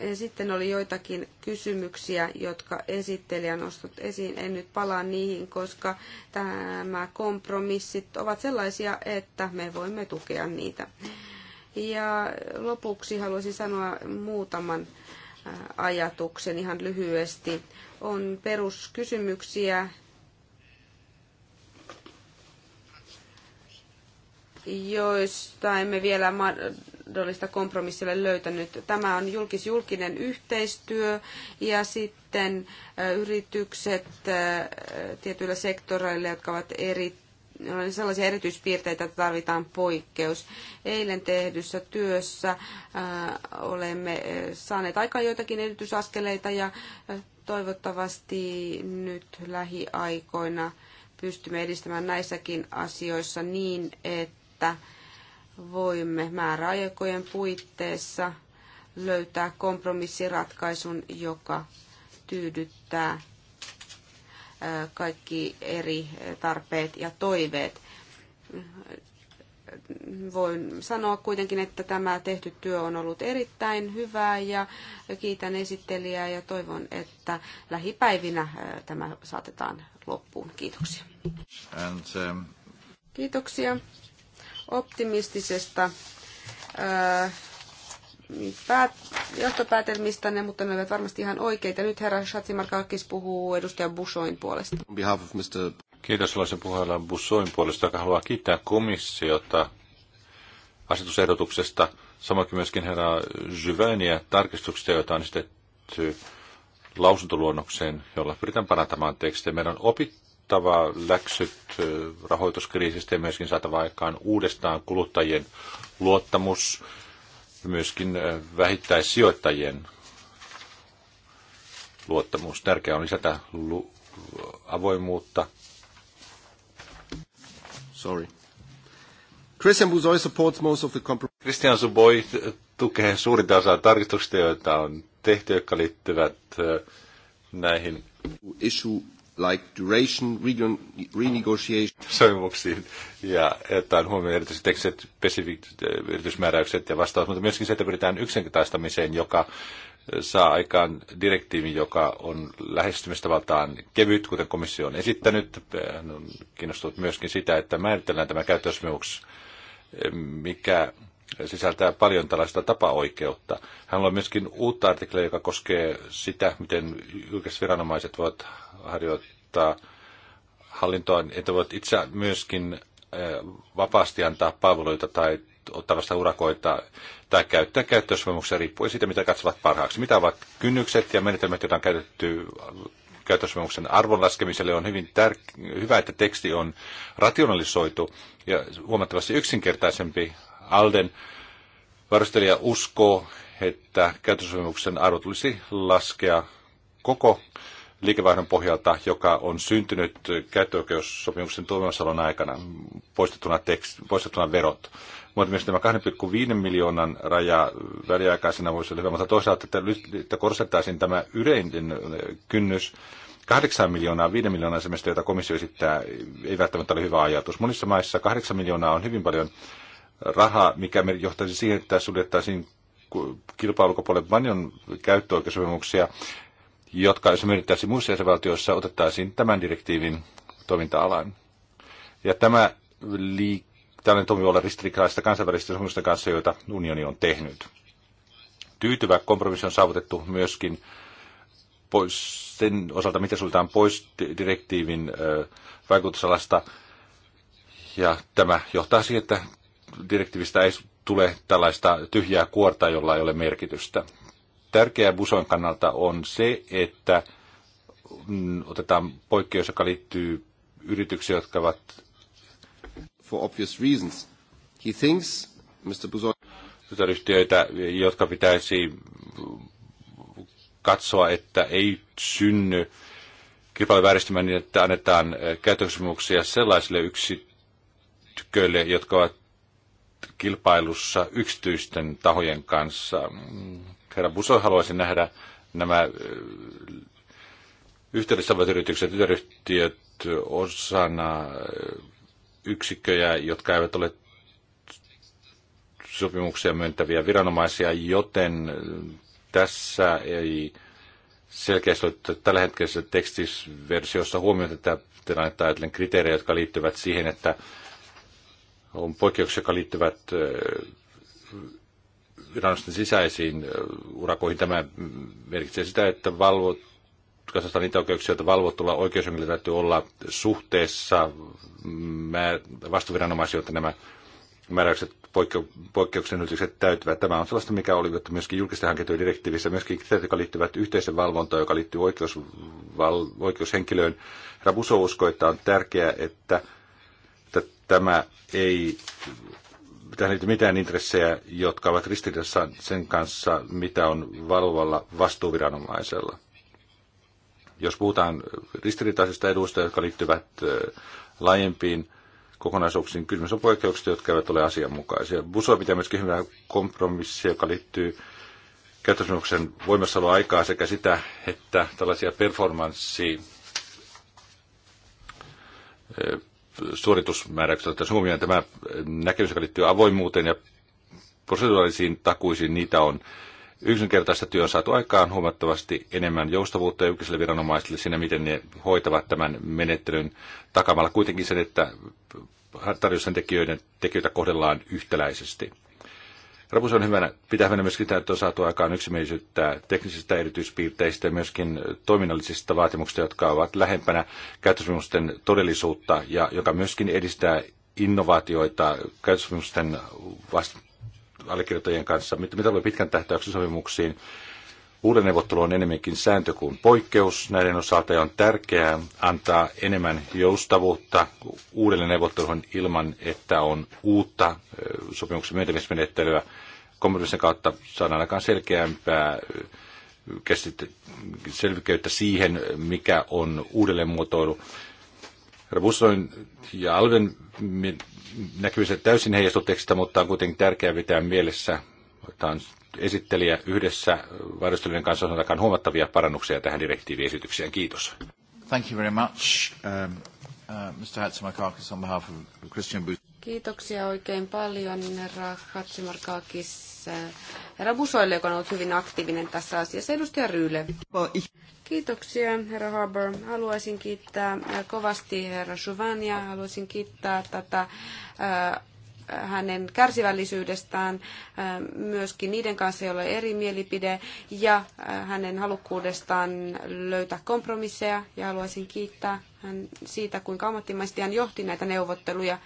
Ja sitten oli joitakin kysymyksiä, jotka esittelijä nostot esiin. En nyt palaa niihin, koska tämä kompromissit ovat sellaisia, että me voimme tukea niitä. Ja lopuksi haluaisin sanoa muutaman ajatuksen ihan lyhyesti. On peruskysymyksiä, joista emme vielä mahdollista kompromissille löytänyt. Tämä on julkis-julkinen yhteistyö ja sitten yritykset tietyillä sektoreilla, jotka ovat eri sellaisia erityispiirteitä, että tarvitaan poikkeus. Eilen tehdyssä työssä olemme saaneet aikaan joitakin erityisaskeleita ja toivottavasti nyt lähiaikoina pystymme edistämään näissäkin asioissa niin, että että voimme määräaikojen puitteissa löytää kompromissiratkaisun, joka tyydyttää kaikki eri tarpeet ja toiveet. Voin sanoa kuitenkin, että tämä tehty työ on ollut erittäin hyvää ja kiitän esittelijää ja toivon, että lähipäivinä tämä saatetaan loppuun. Kiitoksia. And, um... Kiitoksia optimistisesta äh, päät- johtopäätelmistänne, mutta ne ovat varmasti ihan oikeita. Nyt herra Shatsimarkakis puhuu edustaja Bushoin puolesta. On behalf of Mr. Kiitos laisen puheenjohtajan Bussoin puolesta, joka haluaa kiittää komissiota asetusehdotuksesta, samoin myöskin herra Jyväniä tarkistuksista, joita on esitetty lausuntoluonnokseen, jolla pyritään parantamaan tekstejä. Meidän on opittu otettava läksyt rahoituskriisistä ja myöskin saatava aikaan uudestaan kuluttajien luottamus, myöskin vähittäissijoittajien luottamus. Tärkeää on lisätä avoimuutta. Sorry. Christian Buzoi supports most of the Christian Suboy tukee suurinta osaa tarkistuksista, joita on tehty, jotka liittyvät näihin issue like duration, region, renegotiation. Sopimuksiin ja ottaen huomioon erityisesti tekstit, spesifit yritysmääräykset äh, ja vastaavat, mutta myöskin se, että pyritään yksinkertaistamiseen, joka äh, saa aikaan direktiivin, joka on lähestymistavaltaan kevyt, kuten komissio on esittänyt. Äh, hän on kiinnostunut myöskin sitä, että määritellään tämä käyttösopimus, mikä sisältää paljon tällaista tapaoikeutta. Hän on myöskin uutta artikkelia, joka koskee sitä, miten julkiset viranomaiset voivat harjoittaa hallintoa, niin että voit itse myöskin vapaasti antaa palveluita tai ottaa vasta urakoita tai käyttää käyttösopimuksia riippuen siitä, mitä katsovat parhaaksi. Mitä ovat kynnykset ja menetelmät, joita on käytetty käyttösopimuksen arvon laskemiselle on hyvin tär- hyvä, että teksti on rationalisoitu ja huomattavasti yksinkertaisempi. Alden varustelija uskoo, että käyttösopimuksen arvo tulisi laskea koko liikevaihdon pohjalta, joka on syntynyt käyttöoikeussopimuksen toimivassaolon aikana, poistettuna, tekst, poistettuna verot. Mutta myös tämä 2,5 miljoonan raja väliaikaisena voisi olla hyvä, mutta toisaalta, että, että korostettaisiin tämä yleinen äh, kynnys, 8 miljoonaa, 5 miljoonaa semmoista, jota komissio esittää, ei välttämättä ole hyvä ajatus. Monissa maissa 8 miljoonaa on hyvin paljon rahaa, mikä johtaisi siihen, että suljettaisiin kilpailukopuolelle paljon käyttöoikeusopimuksia, jotka, jos myönnettäisiin muissa jäsenvaltioissa, otettaisiin tämän direktiivin toiminta-alaan. Ja tämä liik- tällainen toimi olla ristiriitaista kansainvälisten sopimusten kanssa, joita unioni on tehnyt. Tyytyvä kompromissi on saavutettu myöskin pois sen osalta, mitä suljetaan pois direktiivin vaikutusalasta. Ja tämä johtaa siihen, että direktiivistä ei tule tällaista tyhjää kuorta, jolla ei ole merkitystä. Tärkeää Busoin kannalta on se, että mm, otetaan poikkeus, joka liittyy yrityksiin, jotka ovat... For obvious reasons. He thinks, Mr. Buson, Yhtiöitä, jotka pitäisi katsoa, että ei synny kilpailuvääristymä niin, että annetaan eh, käytöksymyksiä sellaisille yksiköille, jotka ovat kilpailussa yksityisten tahojen kanssa. Mm herra Buso haluaisi nähdä nämä yhteydessä yritykset, tytäryhtiöt osana yksikköjä, jotka eivät ole sopimuksia myöntäviä viranomaisia, joten tässä ei selkeästi ole tällä hetkellä tekstisversiossa huomioon tätä tilannetta ajatellen kriteerejä, jotka liittyvät siihen, että on poikkeuksia, jotka liittyvät viranomaisten sisäisiin urakoihin. Tämä merkitsee sitä, että valvot, katsotaan niitä oikeuksia, että valvottulla oikeushenkilöllä täytyy olla suhteessa mm, vastuviranomaisiin, jotta nämä määräykset poikkeuksen yritykset täyttävät. Tämä on sellaista, mikä oli että myöskin julkisten hankintojen direktiivissä, myöskin kriteerit, jotka liittyvät yhteisen valvontaan, joka liittyy oikeusval- oikeushenkilöön. Rabuso uskoi, että on tärkeää, että, että tämä ei tähän liity mitään intressejä, jotka ovat ristiriidassa sen kanssa, mitä on valvovalla vastuuviranomaisella. Jos puhutaan ristiriitaisista eduista, jotka liittyvät laajempiin kokonaisuuksiin, kysymys on poikkeuksista, jotka eivät ole asianmukaisia. Busua pitää myöskin hyvää kompromissia, joka liittyy käyttösopimuksen voimassaoloaikaa sekä sitä, että tällaisia performanssi suoritusmääräykset ottaisiin huomioon. Tämä näkemys, joka liittyy avoimuuteen ja proseduaalisiin takuisiin, niitä on yksinkertaista työn saatu aikaan huomattavasti enemmän joustavuutta julkisille viranomaisille siinä, miten ne hoitavat tämän menettelyn takamalla kuitenkin sen, että tarjousten tekijöiden, tekijöitä kohdellaan yhtäläisesti. Rapussa on hyvänä, pitää hyvänä myöskin sitä, että on saatu aikaan yksimielisyyttä teknisistä erityispiirteistä ja myöskin toiminnallisista vaatimuksista, jotka ovat lähempänä käyttösopimusten todellisuutta ja joka myöskin edistää innovaatioita käyttösopimusten vast- allekirjoittajien kanssa, mitä voi pitkän tähtäyksen sopimuksiin Uuden neuvottelu on enemmänkin sääntö kuin poikkeus. Näiden osalta on tärkeää antaa enemmän joustavuutta uudelle neuvotteluun ilman, että on uutta sopimuksen myöntämismenettelyä. Kompromissin kautta saadaan aikaan selkeämpää selkeyttä siihen, mikä on uudelleenmuotoilu. Robustoin ja Alven näkyvissä täysin heijastu tekstistä, mutta on kuitenkin tärkeää pitää mielessä, että on esittelijä yhdessä varustelijoiden kanssa on ainakaan huomattavia parannuksia tähän direktiiviesitykseen. Kiitos. Thank you very much. Um, uh, Mr. Hatzimarkakis on behalf of Christian Bus- Kiitoksia oikein paljon herra Hatsimarkakis. Herra Busoille, joka on ollut hyvin aktiivinen tässä asiassa. Edustaja Ryyle. Kiitoksia herra Harbour. Haluaisin kiittää kovasti herra Chauvin ja haluaisin kiittää tätä uh, hänen kärsivällisyydestään, äh, myöskin niiden kanssa, joilla on eri mielipide, ja äh, hänen halukkuudestaan löytää kompromisseja. Ja haluaisin kiittää hän siitä, kuinka ammattimaisesti hän johti näitä neuvotteluja.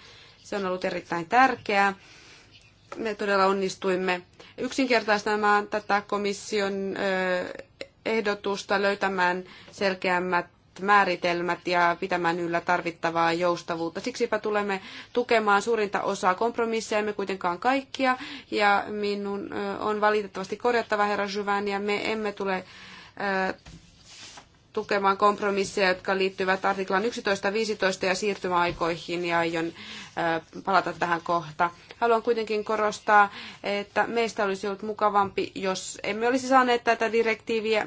Se on ollut erittäin tärkeää. Me todella onnistuimme yksinkertaistamaan tätä komission äh, ehdotusta löytämään selkeämmät määritelmät ja pitämään yllä tarvittavaa joustavuutta. Siksipä tulemme tukemaan suurinta osaa kompromisseja, me kuitenkaan kaikkia, ja minun on valitettavasti korjattava herra Juvan, ja me emme tule tukemaan kompromisseja, jotka liittyvät artiklan yksitoista, viisitoista ja siirtymäaikoihin ja aion palata tähän kohta. Haluan kuitenkin korostaa, että meistä olisi ollut mukavampi, jos emme olisi saaneet tätä direktiiviä.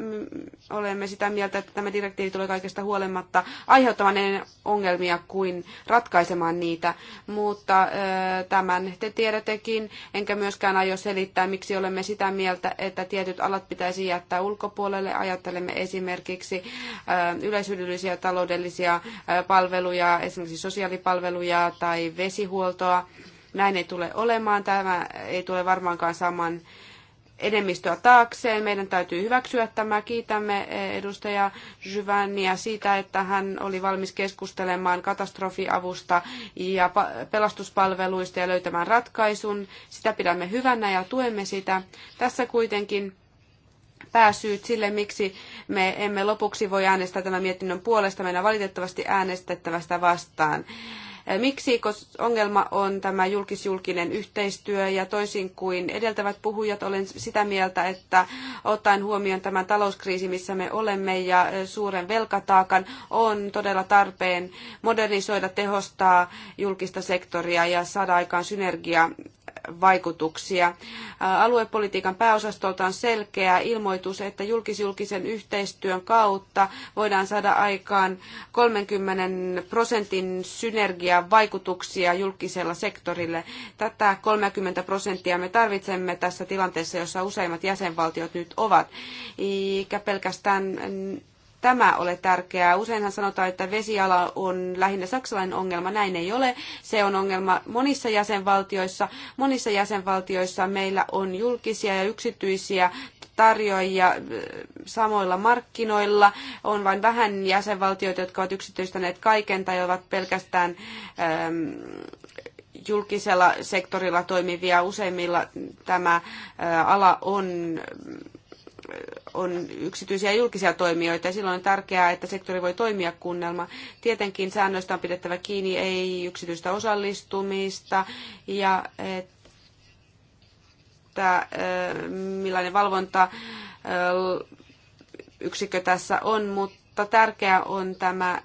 Olemme sitä mieltä, että tämä direktiivi tulee kaikesta huolimatta aiheuttamaan ongelmia kuin ratkaisemaan niitä, mutta tämän te tiedättekin, enkä myöskään aio selittää, miksi olemme sitä mieltä, että tietyt alat pitäisi jättää ulkopuolelle. Ajattelemme esimerkiksi yleisyydellisiä taloudellisia palveluja, esimerkiksi sosiaalipalveluja tai vesihuoltoa. Näin ei tule olemaan. Tämä ei tule varmaankaan saman enemmistöä taakseen. Meidän täytyy hyväksyä tämä. Kiitämme edustaja Jyvänniä siitä, että hän oli valmis keskustelemaan katastrofiavusta ja pelastuspalveluista ja löytämään ratkaisun. Sitä pidämme hyvänä ja tuemme sitä. Tässä kuitenkin pääsyyt sille, miksi me emme lopuksi voi äänestää tämän mietinnön puolesta. Meidän valitettavasti äänestettävästä vastaan. Eh, miksi? Koska ongelma on tämä julkisjulkinen yhteistyö ja toisin kuin edeltävät puhujat olen sitä mieltä, että ottaen huomioon tämän talouskriisi, missä me olemme ja eh, suuren velkataakan, on todella tarpeen modernisoida, tehostaa julkista sektoria ja saada aikaan synergia vaikutuksia. Aluepolitiikan pääosastolta on selkeä ilmoitus, että julkisjulkisen yhteistyön kautta voidaan saada aikaan 30 prosentin synergiavaikutuksia vaikutuksia julkisella sektorille. Tätä 30 prosenttia me tarvitsemme tässä tilanteessa, jossa useimmat jäsenvaltiot nyt ovat, eikä pelkästään tämä ole tärkeää. Useinhan sanotaan, että vesiala on lähinnä saksalainen ongelma. Näin ei ole. Se on ongelma monissa jäsenvaltioissa. Monissa jäsenvaltioissa meillä on julkisia ja yksityisiä tarjoajia äh, samoilla markkinoilla. On vain vähän jäsenvaltioita, jotka ovat yksityistäneet kaiken tai ovat pelkästään äm, julkisella sektorilla toimivia. Useimmilla tämä ä, äh, ala on on yksityisiä ja julkisia toimijoita ja silloin on tärkeää, että sektori voi toimia kunnelma. Tietenkin säännöistä on pidettävä kiinni, ei yksityistä osallistumista ja että eh, millainen valvonta eh, yksikkö tässä on, mutta tärkeää on tämä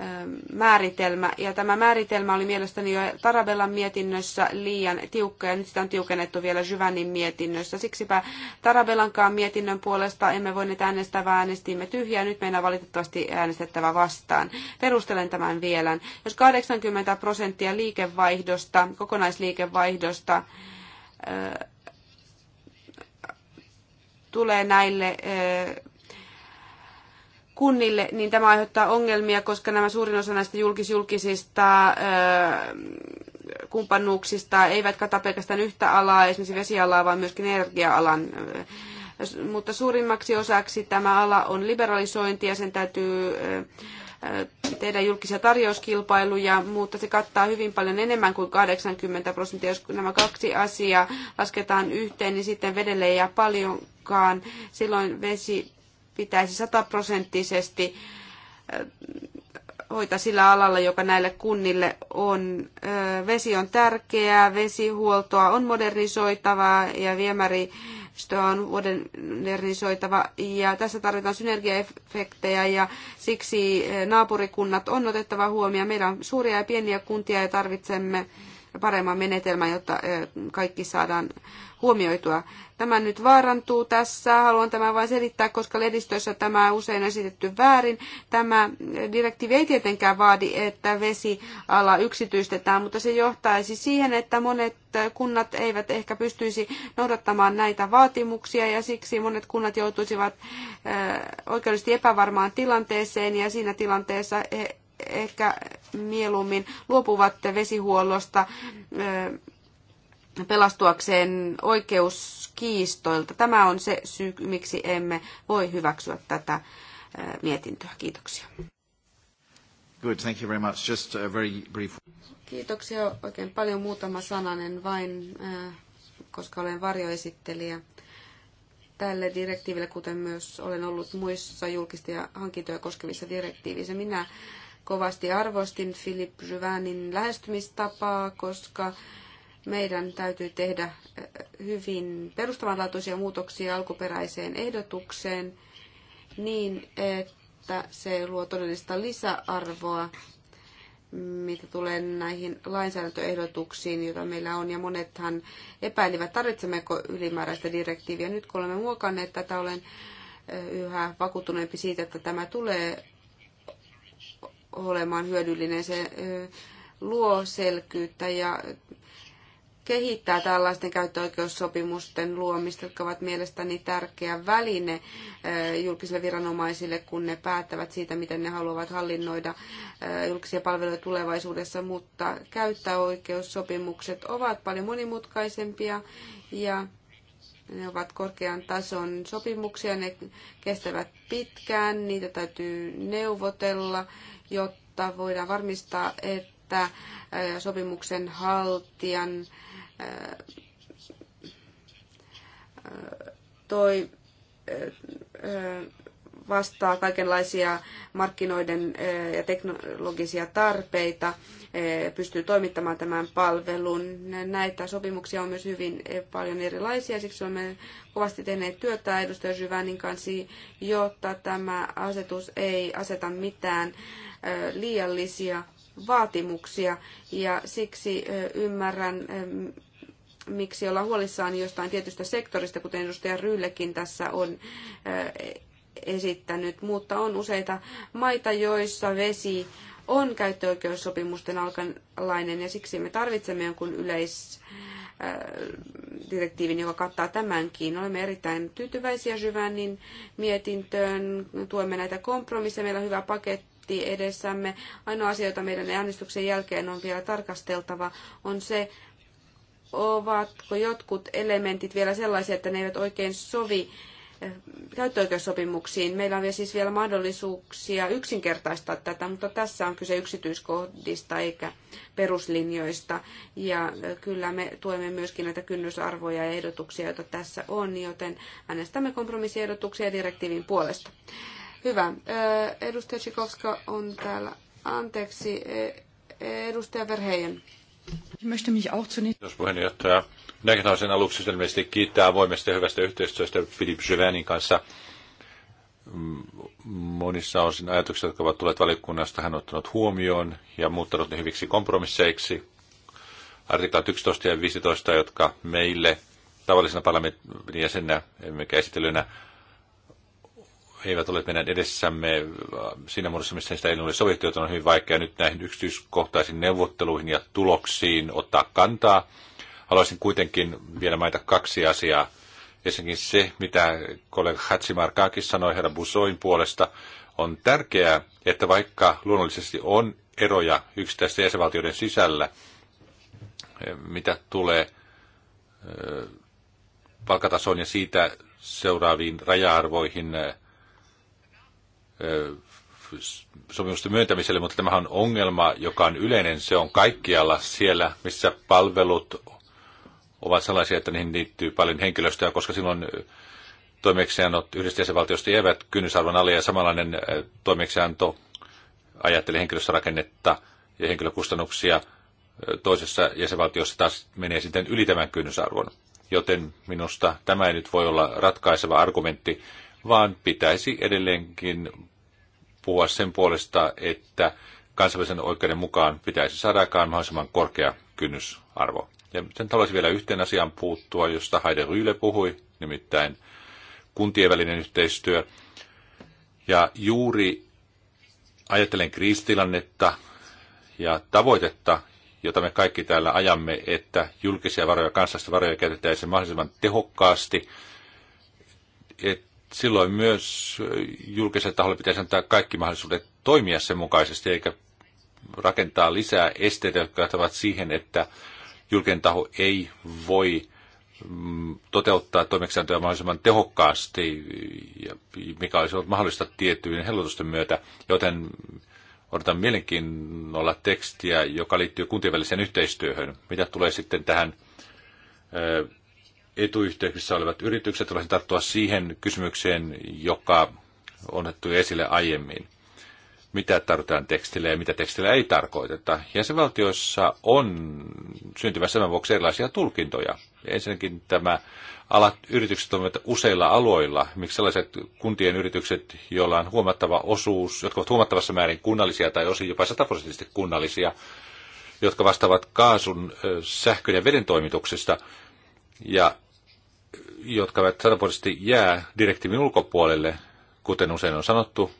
Ähm, määritelmä. Ja tämä määritelmä oli mielestäni jo Tarabellan mietinnössä liian tiukka ja nyt sitä on tiukennettu vielä Syvänin mietinnössä. Siksipä Tarabellankaan mietinnön puolesta emme voineet äänestää, vaan äänestimme tyhjää. Nyt meidän on valitettavasti äänestettävä vastaan. Perustelen tämän vielä. Jos 80 prosenttia liikevaihdosta, kokonaisliikevaihdosta, äh, tulee näille äh, kunnille, niin tämä aiheuttaa ongelmia, koska nämä suurin osa näistä julkisjulkisista kumppanuuksista eivät kata pelkästään yhtä alaa, esimerkiksi vesialaa, vaan myöskin energia-alan. Mutta suurimmaksi osaksi tämä ala on liberalisointi ja sen täytyy tehdä julkisia tarjouskilpailuja, mutta se kattaa hyvin paljon enemmän kuin 80 prosenttia. Jos nämä kaksi asiaa lasketaan yhteen, niin sitten vedelle ei jää paljonkaan. Silloin vesi pitäisi sataprosenttisesti äh, hoitaa sillä alalla, joka näille kunnille on. Äh, vesi on tärkeää, vesihuoltoa on modernisoitavaa ja viemäri on modernisoitava ja tässä tarvitaan synergiaefektejä ja siksi äh, naapurikunnat on otettava huomioon. Meillä on suuria ja pieniä kuntia ja tarvitsemme paremman menetelmän, jotta kaikki saadaan huomioitua. Tämä nyt vaarantuu tässä, haluan tämän vain selittää, koska lehdistössä tämä usein esitetty väärin. Tämä direktiivi ei tietenkään vaadi, että vesiala yksityistetään, mutta se johtaisi siihen, että monet kunnat eivät ehkä pystyisi noudattamaan näitä vaatimuksia ja siksi monet kunnat joutuisivat eh, oikeudellisesti epävarmaan tilanteeseen ja siinä tilanteessa he ehkä mieluummin luopuvat vesihuollosta eh, pelastuakseen oikeuskiistoilta. Tämä on se syy, miksi emme voi hyväksyä tätä mietintöä. Kiitoksia. Good, thank you very much. Just a very brief... Kiitoksia oikein paljon. Muutama sananen vain, koska olen varjoesittelijä tälle direktiiville, kuten myös olen ollut muissa julkisia hankintoja koskevissa direktiivissä. Minä kovasti arvostin Philip Ryvänin lähestymistapaa, koska meidän täytyy tehdä eh, hyvin perustavanlaatuisia muutoksia alkuperäiseen ehdotukseen niin, että se luo todellista lisäarvoa, mitä tulee näihin lainsäädäntöehdotuksiin, joita meillä on. Ja monethan epäilivät, tarvitsemmeko ylimääräistä direktiiviä. Nyt kun olemme muokanneet tätä, olen eh, yhä vakuuttuneempi siitä, että tämä tulee olemaan hyödyllinen. Se eh, luo selkyyttä ja kehittää tällaisten käyttöoikeussopimusten luomista, jotka ovat mielestäni tärkeä väline eh, julkisille viranomaisille, kun ne päättävät siitä, miten ne haluavat hallinnoida eh, julkisia palveluja tulevaisuudessa, mutta käyttäoikeussopimukset ovat paljon monimutkaisempia ja ne ovat korkean tason sopimuksia, ne kestävät pitkään, niitä täytyy neuvotella, jotta voidaan varmistaa, että eh, sopimuksen haltijan toi, vastaa kaikenlaisia markkinoiden ja teknologisia tarpeita, pystyy toimittamaan tämän palvelun. Näitä sopimuksia on myös hyvin paljon erilaisia, siksi olemme kovasti tehneet työtä edustaja Syvänin kanssa, jotta tämä asetus ei aseta mitään liiallisia vaatimuksia ja siksi ymmärrän miksi olla huolissaan jostain tietystä sektorista, kuten edustaja Ryllekin tässä on esittänyt, mutta on useita maita, joissa vesi on käyttöoikeussopimusten alkanlainen ja siksi me tarvitsemme jonkun yleis direktiivin, joka kattaa tämänkin. Olemme erittäin tyytyväisiä Syvännin mietintöön. Tuemme näitä kompromisseja. Meillä on hyvä paketti edessämme. Ainoa asia, jota meidän äänestyksen jälkeen on vielä tarkasteltava, on se, ovatko jotkut elementit vielä sellaisia, että ne eivät oikein sovi eh, käyttöoikeussopimuksiin. Meillä on siis vielä mahdollisuuksia yksinkertaistaa tätä, mutta tässä on kyse yksityiskohdista eikä peruslinjoista. Ja eh, kyllä me tuemme myöskin näitä kynnysarvoja ja ehdotuksia, joita tässä on, joten äänestämme kompromissiehdotuksia direktiivin puolesta. Hyvä. Eh, edustaja Tsikovska on täällä. Anteeksi. Edustaja Verheijen. Kiitos puheenjohtaja. Minäkin haluaisin aluksi selvästi kiittää avoimesta ja hyvästä yhteistyöstä Philip Jyvänin kanssa. Mm, monissa osin ajatuksia, jotka ovat tulleet valiokunnasta, hän on ottanut huomioon ja muuttanut ne hyviksi kompromisseiksi. Artiklat 11 ja 15, jotka meille tavallisena parlamentin jäsenä, emmekä esittelynä, eivät ole meidän edessämme siinä muodossa, missä sitä ei ole sovittu, joten on hyvin vaikea nyt näihin yksityiskohtaisiin neuvotteluihin ja tuloksiin ottaa kantaa. Haluaisin kuitenkin vielä mainita kaksi asiaa. Ensinnäkin se, mitä kollega Hatsimarkaakin sanoi herra Busoin puolesta, on tärkeää, että vaikka luonnollisesti on eroja yksittäisten jäsenvaltioiden sisällä, mitä tulee palkatasoon ja siitä seuraaviin raja-arvoihin sopimusten myöntämiselle, mutta tämä on ongelma, joka on yleinen. Se on kaikkialla siellä, missä palvelut ovat sellaisia, että niihin liittyy paljon henkilöstöä, koska silloin toimeksiannot yhdestä jäsenvaltiosta jäävät kynnysarvon alle ja samanlainen toimeksianto ajatteli henkilöstörakennetta ja henkilökustannuksia toisessa jäsenvaltiossa taas menee sitten yli tämän kynnysarvon. Joten minusta tämä ei nyt voi olla ratkaiseva argumentti, vaan pitäisi edelleenkin puhua sen puolesta, että kansainvälisen oikeuden mukaan pitäisi saada aikaan mahdollisimman korkea kynnysarvo. Ja sen haluaisin vielä yhteen asiaan puuttua, josta Heide Ryyle puhui, nimittäin kuntien välinen yhteistyö. Ja juuri ajattelen kriisitilannetta ja tavoitetta, jota me kaikki täällä ajamme, että julkisia varoja, kansallisia varoja käytetään mahdollisimman tehokkaasti, että silloin myös julkiselle taholle pitäisi antaa kaikki mahdollisuudet toimia sen mukaisesti, eikä rakentaa lisää esteitä, jotka johtavat siihen, että julkinen taho ei voi mm, toteuttaa toimeksiantoja mahdollisimman tehokkaasti, mikä olisi ollut mahdollista tiettyjen helpotusten myötä, joten odotan mielenkiinnolla tekstiä, joka liittyy kuntien väliseen yhteistyöhön. Mitä tulee sitten tähän etuyhteyksissä olevat yritykset. Haluaisin tarttua siihen kysymykseen, joka on otettu esille aiemmin. Mitä tarvitaan tekstille ja mitä tekstillä ei tarkoiteta. Jäsenvaltioissa on syntymässä tämän vuoksi erilaisia tulkintoja. Ensinnäkin tämä alat, yritykset toimivat useilla aloilla. Miksi sellaiset kuntien yritykset, joilla on huomattava osuus, jotka ovat huomattavassa määrin kunnallisia tai osin jopa sataprosenttisesti kunnallisia, jotka vastaavat kaasun, sähkön ja veden toimituksesta, ja jotka eivät sataprosenttisesti jää direktiivin ulkopuolelle, kuten usein on sanottu,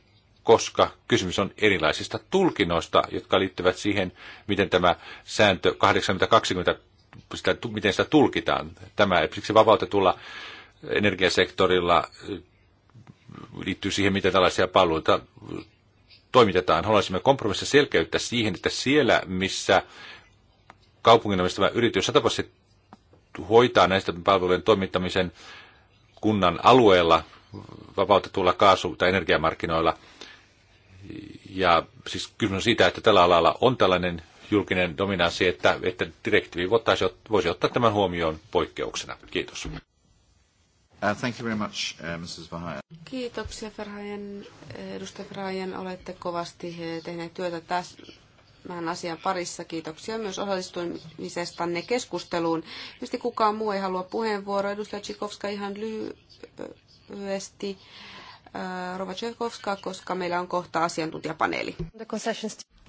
koska kysymys on erilaisista tulkinnoista, jotka liittyvät siihen, miten tämä sääntö 80-20, sitä, miten sitä tulkitaan. Tämä esimerkiksi vapautetulla energiasektorilla eh, liittyy siihen, miten tällaisia palveluita toimitetaan. Haluaisimme kompromissa selkeyttä siihen, että siellä, missä kaupungin yritys 100 hoitaa näistä palvelujen toimittamisen kunnan alueella vapautetulla kaasu- tai energiamarkkinoilla. Ja siis kysymys on siitä, että tällä alalla on tällainen julkinen dominanssi, että, että direktiivi voisi, voisi ottaa tämän huomioon poikkeuksena. Kiitos. Uh, thank you very much, uh, Mrs. Kiitoksia Verhaen. Edustaja Verhaen, olette kovasti eh, tehneet työtä tässä tämän asian parissa. Kiitoksia myös osallistumisestanne keskusteluun. Mistä niin kukaan muu ei halua puheenvuoroa. Edustaja Tsikovska ihan lyhyesti. Äh, Rova koska meillä on kohta asiantuntijapaneeli.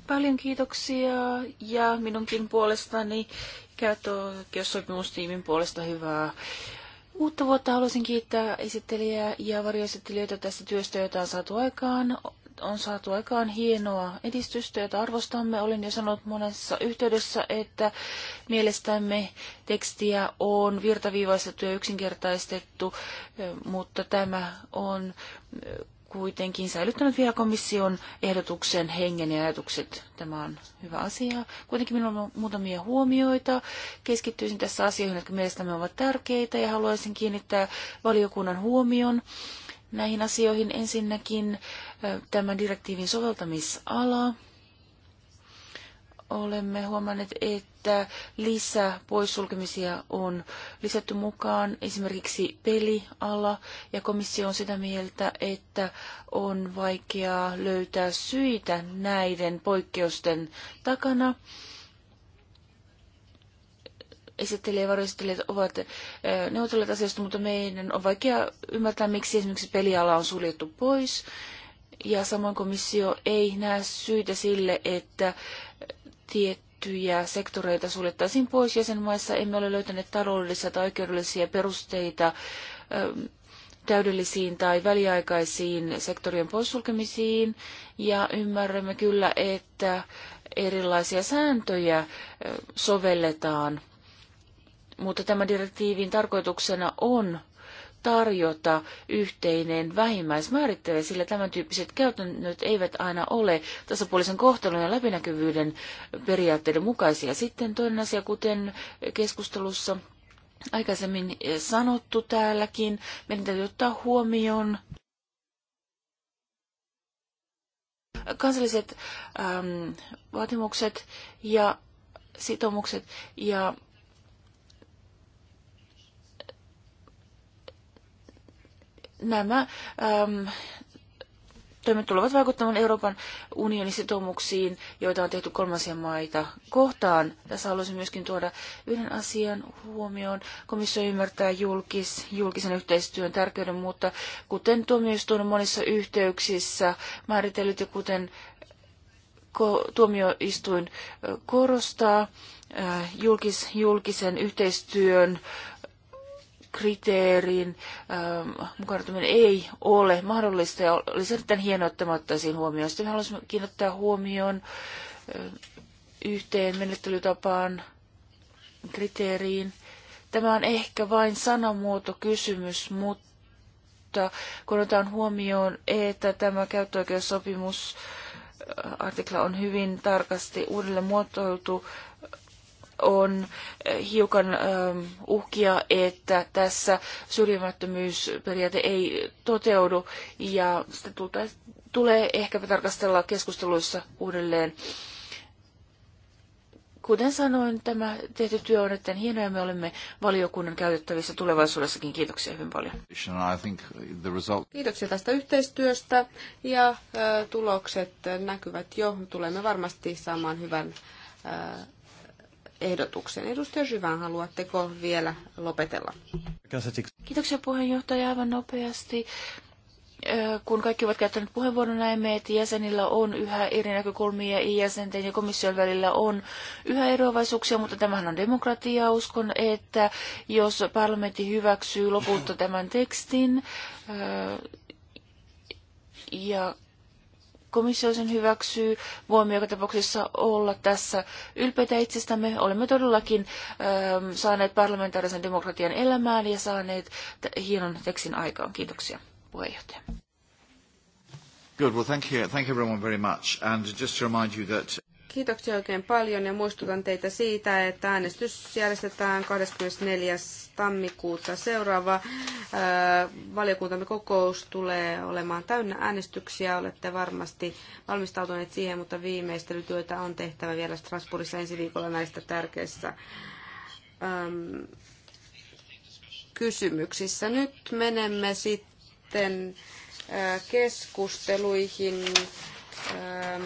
Paljon kiitoksia ja minunkin puolestani käyttöoikeussopimustiimin puolesta hyvää uutta vuotta haluaisin kiittää esittelijää ja varjoesittelijöitä tästä työstä, jota on saatu aikaan on saatu aikaan hienoa edistystä, jota arvostamme. Olin jo sanonut monessa yhteydessä, että mielestämme tekstiä on virtaviivaistettu ja yksinkertaistettu, eh, mutta tämä on eh, kuitenkin säilyttänyt vielä komission ehdotuksen hengen ja ajatukset. Tämä on hyvä asia. Kuitenkin minulla on muutamia huomioita. Keskittyisin tässä asioihin, jotka mielestämme ovat tärkeitä ja haluaisin kiinnittää valiokunnan huomion näihin asioihin. Ensinnäkin tämän direktiivin soveltamisala. Olemme huomanneet, että lisää poissulkemisia on lisätty mukaan, esimerkiksi peliala, ja komissio on sitä mieltä, että on vaikeaa löytää syitä näiden poikkeusten takana esittelijä varjostelijat ovat neuvotelleet asiasta, mutta meidän on vaikea ymmärtää, miksi esimerkiksi peliala on suljettu pois. Ja samoin komissio ei näe syytä sille, että tiettyjä sektoreita suljettaisiin pois jäsenmaissa. Emme ole löytäneet taloudellisia tai oikeudellisia perusteita täydellisiin tai väliaikaisiin sektorien poissulkemisiin. Ja ymmärrämme kyllä, että erilaisia sääntöjä sovelletaan mutta tämän direktiivin tarkoituksena on tarjota yhteinen vähimmäismäärittely, sillä tämän tyyppiset käytännöt eivät aina ole tasapuolisen kohtelun ja läpinäkyvyyden periaatteiden mukaisia. Sitten toinen asia, kuten keskustelussa aikaisemmin sanottu täälläkin, meidän täytyy ottaa huomioon kansalliset ähm, vaatimukset ja sitoumukset ja nämä äm, toimet tulevat vaikuttamaan Euroopan unionin sitoumuksiin, joita on tehty kolmansia maita kohtaan. Tässä haluaisin myöskin tuoda yhden asian huomioon. Komissio ymmärtää julkis, julkisen yhteistyön tärkeyden, mutta kuten tuomioistuin on monissa yhteyksissä määritellyt ja kuten tuomioistuin äh, korostaa, äh, julkis, julkisen yhteistyön kriteerin ähm, mukautuminen ei ole mahdollista ja olisi erittäin hienoa, että me ottaisiin huomioon. Sitten haluaisin kiinnittää huomioon äh, yhteen menettelytapaan kriteeriin. Tämä on ehkä vain sanamuotokysymys, mutta kun otetaan huomioon, että tämä käyttöoikeussopimus äh, artikla on hyvin tarkasti uudelleen muotoiltu, on eh, hiukan eh, uhkia, että tässä syrjimättömyysperiaate ei toteudu ja sitä tuota, tulee ehkäpä tarkastella keskusteluissa uudelleen. Kuten sanoin, tämä tehty työ on erittäin hieno ja me olemme valiokunnan käytettävissä tulevaisuudessakin. Kiitoksia hyvin paljon. Kiitoksia tästä yhteistyöstä ja eh, tulokset näkyvät jo. Tulemme varmasti saamaan hyvän ehdotuksen. Edustaja Syvän, haluatteko vielä lopetella? Kiitoksia puheenjohtaja aivan nopeasti. Kun kaikki ovat käyttäneet puheenvuoron, näemme, että jäsenillä on yhä eri näkökulmia ja jäsenten ja komission välillä on yhä eroavaisuuksia, mutta tämähän on demokratia. Uskon, että jos parlamentti hyväksyy lopulta tämän tekstin ja komissio sen hyväksyy, voimme joka tapauksessa olla tässä ylpeitä itsestämme. Olemme todellakin ähm, saaneet parlamentaarisen demokratian elämään ja saaneet hienon tekstin aikaan. Kiitoksia puheenjohtaja. Good. Well, thank you. Thank everyone very much. And just to remind you that Kiitoksia oikein paljon ja muistutan teitä siitä, että äänestys järjestetään 24. tammikuuta. Seuraava ää, äh, valiokuntamme kokous tulee olemaan täynnä äänestyksiä. Olette varmasti valmistautuneet siihen, mutta viimeistelytyötä on tehtävä vielä Strasbourgissa ensi viikolla näistä tärkeissä äm, kysymyksissä. Nyt menemme sitten ää, äh, keskusteluihin. Ähm,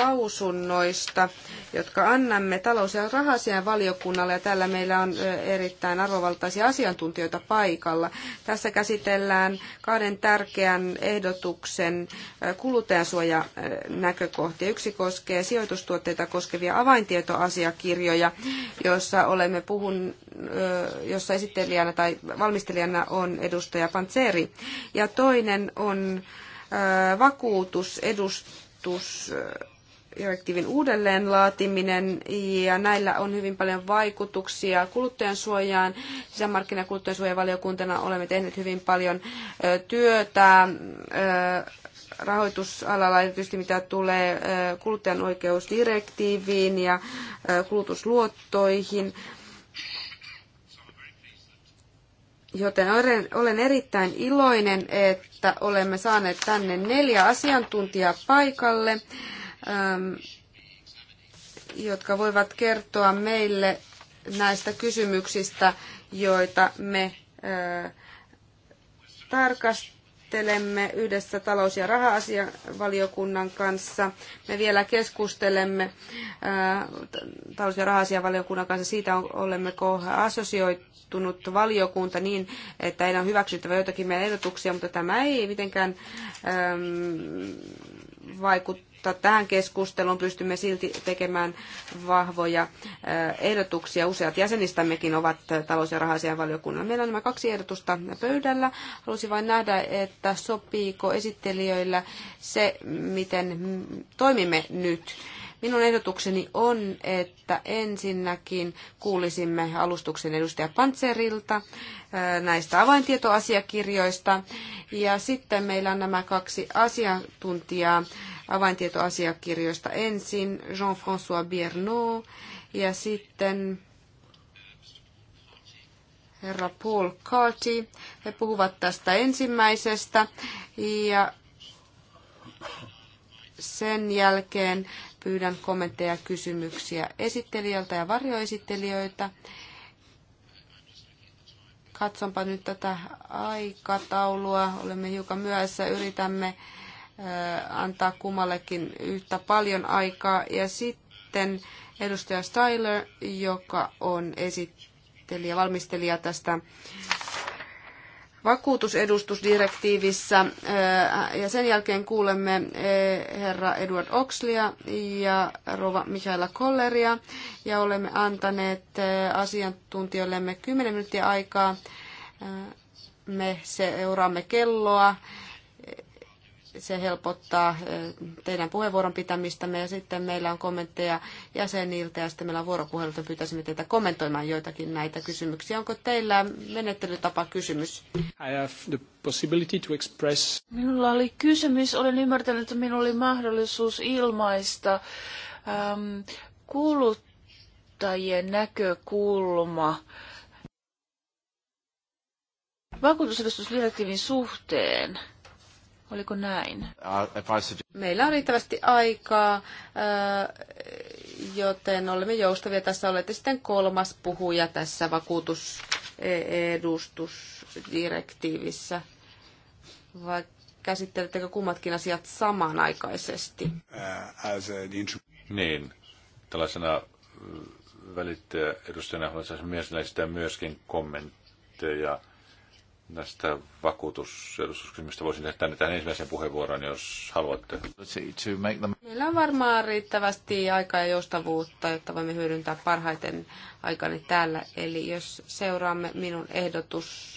lausunnoista, jotka annamme talous- ja rahasian valiokunnalle, ja täällä meillä on erittäin arvovaltaisia asiantuntijoita paikalla. Tässä käsitellään kahden tärkeän ehdotuksen kuluttajansuojanäkökohtia. Yksi koskee sijoitustuotteita koskevia avaintietoasiakirjoja, jossa olemme puhun, jossa esittelijänä tai valmistelijana on edustaja Pantseri, ja toinen on vakuutusedustaja asetus direktiivin uudelleenlaatiminen ja näillä on hyvin paljon vaikutuksia kuluttajansuojaan. Sisämarkkina- ja kuluttajansuojavaliokuntana olemme tehneet hyvin paljon työtä rahoitusalalla, erityisesti mitä tulee kuluttajan oikeusdirektiiviin ja kulutusluottoihin. Joten olen erittäin iloinen, että olemme saaneet tänne neljä asiantuntijaa paikalle, ähm, jotka voivat kertoa meille näistä kysymyksistä, joita me äh, tarkastamme keskustelemme yhdessä talous- ja raha-asiavaliokunnan kanssa. Me vielä keskustelemme ää, äh, talous- ja raha-asiavaliokunnan kanssa siitä, olemmeko assosioitunut valiokunta niin, että ei on hyväksyttävä joitakin meidän ehdotuksia, mutta tämä ei mitenkään ähm, vaikuta mutta tähän keskusteluun pystymme silti tekemään vahvoja ehdotuksia. Useat jäsenistämmekin ovat talous- ja rahasian valiokunnalla. Meillä on nämä kaksi ehdotusta pöydällä. Halusin vain nähdä, että sopiiko esittelijöillä se, miten toimimme nyt. Minun ehdotukseni on, että ensinnäkin kuulisimme alustuksen edustaja Pantserilta näistä avaintietoasiakirjoista. Ja sitten meillä on nämä kaksi asiantuntijaa avaintietoasiakirjoista ensin Jean-François Biernot ja sitten herra Paul Carty. He puhuvat tästä ensimmäisestä ja sen jälkeen pyydän kommentteja ja kysymyksiä esittelijältä ja varjoesittelijöiltä. Katsonpa nyt tätä aikataulua. Olemme hiukan myöhässä. Yritämme Äh, antaa kummallekin yhtä paljon aikaa. Ja sitten edustaja Styler, joka on esittelijä, valmistelija tästä vakuutusedustusdirektiivissä. Äh, ja sen jälkeen kuulemme äh, herra Edward Oxlia ja rova Michaela Kolleria. Ja olemme antaneet asiantuntijoillemme 10 minuuttia aikaa. Me seuraamme kelloa se helpottaa teidän puheenvuoron pitämistä ja sitten meillä on kommentteja jäseniltä ja sitten meillä on vuoropuhelut ja pyytäisimme teitä kommentoimaan joitakin näitä kysymyksiä. Onko teillä menettelytapa kysymys? I have the possibility to express... Minulla oli kysymys. Olen ymmärtänyt, että minulla oli mahdollisuus ilmaista ähm, kuluttajien näkökulma vakuutusedustusdirektiivin suhteen. Oliko näin? Uh, Meillä on riittävästi aikaa, uh, joten olemme joustavia. Tässä olette sitten kolmas puhuja tässä vakuutusedustusdirektiivissä. Vai käsittelettekö kummatkin asiat samanaikaisesti? Uh, niin, tällaisena välittäjä edustajana haluaisin myös näistä myöskin kommentteja näistä vakuutusedustuskysymyksistä voisin tehdä tänne tähän ensimmäiseen puheenvuoroon, jos haluatte. Meillä on varmaan riittävästi aikaa ja joustavuutta, jotta voimme hyödyntää parhaiten aikani täällä. Eli jos seuraamme minun ehdotus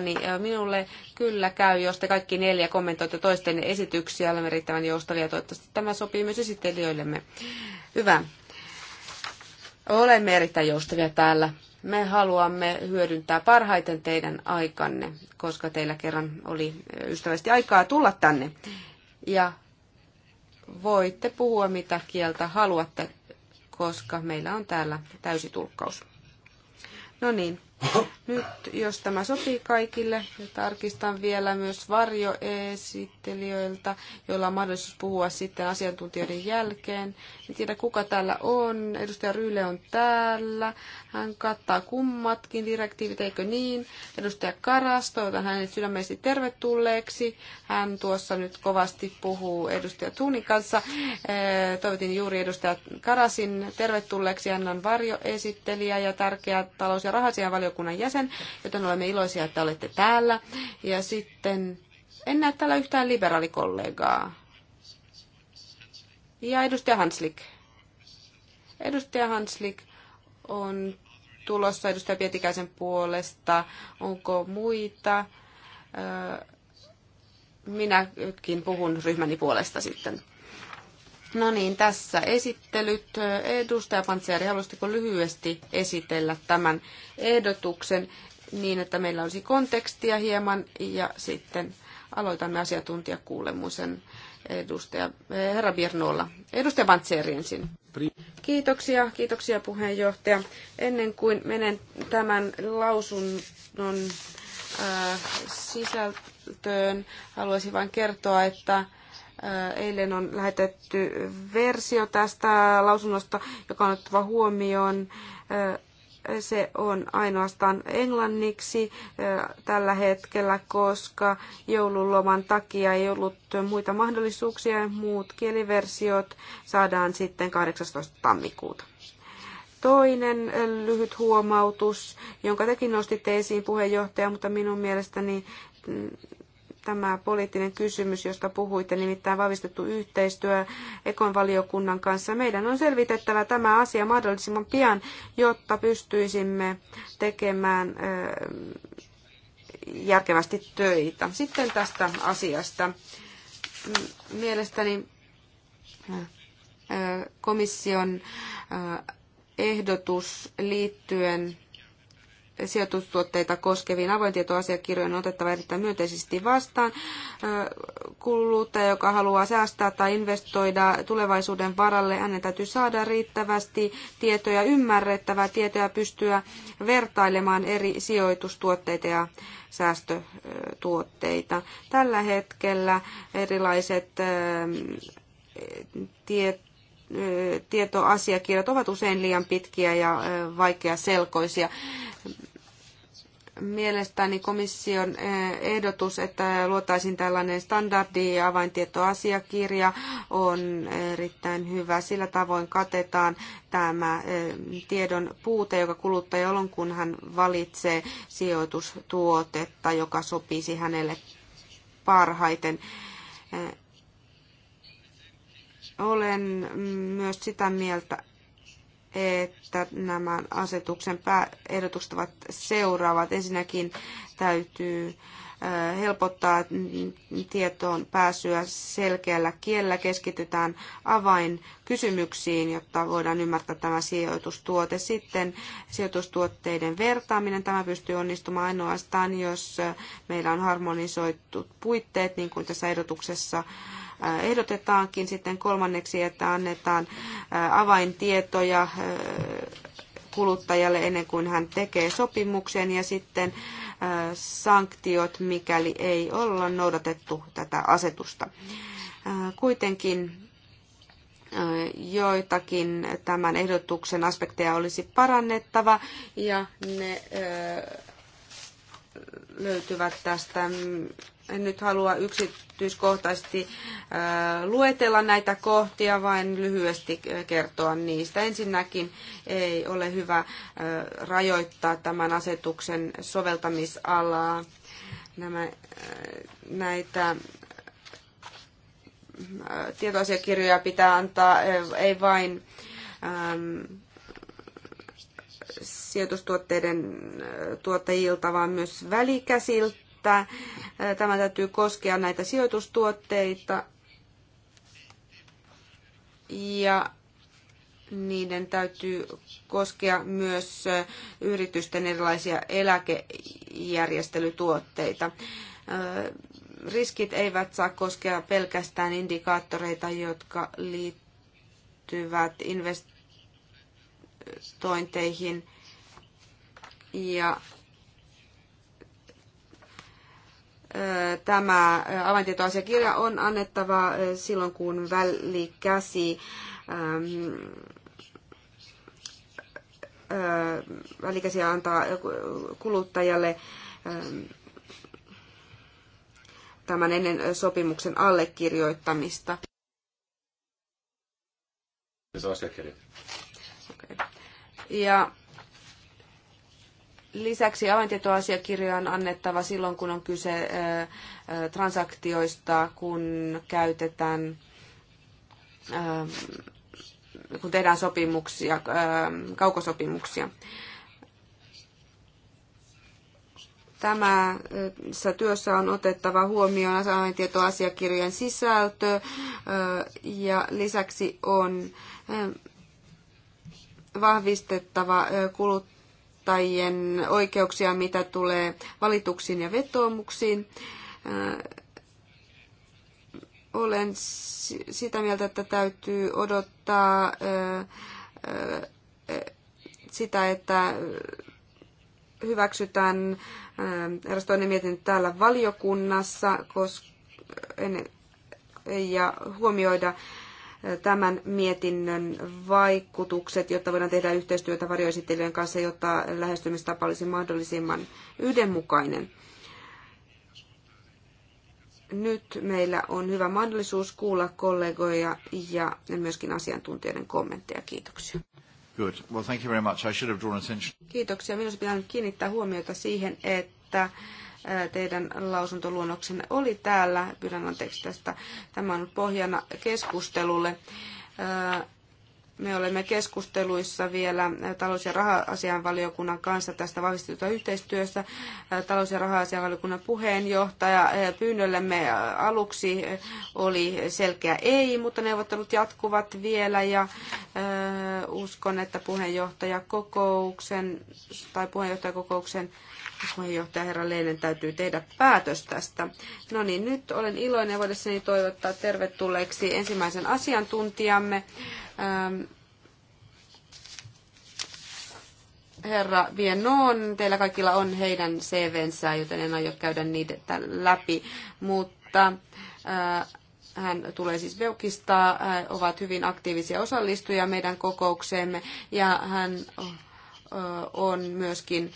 niin minulle kyllä käy, jos te kaikki neljä kommentoitte toisten esityksiä, olemme riittävän joustavia. Toivottavasti tämä sopii myös esittelijöillemme. Hyvä. Olemme erittäin joustavia täällä. Me haluamme hyödyntää parhaiten teidän aikanne, koska teillä kerran oli ystävästi aikaa tulla tänne. Ja voitte puhua mitä kieltä haluatte, koska meillä on täällä täysi tulkkaus. No niin, nyt, jos tämä sopii kaikille, tarkistan vielä myös varjoesittelijöiltä, joilla on mahdollisuus puhua sitten asiantuntijoiden jälkeen. En tiedä, kuka täällä on. Edustaja Ryyle on täällä. Hän kattaa kummatkin direktiivit, eikö niin? Edustaja Karas, toivotan hänet sydämeisesti tervetulleeksi. Hän tuossa nyt kovasti puhuu edustaja Tuunin kanssa. Toivotin juuri edustaja Karasin tervetulleeksi. Hän on varjoesittelijä ja tärkeä talous- ja rahasianvalio valiokunnan jäsen, joten olemme iloisia, että olette täällä. Ja sitten en näe täällä yhtään liberaalikollegaa. Ja edustaja Hanslik. Edustaja Hanslik on tulossa edustaja Pietikäisen puolesta. Onko muita? Minäkin puhun ryhmäni puolesta sitten. No niin, tässä esittelyt. Edustaja Pantsiari, haluaisitko lyhyesti esitellä tämän ehdotuksen niin, että meillä olisi kontekstia hieman ja sitten aloitamme asiantuntijakuulemuksen edustaja, eh, herra Birnolla. Edustaja Pantsiari ensin. Kiitoksia, kiitoksia puheenjohtaja. Ennen kuin menen tämän lausunnon äh, sisältöön, haluaisin vain kertoa, että Äh, eilen on lähetetty versio tästä lausunnosta, joka on otettava huomioon. Äh, se on ainoastaan englanniksi äh, tällä hetkellä, koska joululoman takia ei ollut muita mahdollisuuksia. Muut kieliversiot saadaan sitten 18. tammikuuta. Toinen lyhyt huomautus, jonka tekin nostitte esiin puheenjohtaja, mutta minun mielestäni mm, tämä poliittinen kysymys, josta puhuitte, nimittäin vahvistettu yhteistyö Ekon valiokunnan kanssa. Meidän on selvitettävä tämä asia mahdollisimman pian, jotta pystyisimme tekemään järkevästi töitä. Sitten tästä asiasta. Mielestäni komission ehdotus liittyen sijoitustuotteita koskeviin avointietoasiakirjoihin on otettava erittäin myönteisesti vastaan. Kuluttaja, joka haluaa säästää tai investoida tulevaisuuden varalle, hänen täytyy saada riittävästi tietoja, ymmärrettävää tietoja, pystyä vertailemaan eri sijoitustuotteita ja säästötuotteita. Tällä hetkellä erilaiset tiet tietoasiakirjat ovat usein liian pitkiä ja vaikeaselkoisia. Mielestäni komission ehdotus, että luotaisiin tällainen standardi ja avaintietoasiakirja on erittäin hyvä. Sillä tavoin katetaan tämä tiedon puute, joka kuluttaja on, kun hän valitsee sijoitustuotetta, joka sopisi hänelle parhaiten olen myös sitä mieltä, että nämä asetuksen pääehdotukset ovat seuraavat. Ensinnäkin täytyy äh, helpottaa tietoon pääsyä selkeällä kielellä. Keskitytään avainkysymyksiin, jotta voidaan ymmärtää tämä sijoitustuote. Sitten sijoitustuotteiden vertaaminen. Tämä pystyy onnistumaan ainoastaan, jos meillä on harmonisoitut puitteet, niin kuin tässä ehdotuksessa ehdotetaankin. Sitten kolmanneksi, että annetaan avaintietoja kuluttajalle ennen kuin hän tekee sopimuksen ja sitten sanktiot, mikäli ei olla noudatettu tätä asetusta. Kuitenkin joitakin tämän ehdotuksen aspekteja olisi parannettava ja ne löytyvät tästä en nyt halua yksityiskohtaisesti luetella näitä kohtia, vaan lyhyesti kertoa niistä. Ensinnäkin ei ole hyvä rajoittaa tämän asetuksen soveltamisalaa. Nämä, näitä tietoasiakirjoja pitää antaa ei vain sijoitustuotteiden tuottajilta, vaan myös välikäsiltä että tämä täytyy koskea näitä sijoitustuotteita ja niiden täytyy koskea myös yritysten erilaisia eläkejärjestelytuotteita. Riskit eivät saa koskea pelkästään indikaattoreita, jotka liittyvät investointeihin ja tämä avaintietoasiakirja on annettava silloin, kun välikäsi välikäsiä antaa kuluttajalle tämän ennen sopimuksen allekirjoittamista. Se asiakirja. Okay. Ja Lisäksi avaintietoasiakirjoja on annettava silloin, kun on kyse transaktioista, kun käytetään kun tehdään sopimuksia, kaukosopimuksia. Tämässä työssä on otettava huomioon avaintietoasiakirjan sisältö ja lisäksi on vahvistettava kuluttajien edustajien oikeuksia, mitä tulee valituksiin ja vetoomuksiin. Olen sitä mieltä, että täytyy odottaa sitä, että hyväksytään eräs toinen mietintö täällä valiokunnassa koska, ja huomioida tämän mietinnön vaikutukset, jotta voidaan tehdä yhteistyötä varjoesittelijöiden kanssa, jotta lähestymistapa olisi mahdollisimman yhdenmukainen. Nyt meillä on hyvä mahdollisuus kuulla kollegoja ja myöskin asiantuntijoiden kommentteja. Kiitoksia. Good. Well, thank you very much. I should have drawn attention. Kiitoksia. Minun pitää nyt kiinnittää huomiota siihen, että teidän lausuntoluonnoksenne oli täällä. Pyydän anteeksi tästä. Tämä on pohjana keskustelulle. Me olemme keskusteluissa vielä talous- ja raha-asianvaliokunnan kanssa tästä vahvistetusta yhteistyöstä. Talous- ja raha-asianvaliokunnan puheenjohtaja pyynnöllemme aluksi oli selkeä ei, mutta neuvottelut jatkuvat vielä ja uskon, että puheenjohtajakokouksen tai puheenjohtajakokouksen puheenjohtaja herra Leinen täytyy tehdä päätös tästä. No niin, nyt olen iloinen voidessani toivottaa tervetulleeksi ensimmäisen asiantuntijamme, ähm, herra Vienoon Teillä kaikilla on heidän CV-nsä, joten en aio käydä niitä läpi, mutta äh, hän tulee siis Beukista, äh, ovat hyvin aktiivisia osallistujia meidän kokoukseemme ja hän on myöskin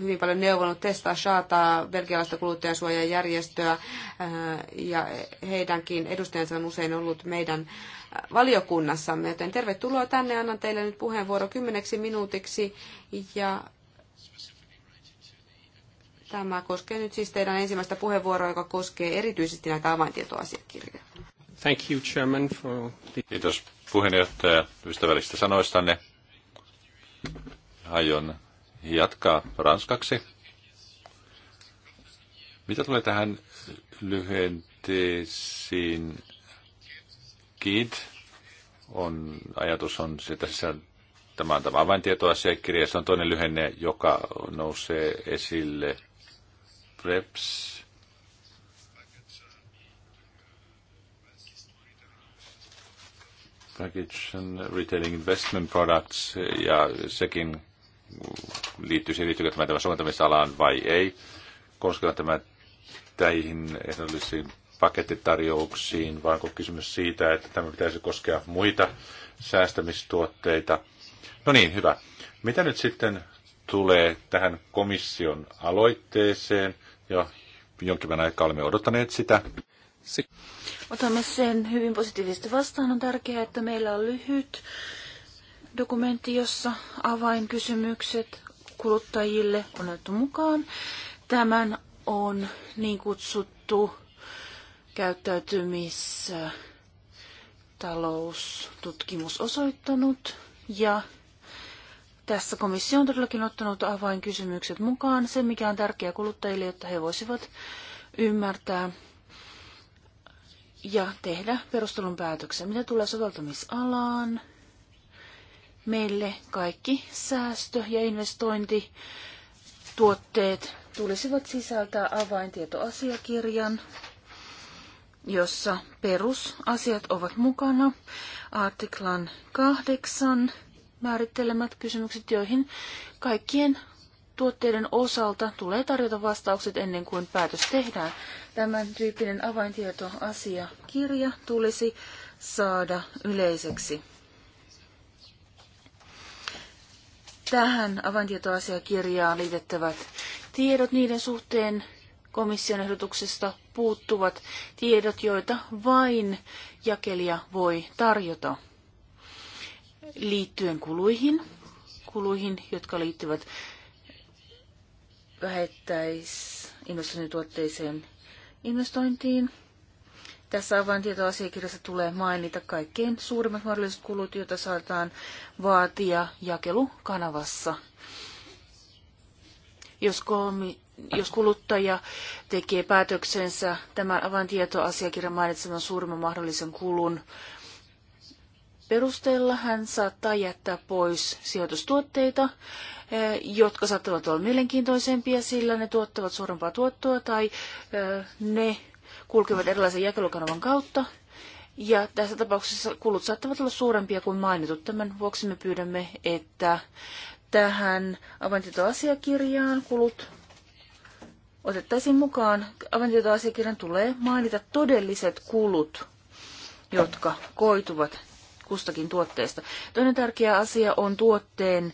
hyvin paljon neuvonut testaa Shaataa, belgialaista kuluttajasuojajärjestöä, ja heidänkin edustajansa on usein ollut meidän valiokunnassamme. Joten tervetuloa tänne, annan teille nyt puheenvuoro kymmeneksi minuutiksi, ja tämä koskee nyt siis teidän ensimmäistä puheenvuoroa, joka koskee erityisesti näitä avaintietoasiakirjoja. Thank you, Chairman, for the... Kiitos puheenjohtaja ystävällisistä sanoistanne. Aion jatkaa ranskaksi. Mitä tulee tähän lyhenteisiin, KID on, ajatus on se, että tämä on tämä avaintietoasiakirja, se on toinen lyhenne, joka nousee esille PREPS, Package Retailing Investment Products, ja sekin liittyy siihen, liittyykö tämä, soveltamisalaan vai ei. Koskeeko tämä näihin ehdollisiin pakettitarjouksiin, vai onko kysymys siitä, että tämä pitäisi koskea muita säästämistuotteita. No niin, hyvä. Mitä nyt sitten tulee tähän komission aloitteeseen, ja jonkin aikaa olemme odottaneet sitä. Otamme sen hyvin positiivisesti vastaan. On tärkeää, että meillä on lyhyt dokumentti, jossa avainkysymykset kuluttajille on otettu mukaan. Tämän on niin kutsuttu käyttäytymistaloustutkimus osoittanut ja tässä komissio on todellakin ottanut avainkysymykset mukaan. Se, mikä on tärkeää kuluttajille, jotta he voisivat ymmärtää ja tehdä perustelun päätöksen. Mitä tulee soveltamisalaan, meille kaikki säästö- ja investointituotteet tulisivat sisältää avaintietoasiakirjan, jossa perusasiat ovat mukana. Artiklan kahdeksan määrittelemät kysymykset, joihin kaikkien tuotteiden osalta tulee tarjota vastaukset ennen kuin päätös tehdään. Tämän tyyppinen avaintietoasiakirja tulisi saada yleiseksi. Tähän avaintietoasiakirjaan liitettävät tiedot niiden suhteen komission ehdotuksesta puuttuvat tiedot, joita vain jakelija voi tarjota liittyen kuluihin, kuluihin, jotka liittyvät investointituotteeseen investointiin. Tässä avaintietoasiakirjassa tulee mainita kaikkein suurimmat mahdolliset kulut, joita saataan vaatia jakelukanavassa. Jos, kolmi, jos kuluttaja tekee päätöksensä tämän avaintietoasiakirjan mainitseman suurimman mahdollisen kulun perusteella hän saattaa jättää pois sijoitustuotteita, eh, jotka saattavat olla mielenkiintoisempia, sillä ne tuottavat suurempaa tuottoa tai eh, ne kulkevat erilaisen jakelukanavan kautta. Ja tässä tapauksessa kulut saattavat olla suurempia kuin mainitut. Tämän vuoksi me pyydämme, että tähän avaintietoasiakirjaan kulut otettaisiin mukaan. Avaintietoasiakirjan tulee mainita todelliset kulut, jotka koituvat kustakin tuotteesta. Toinen tärkeä asia on tuotteen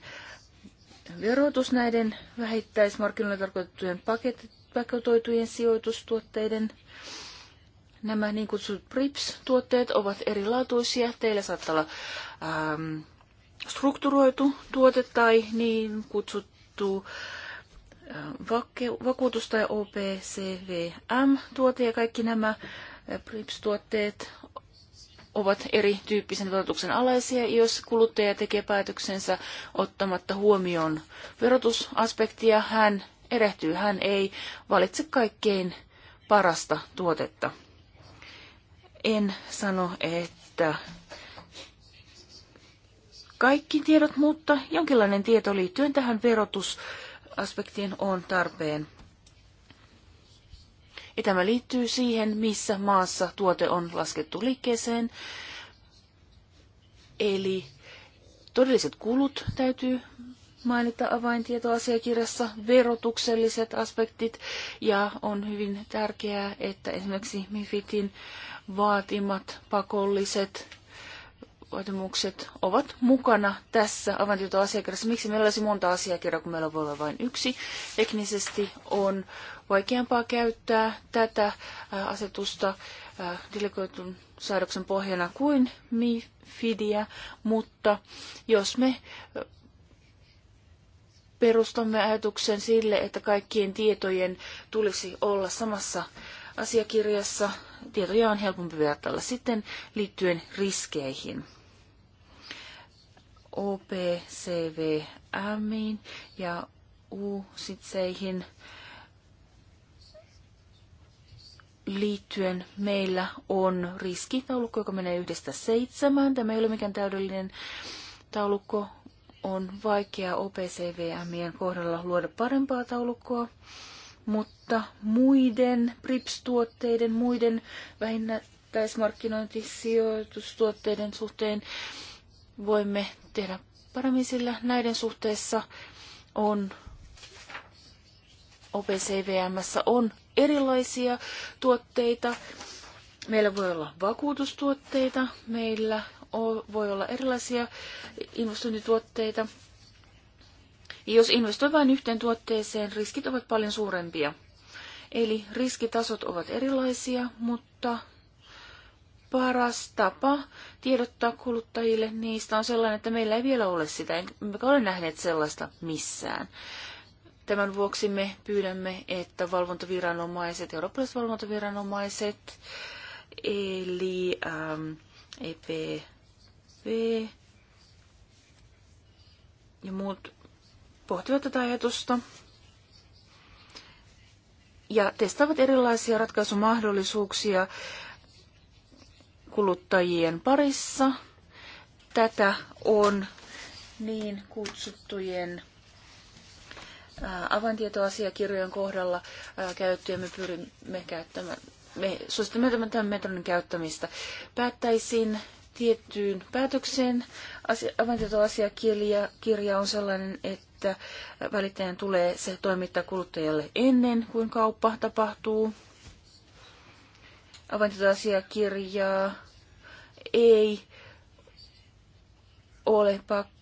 verotus näiden vähittäismarkkinoille tarkoitettujen paketit, paketoitujen sijoitustuotteiden Nämä niin kutsutut PRIPS-tuotteet ovat erilaatuisia. Teillä saattaa olla ähm, strukturoitu tuote tai niin kutsuttu ähm, vaku- vakuutus- tai OPCVM-tuote ja kaikki nämä äh, PRIPS-tuotteet ovat erityyppisen verotuksen alaisia, jos kuluttaja tekee päätöksensä ottamatta huomioon verotusaspektia, hän erehtyy, hän ei valitse kaikkein parasta tuotetta. En sano, että kaikki tiedot, mutta jonkinlainen tieto liittyen tähän verotusaspektiin on tarpeen. Ja tämä liittyy siihen, missä maassa tuote on laskettu liikkeeseen. Eli todelliset kulut täytyy mainita avaintietoasiakirjassa verotukselliset aspektit ja on hyvin tärkeää, että esimerkiksi MIFITin vaatimat pakolliset vaatimukset ovat mukana tässä avaintietoasiakirjassa. Miksi meillä olisi monta asiakirjaa, kun meillä voi olla vain yksi? Teknisesti on vaikeampaa käyttää tätä äh, asetusta äh, delegoitun säädöksen pohjana kuin MIFIDiä, mutta jos me äh, perustamme ajatuksen sille, että kaikkien tietojen tulisi olla samassa asiakirjassa, tietoja on helpompi vertailla sitten liittyen riskeihin. OPCVMiin ja u sitseihin liittyen meillä on riskitaulukko, joka menee yhdestä seitsemään. Tämä ei ole mikään täydellinen taulukko. On vaikea OPCVMien kohdalla luoda parempaa taulukkoa, mutta muiden PRIPS-tuotteiden, muiden vähintäismarkkinointisijoitustuotteiden suhteen voimme tehdä paremmin, sillä näiden suhteessa on OPCVMssä on erilaisia tuotteita. Meillä voi olla vakuutustuotteita, meillä voi olla erilaisia investointituotteita. Jos investoi vain yhteen tuotteeseen, riskit ovat paljon suurempia. Eli riskitasot ovat erilaisia, mutta paras tapa tiedottaa kuluttajille niistä on sellainen, että meillä ei vielä ole sitä, emmekä ole nähneet sellaista missään. Tämän vuoksi me pyydämme, että valvontaviranomaiset, eurooppalaiset valvontaviranomaiset, eli ähm, EPV ja muut pohtivat tätä ajatusta ja testaavat erilaisia ratkaisumahdollisuuksia kuluttajien parissa. Tätä on niin kutsuttujen avaintietoasiakirjojen kohdalla käytetty ja me pyrimme käyttämään, me suosittamme tämän metodin käyttämistä. Päättäisin tiettyyn päätökseen. Avaintietoasiakirja kirja on sellainen, että välittäjän tulee se toimittaa kuluttajalle ennen kuin kauppa tapahtuu. Avaintietoasiakirjaa ei ole pakko.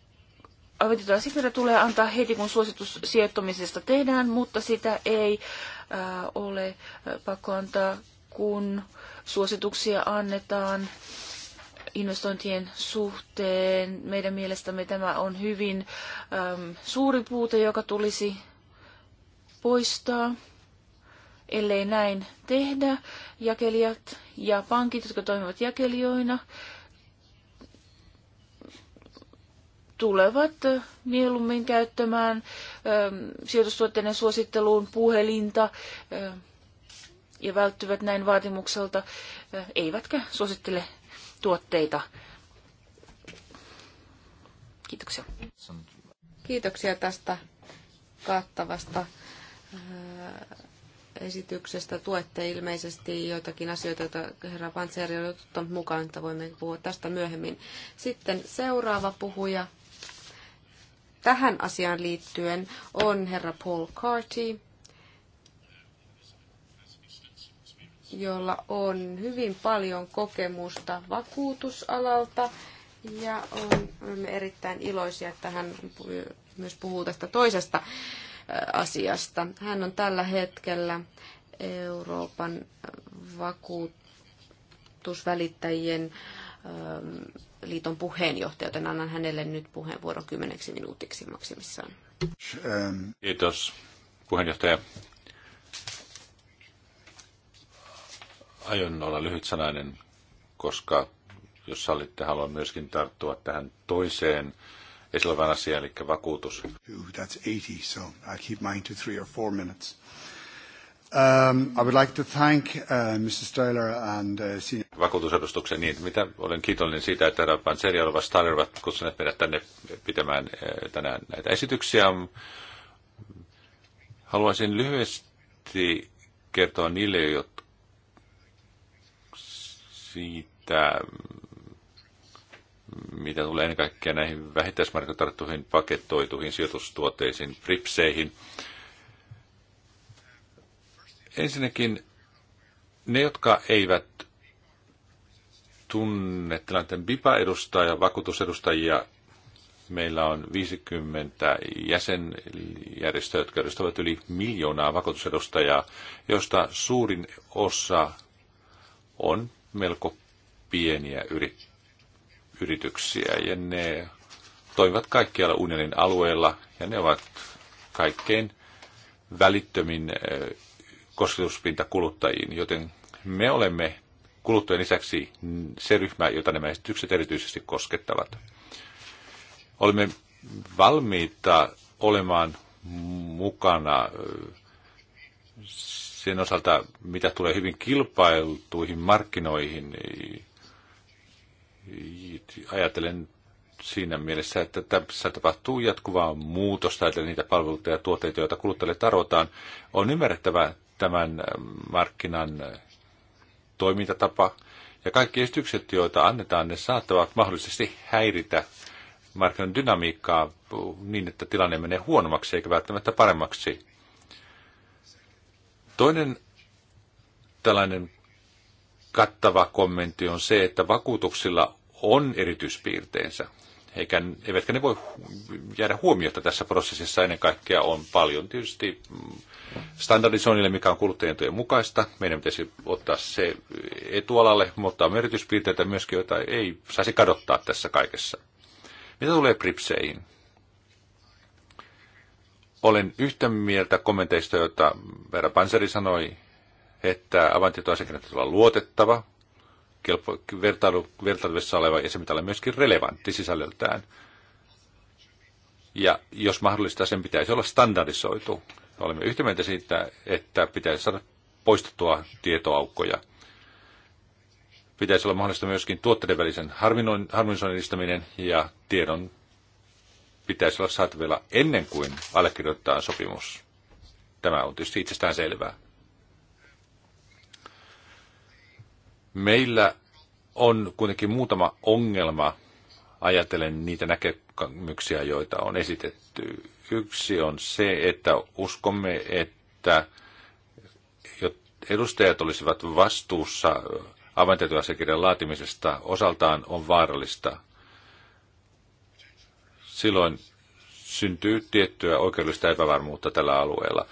Avetitoasiakirja tulee antaa heti, kun suositus sijoittamisesta tehdään, mutta sitä ei äh, ole äh, pakko antaa, kun suosituksia annetaan investointien suhteen. Meidän mielestämme tämä on hyvin ähm, suuri puute, joka tulisi poistaa. Ellei näin tehdä, jakelijat ja pankit, jotka toimivat jakelijoina, tulevat mieluummin käyttämään ö, sijoitustuotteiden suositteluun puhelinta ö, ja välttyvät näin vaatimukselta, ö, eivätkä suosittele tuotteita. Kiitoksia. Kiitoksia tästä kattavasta esityksestä. Tuette ilmeisesti joitakin asioita, joita herra Panseri on ottanut mukaan, että voimme puhua tästä myöhemmin. Sitten seuraava puhuja tähän asiaan liittyen on herra Paul Carty, jolla on hyvin paljon kokemusta vakuutusalalta ja on, olemme erittäin iloisia, että hän myös puhuu tästä toisesta asiasta. Hän on tällä hetkellä Euroopan vakuutusvälittäjien liiton puheenjohtaja, joten annan hänelle nyt puheenvuoron kymmeneksi minuutiksi maksimissaan. Ähm. Kiitos puheenjohtaja. Aion olla lyhyt sanainen, koska jos sallitte, haluan myöskin tarttua tähän toiseen esillä olevan asian, eli vakuutus. Ooh, that's 80, so I'll keep mine to three or four minutes. Um, I would like to thank uh, Mr. Styler and uh, senior... Vakuutusedustuksen niin, mitä olen kiitollinen siitä, että herra Panseri ja Styler ovat kutsuneet meidät tänne pitämään uh, tänään näitä esityksiä. Haluaisin lyhyesti kertoa niille, jotka siitä, mitä tulee ennen kaikkea näihin vähittäismarkkinoitarttuihin pakettoituihin sijoitustuotteisiin, pripseihin. Ensinnäkin ne, jotka eivät tunne tilanteen bipa edustajia vakuutusedustajia, meillä on 50 jäsenjärjestöä, jotka edustavat yli miljoonaa vakuutusedustajaa, joista suurin osa on melko pieniä yrittäjiä yrityksiä ja ne toimivat kaikkialla unionin alueella ja ne ovat kaikkein välittömin kosketuspinta kuluttajiin, joten me olemme kuluttajien lisäksi se ryhmä, jota nämä esitykset erityisesti koskettavat. Olemme valmiita olemaan mukana sen osalta, mitä tulee hyvin kilpailtuihin markkinoihin, ajatellen siinä mielessä, että tässä tapahtuu jatkuvaa muutosta, että niitä palveluita ja tuotteita, joita kuluttajille tarjotaan, on ymmärrettävä tämän markkinan toimintatapa. Ja kaikki esitykset, joita annetaan, ne saattavat mahdollisesti häiritä markkinan dynamiikkaa niin, että tilanne menee huonommaksi eikä välttämättä paremmaksi. Toinen tällainen kattava kommentti on se, että vakuutuksilla on erityispiirteensä, eikä, eivätkä ne voi jäädä huomiota tässä prosessissa. Ennen kaikkea on paljon tietysti standardisoinnille, mikä on kuluttajantojen mukaista. Meidän pitäisi ottaa se etualalle, mutta on erityispiirteitä myöskin, joita ei saisi kadottaa tässä kaikessa. Mitä tulee pripseihin? Olen yhtä mieltä kommenteista, joita Vera Panseri sanoi että avaintietoasiakirjan täytyy olla luotettava, kelpo, vertailu, vertailuvissa oleva ja se pitää olla myöskin relevantti sisällöltään. Ja jos mahdollista, sen pitäisi olla standardisoitu. Olemme yhtä mieltä siitä, että pitäisi saada poistettua tietoaukkoja. Pitäisi olla mahdollista myöskin tuotteiden välisen harmonisoinnin edistäminen ja tiedon pitäisi olla saatavilla ennen kuin allekirjoittaa sopimus. Tämä on tietysti itsestään selvää. Meillä on kuitenkin muutama ongelma, ajatellen niitä näkemyksiä, joita on esitetty. Yksi on se, että uskomme, että edustajat olisivat vastuussa avaintietoasiakirjan laatimisesta osaltaan on vaarallista. Silloin syntyy tiettyä oikeudellista epävarmuutta tällä alueella.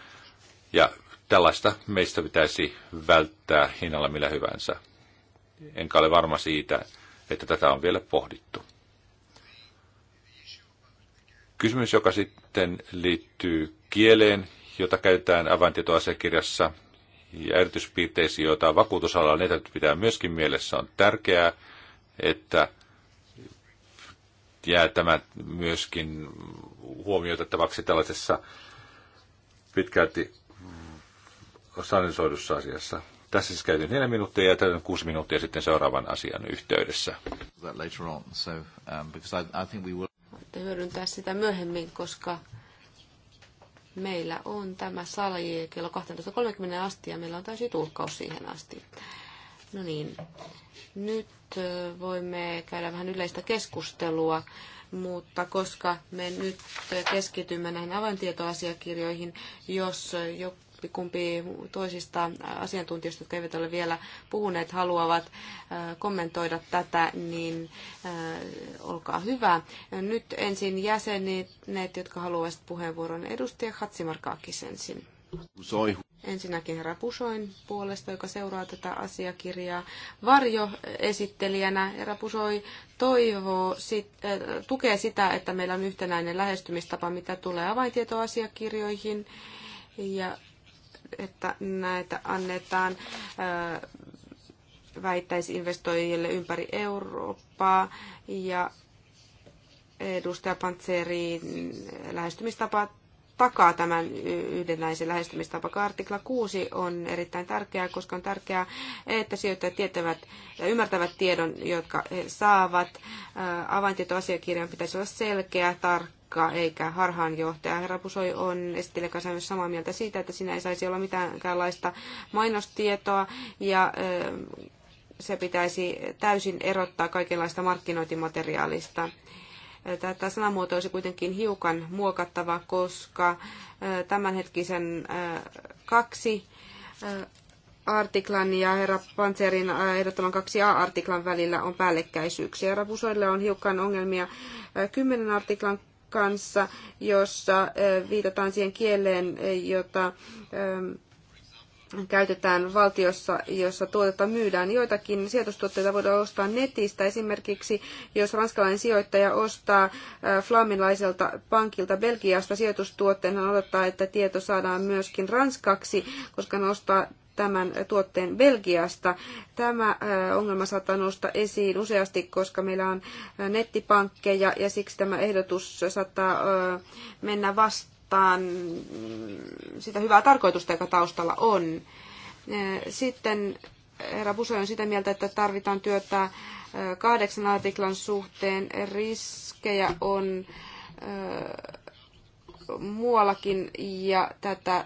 Ja tällaista meistä pitäisi välttää hinnalla millä hyvänsä enkä ole varma siitä, että tätä on vielä pohdittu. Kysymys, joka sitten liittyy kieleen, jota käytetään avaintietoasiakirjassa, ja erityispiirteisiin, joita vakuutusalalla, ne pitää myöskin mielessä. On tärkeää, että jää tämä myöskin huomioitettavaksi tällaisessa pitkälti sanisoidussa asiassa. Tässä siis käytin neljä minuuttia ja täytän kuusi minuuttia sitten seuraavan asian yhteydessä. Voitte um, hyödyntää sitä myöhemmin, koska meillä on tämä sali kello 12.30 asti ja meillä on täysi tulkkaus siihen asti. No niin, nyt voimme käydä vähän yleistä keskustelua, mutta koska me nyt keskitymme näihin avaintietoasiakirjoihin, jos joku jompikumpi toisista asiantuntijoista, jotka eivät ole vielä puhuneet, haluavat kommentoida tätä, niin olkaa hyvä. Nyt ensin jäsenet, jotka haluaisivat puheenvuoron. Edustaja Hatsimarkaakis ensin. Pusoi. Ensinnäkin herra Pusoin puolesta, joka seuraa tätä asiakirjaa. Varjo esittelijänä herra Pusoi toivoo, sit, äh, tukee sitä, että meillä on yhtenäinen lähestymistapa, mitä tulee avaintietoasiakirjoihin. Ja että näitä annetaan äh, väittäisinvestoijille ympäri Eurooppaa ja edustaja Pantserin lähestymistapa takaa tämän yhdenlaisen lähestymistapa. Artikla 6 on erittäin tärkeää, koska on tärkeää, että sijoittajat tietävät ja ymmärtävät tiedon, jotka he saavat. Äh, avaintietoasiakirjan pitäisi olla selkeä, tarkka poliitikkoa eikä harhaanjohtaja. Herra Pusoi on esittelijä kanssa myös samaa mieltä siitä, että siinä ei saisi olla mitäänkäänlaista mainostietoa ja se pitäisi täysin erottaa kaikenlaista markkinointimateriaalista. Tätä sanamuoto olisi kuitenkin hiukan muokattava, koska tämänhetkisen kaksi artiklan ja herra Panzerin ehdottoman 2a-artiklan välillä on päällekkäisyyksiä. Herra Busoille on hiukan ongelmia 10 artiklan kanssa, jossa viitataan siihen kieleen, jota käytetään valtiossa, jossa tuotetta myydään. Joitakin sijoitustuotteita voidaan ostaa netistä. Esimerkiksi jos ranskalainen sijoittaja ostaa flaminlaiselta pankilta Belgiasta sijoitustuotteen, hän odottaa, että tieto saadaan myöskin ranskaksi, koska hän ostaa tämän tuotteen Belgiasta. Tämä ongelma saattaa nousta esiin useasti, koska meillä on nettipankkeja ja siksi tämä ehdotus saattaa mennä vastaan sitä hyvää tarkoitusta, joka taustalla on. Sitten herra Busoi on sitä mieltä, että tarvitaan työtä kahdeksan artiklan suhteen. Riskejä on muuallakin ja tätä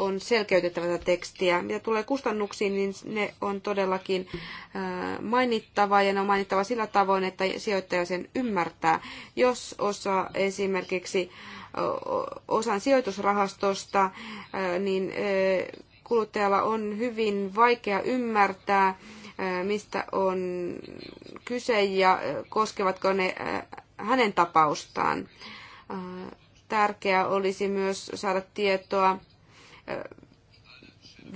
on selkeytettävä tätä tekstiä. Mitä tulee kustannuksiin, niin ne on todellakin äh, mainittava ja ne on mainittava sillä tavoin, että sijoittaja sen ymmärtää. Jos osa esimerkiksi äh, osan sijoitusrahastosta, äh, niin kuluttajalla on hyvin vaikea ymmärtää, mistä on kyse ja koskevatko ne hänen tapaustaan. Tärkeää olisi myös saada tietoa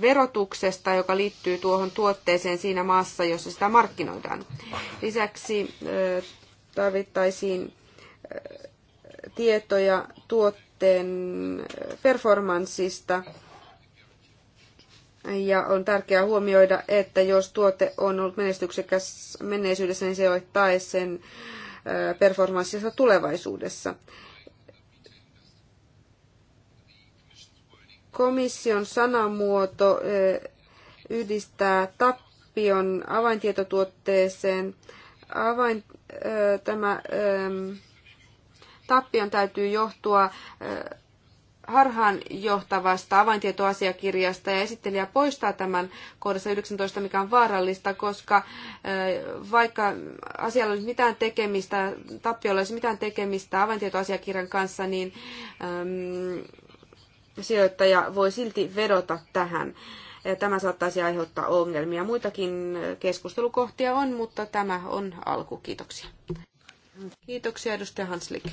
verotuksesta, joka liittyy tuohon tuotteeseen siinä maassa, jossa sitä markkinoidaan. Lisäksi tarvittaisiin tietoja tuotteen performanssista. Ja on tärkeää huomioida, että jos tuote on ollut menestyksekäs menneisyydessä, niin se ei ole tae sen performanssissa tulevaisuudessa. Komission sanamuoto eh, yhdistää tappion avaintietotuotteeseen. Avain, eh, tämä tappion täytyy johtua eh, harhaan johtavasta avaintietoasiakirjasta ja esittelijä poistaa tämän kohdassa 19, mikä on vaarallista, koska vaikka asialla olisi mitään tekemistä, tappiolla olisi mitään tekemistä avaintietoasiakirjan kanssa, niin sijoittaja voi silti vedota tähän. Tämä saattaisi aiheuttaa ongelmia. Muitakin keskustelukohtia on, mutta tämä on alku. Kiitoksia. Kiitoksia edustaja Hanslik.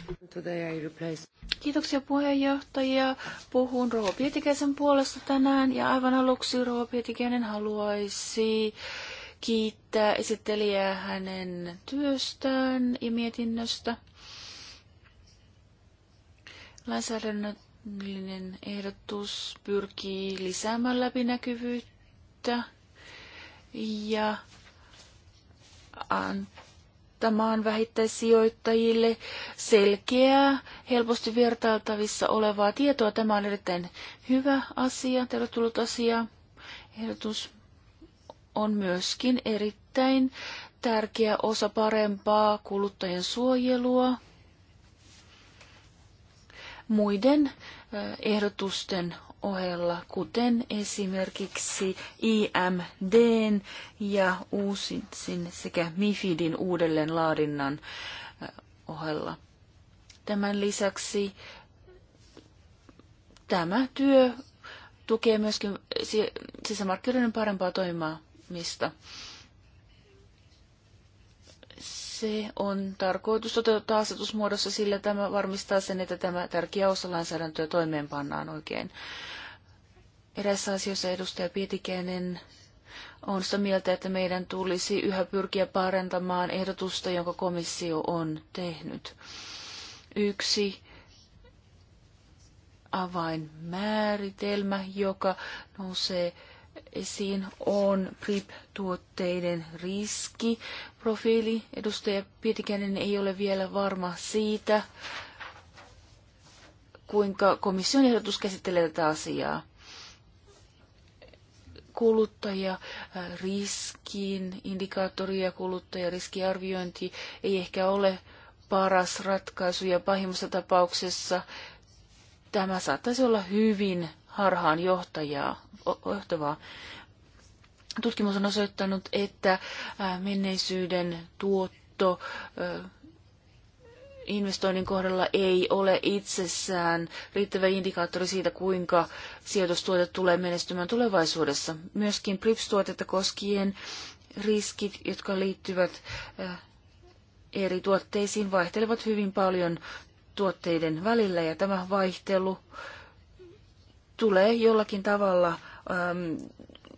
Kiitoksia puheenjohtajia. Puhun Rova Pietikäisen puolesta tänään ja aivan aluksi Rova Pietikäinen haluaisi kiittää esittelijää hänen työstään ja mietinnöstä. Lainsäädännön Millinen ehdotus pyrkii lisäämään läpinäkyvyyttä ja antamaan vähittäissijoittajille selkeää, helposti vertailtavissa olevaa tietoa. Tämä on erittäin hyvä asia, tervetullut asia. Ehdotus on myöskin erittäin tärkeä osa parempaa kuluttajien suojelua muiden ehdotusten ohella, kuten esimerkiksi IMDn ja uusin sekä MIFIDin uudelleenlaadinnan ohella. Tämän lisäksi tämä työ tukee myöskin sisämarkkinoiden parempaa toimimista. Se on tarkoitus toteuttaa asetusmuodossa, sillä tämä varmistaa sen, että tämä tärkeä osa lainsäädäntöä toimeenpannaan oikein. Erässä asiassa edustaja Pietikäinen on sitä mieltä, että meidän tulisi yhä pyrkiä parantamaan ehdotusta, jonka komissio on tehnyt. Yksi avainmääritelmä, joka nousee esiin, on PRIP-tuotteiden riskiprofiili, edustaja Pietikäinen ei ole vielä varma siitä, kuinka komission ehdotus käsittelee tätä asiaa. Kuluttajariskin äh, indikaattori ja kuluttajariskiarviointi ei ehkä ole paras ratkaisu ja pahimmassa tapauksessa tämä saattaisi olla hyvin harhaan johtajaa, johtavaa. Tutkimus on osoittanut, että menneisyyden tuotto investoinnin kohdalla ei ole itsessään riittävä indikaattori siitä, kuinka sijoitustuote tulee menestymään tulevaisuudessa. Myöskin PRIPS-tuotetta koskien riskit, jotka liittyvät eri tuotteisiin, vaihtelevat hyvin paljon tuotteiden välillä ja tämä vaihtelu tulee jollakin tavalla ähm,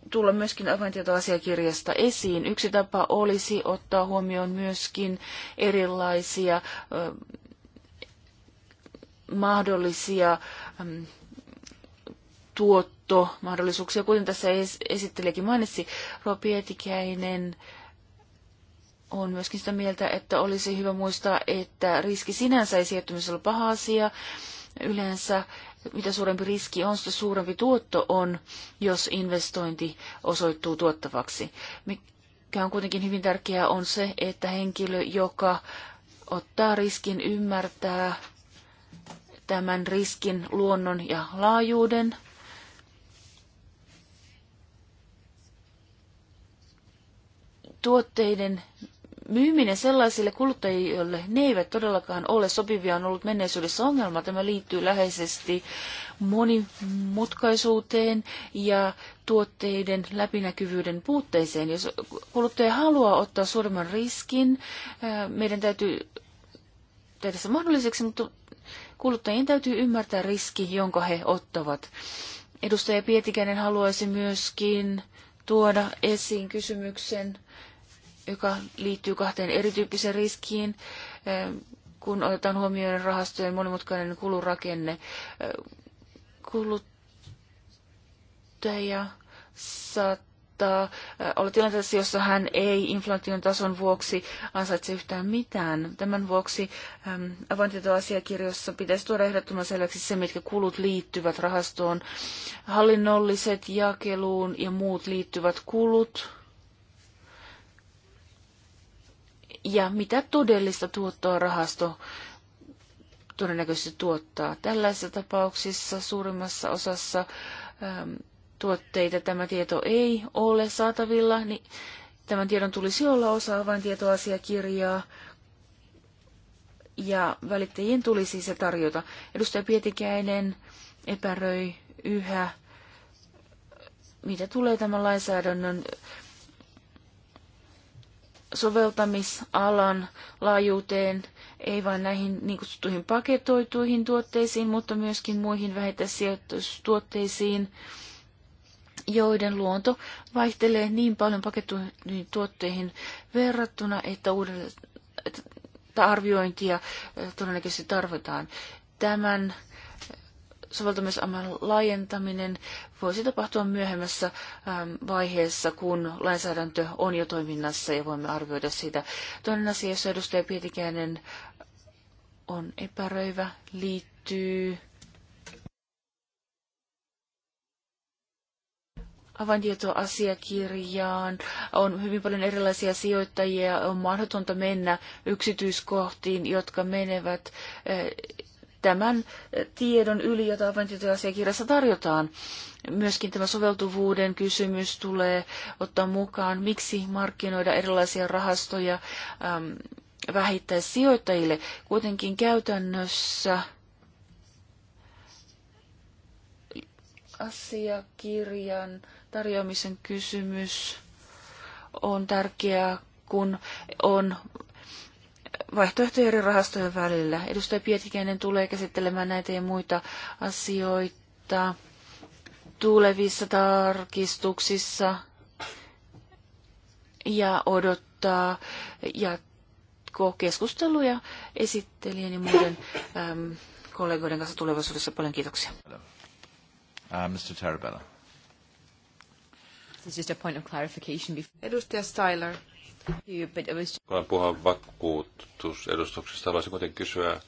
tulla myöskin avaintietoasiakirjasta esiin. Yksi tapa olisi ottaa huomioon myöskin erilaisia ähm, mahdollisia ähm, tuottomahdollisuuksia, kuten tässä esittelijäkin mainitsi, Ruo on myöskin sitä mieltä, että olisi hyvä muistaa, että riski sinänsä ei siirtymisessä ole paha asia. Yleensä mitä suurempi riski on, sitä suurempi tuotto on, jos investointi osoittuu tuottavaksi. Mikä on kuitenkin hyvin tärkeää on se, että henkilö, joka ottaa riskin, ymmärtää tämän riskin luonnon ja laajuuden. Tuotteiden myyminen sellaisille kuluttajille, joille ne eivät todellakaan ole sopivia, on ollut menneisyydessä ongelma. Tämä liittyy läheisesti monimutkaisuuteen ja tuotteiden läpinäkyvyyden puutteeseen. Jos kuluttaja haluaa ottaa suuremman riskin, meidän täytyy tehdä se mahdolliseksi, mutta kuluttajien täytyy ymmärtää riski, jonka he ottavat. Edustaja Pietikäinen haluaisi myöskin tuoda esiin kysymyksen joka liittyy kahteen erityyppiseen riskiin, eh, kun otetaan huomioon rahastojen monimutkainen kulurakenne. Eh, kuluttaja saattaa eh, olla tilanteessa, jossa hän ei inflaation tason vuoksi ansaitse yhtään mitään. Tämän vuoksi avaintietoasiakirjoissa pitäisi tuoda ehdottoman selväksi se, mitkä kulut liittyvät rahastoon. Hallinnolliset, jakeluun ja muut liittyvät kulut – ja mitä todellista tuottoa rahasto todennäköisesti tuottaa. Tällaisissa tapauksissa suurimmassa osassa äm, tuotteita tämä tieto ei ole saatavilla, niin tämän tiedon tulisi olla osa avaintietoasiakirjaa ja välittäjien tulisi se tarjota. Edustaja Pietikäinen epäröi yhä, mitä tulee tämän lainsäädännön soveltamisalan laajuuteen, ei vain näihin niin kutsuttuihin paketoituihin tuotteisiin, mutta myöskin muihin vähittäissijoitustuotteisiin, joiden luonto vaihtelee niin paljon paketoituihin tuotteihin verrattuna, että, uudelleen että arviointia eh, todennäköisesti tarvitaan. Tämän soveltamisaman laajentaminen voisi tapahtua myöhemmässä ähm, vaiheessa, kun lainsäädäntö on jo toiminnassa ja voimme arvioida sitä. Toinen asia, jossa edustaja Pietikäinen on epäröivä, liittyy avaintietoasiakirjaan, on hyvin paljon erilaisia sijoittajia, on mahdotonta mennä yksityiskohtiin, jotka menevät äh, tämän tiedon yli, jota kirjassa tarjotaan. Myöskin tämä soveltuvuuden kysymys tulee ottaa mukaan, miksi markkinoida erilaisia rahastoja äm, vähittäissijoittajille. Kuitenkin käytännössä asiakirjan tarjoamisen kysymys on tärkeää, kun on vaihtoehtoja eri rahastojen välillä. Edustaja Pietikäinen tulee käsittelemään näitä ja muita asioita tulevissa tarkistuksissa ja odottaa jatkokeskusteluja esittelijän ja muiden äm, kollegoiden kanssa tulevaisuudessa. Paljon kiitoksia. Uh, Mr. Tarabella. This is just a point of clarification. Edustaja Styler kun puhua vakuutusedustuksesta, haluaisin kuitenkin kysyä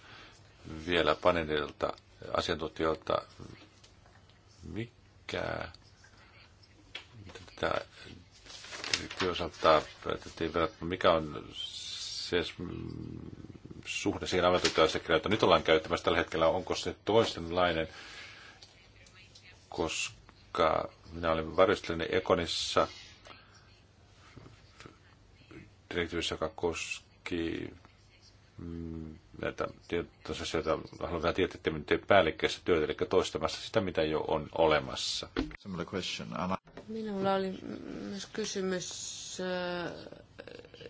vielä paneelilta asiantuntijoilta, mikä tätä osalta mikä on se suhde siihen ammattityöasiakirjaan, että nyt ollaan käyttämässä tällä hetkellä, onko se toisenlainen, koska minä olin varjostelinen Ekonissa direktiivissä, joka koski mm, näitä tietoisia, vähän tietää, että te päällekkäistä työtä, eli toistamassa sitä, mitä jo on olemassa. Minulla oli myös kysymys äh,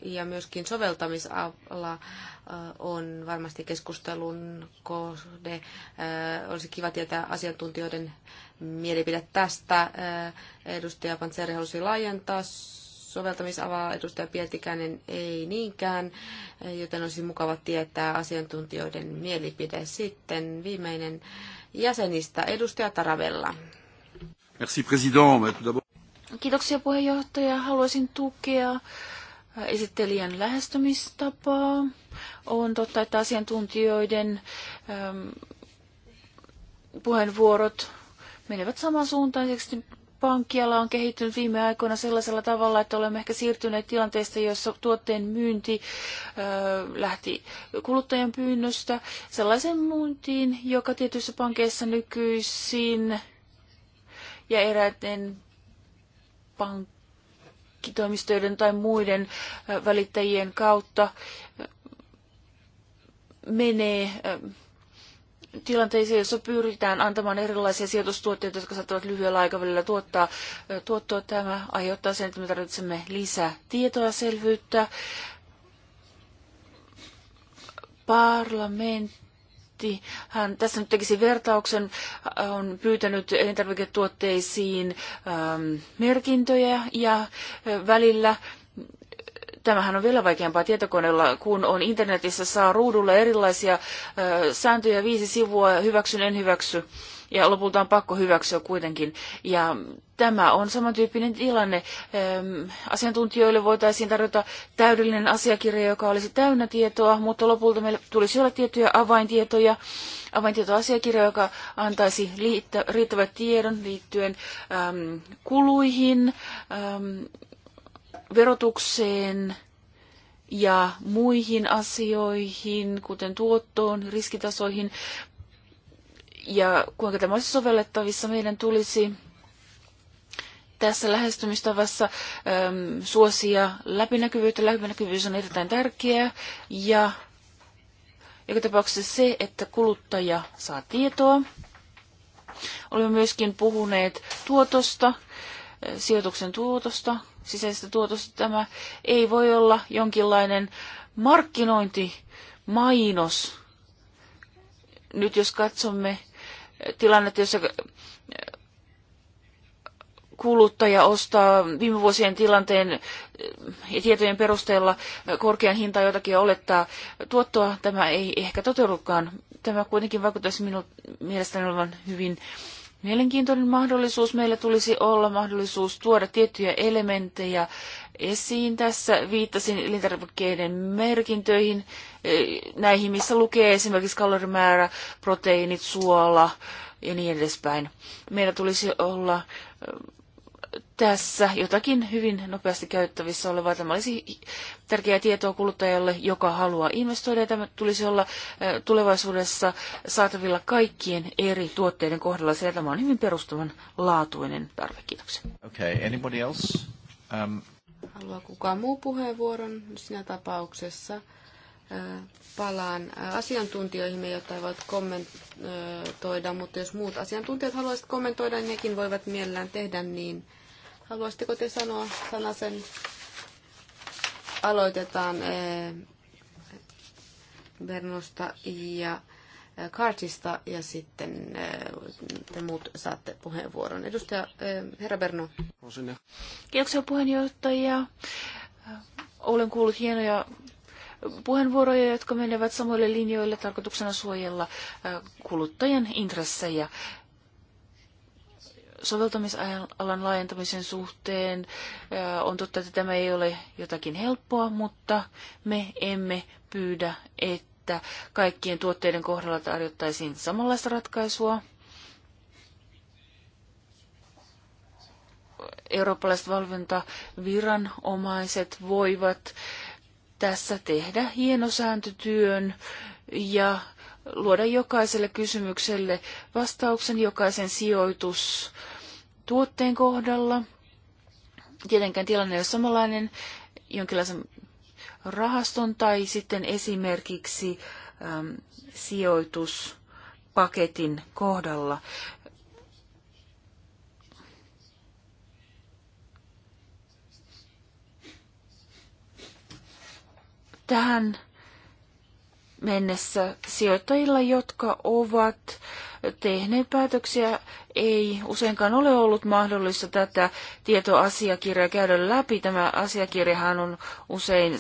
ja myöskin soveltamisala äh, on varmasti keskustelun kohde. Äh, olisi kiva tietää asiantuntijoiden mielipide tästä. Edustaja Pantseri halusi laajentaa soveltamisalaa, edustaja Pietikäinen ei niinkään, joten olisi mukava tietää asiantuntijoiden mielipide. Sitten viimeinen jäsenistä, edustaja Taravella. Merci, Kiitoksia puheenjohtaja. Haluaisin tukea esittelijän lähestymistapaa. On totta, että asiantuntijoiden ähm, puheenvuorot menevät samansuuntaiseksi pankkiala on kehittynyt viime aikoina sellaisella tavalla, että olemme ehkä siirtyneet tilanteesta, jossa tuotteen myynti ö, lähti kuluttajan pyynnöstä sellaisen myyntiin, joka tietyissä pankeissa nykyisin ja eräiden pankkitoimistojen tai muiden välittäjien kautta menee tilanteisiin, joissa pyritään antamaan erilaisia sijoitustuotteita, jotka saattavat lyhyellä aikavälillä tuottaa tuottoa. Tämä aiheuttaa sen, että me tarvitsemme lisää tietoa, selvyyttä. Parlamentti, hän tässä nyt tekisi vertauksen, on pyytänyt elintarviketuotteisiin ähm, merkintöjä ja välillä Tämähän on vielä vaikeampaa tietokoneella, kun on internetissä saa ruudulla erilaisia sääntöjä, viisi sivua, hyväksyn, en hyväksy ja lopulta on pakko hyväksyä kuitenkin. Ja tämä on samantyyppinen tilanne. Asiantuntijoille voitaisiin tarjota täydellinen asiakirja, joka olisi täynnä tietoa, mutta lopulta meillä tulisi olla tiettyjä avaintietoja, avaintietoasiakirja, joka antaisi riittävät tiedon liittyen äm, kuluihin, äm, verotukseen ja muihin asioihin, kuten tuottoon, riskitasoihin, ja kuinka tämä olisi sovellettavissa, meidän tulisi tässä lähestymistavassa äm, suosia läpinäkyvyyttä. Läpinäkyvyys on erittäin tärkeää ja joka tapauksessa se, että kuluttaja saa tietoa. Olemme myöskin puhuneet tuotosta, äh, sijoituksen tuotosta, sisäisestä tuotosta. Tämä ei voi olla jonkinlainen markkinointi, mainos. Nyt jos katsomme tilannetta, jossa kuluttaja ostaa viime vuosien tilanteen ja tietojen perusteella korkean hintaa jotakin ja olettaa tuottoa, tämä ei ehkä toteudukaan. Tämä kuitenkin vaikuttaisi minun mielestäni olevan hyvin mielenkiintoinen mahdollisuus. Meillä tulisi olla mahdollisuus tuoda tiettyjä elementtejä esiin. Tässä viittasin elintarvikkeiden merkintöihin, e, näihin missä lukee esimerkiksi kalorimäärä, proteiinit, suola ja niin edespäin. Meillä tulisi olla tässä jotakin hyvin nopeasti käyttävissä olevaa. Tämä olisi tärkeää tietoa kuluttajalle, joka haluaa investoida. Tämä tulisi olla tulevaisuudessa saatavilla kaikkien eri tuotteiden kohdalla, sillä tämä on hyvin perustavan laatuinen tarve. Kiitoksia. Okay, anybody else? Um... Haluaa kukaan muu puheenvuoron siinä tapauksessa? palaan asiantuntijoihin, jotka voivat kommentoida, mutta jos muut asiantuntijat haluaisivat kommentoida, niin nekin voivat mielellään tehdä niin. Haluaisitteko te sanoa sanasen? Aloitetaan eh, Bernosta ja eh, Kartista ja sitten eh, te muut saatte puheenvuoron. Edustaja Herra Berno. Kiitoksia puheenjohtaja. Olen kuullut hienoja puheenvuoroja, jotka menevät samoille linjoille tarkoituksena suojella kuluttajan intressejä soveltamisalan laajentamisen suhteen. On totta, että tämä ei ole jotakin helppoa, mutta me emme pyydä, että kaikkien tuotteiden kohdalla tarjottaisiin samanlaista ratkaisua. Eurooppalaiset valvontaviranomaiset voivat tässä tehdä hienosääntötyön ja luoda jokaiselle kysymykselle vastauksen jokaisen sijoitus tuotteen kohdalla. Tietenkään tilanne ei ole samanlainen jonkinlaisen rahaston tai sitten esimerkiksi äm, sijoituspaketin kohdalla. Tähän mennessä sijoittajilla, jotka ovat tehneet päätöksiä, ei useinkaan ole ollut mahdollista tätä tietoasiakirjaa käydä läpi. Tämä asiakirjahan on usein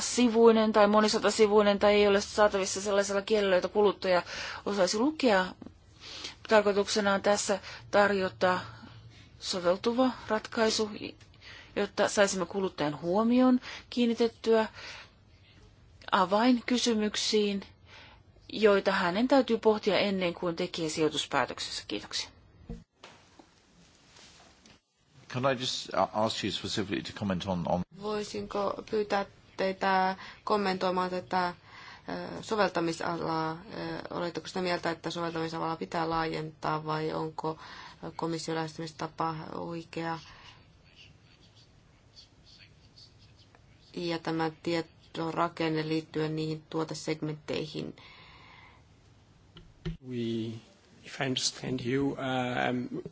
sivuinen tai monisatasivuinen tai ei ole saatavissa sellaisella kielellä, jota kuluttaja osaisi lukea. Tarkoituksena on tässä tarjota soveltuva ratkaisu, jotta saisimme kuluttajan huomion kiinnitettyä avainkysymyksiin, joita hänen täytyy pohtia ennen kuin tekee sijoituspäätöksensä. Kiitoksia. Can I just ask you specifically to comment on, on... Voisinko pyytää teitä kommentoimaan tätä soveltamisalaa? Oletteko sitä mieltä, että soveltamisalaa pitää laajentaa vai onko komission lähestymistapa oikea? Ja tämä tieto rakenne liittyen niihin tuotesegmentteihin? We, if I understand you, um,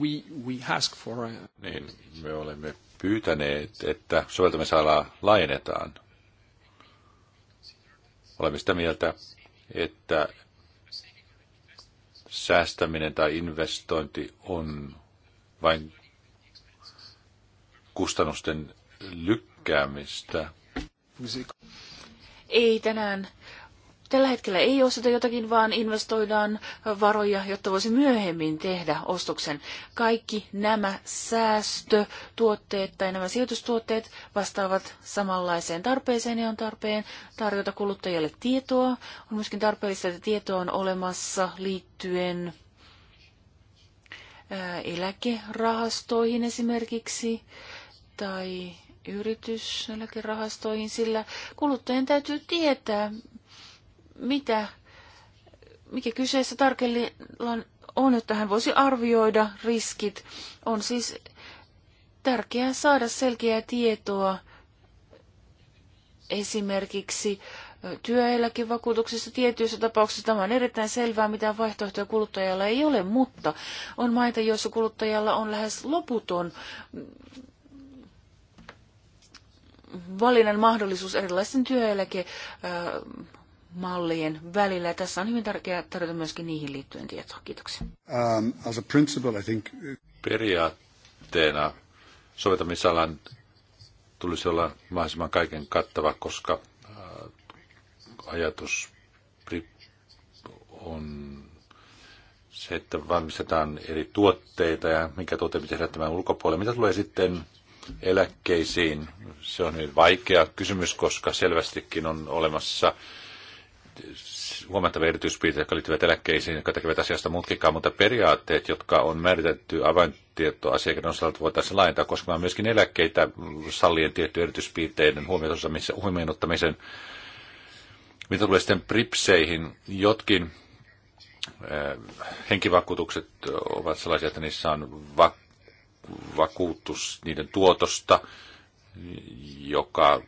we, we ask for a... Niin, me olemme pyytäneet, että soveltamisalaa laajennetaan. Olemme sitä mieltä, että säästäminen tai investointi on vain kustannusten lykkäämistä. Ei tänään. Tällä hetkellä ei osteta jotakin, vaan investoidaan varoja, jotta voisi myöhemmin tehdä ostoksen. Kaikki nämä säästötuotteet tai nämä sijoitustuotteet vastaavat samanlaiseen tarpeeseen ja on tarpeen tarjota kuluttajalle tietoa. On myöskin tarpeellista, että tietoa on olemassa liittyen eläkerahastoihin esimerkiksi tai yrityseläkerahastoihin, sillä kuluttajien täytyy tietää, mitä, mikä kyseessä tarkemmin on, että hän voisi arvioida riskit. On siis tärkeää saada selkeää tietoa esimerkiksi työeläkevakuutuksessa tietyissä tapauksissa tämä on erittäin selvää, mitä vaihtoehtoja kuluttajalla ei ole, mutta on maita, joissa kuluttajalla on lähes loputon valinnan mahdollisuus erilaisten työeläkemallien välillä. Tässä on hyvin tärkeää tarjota myöskin niihin liittyen tietoa. Kiitoksia. Um, as a principle, I think... Periaatteena soveltamisalan tulisi olla mahdollisimman kaiken kattava, koska äh, ajatus on se, että valmistetaan eri tuotteita ja mikä tuote pitäisi tämän ulkopuolelle. Mitä tulee sitten eläkkeisiin. Se on hyvin vaikea kysymys, koska selvästikin on olemassa huomattavia erityispiirteitä, jotka liittyvät eläkkeisiin, jotka tekevät asiasta mutkikkaa, mutta periaatteet, jotka on määritetty avaintietoasiakirjan osalta, voitaisiin laajentaa koskemaan myöskin eläkkeitä sallien tietty erityispiirteiden huomioon ottamisen. Mitä tulee sitten pripseihin, jotkin eh, henkivakuutukset ovat sellaisia, että niissä on vak- vakuutus niiden tuotosta, joka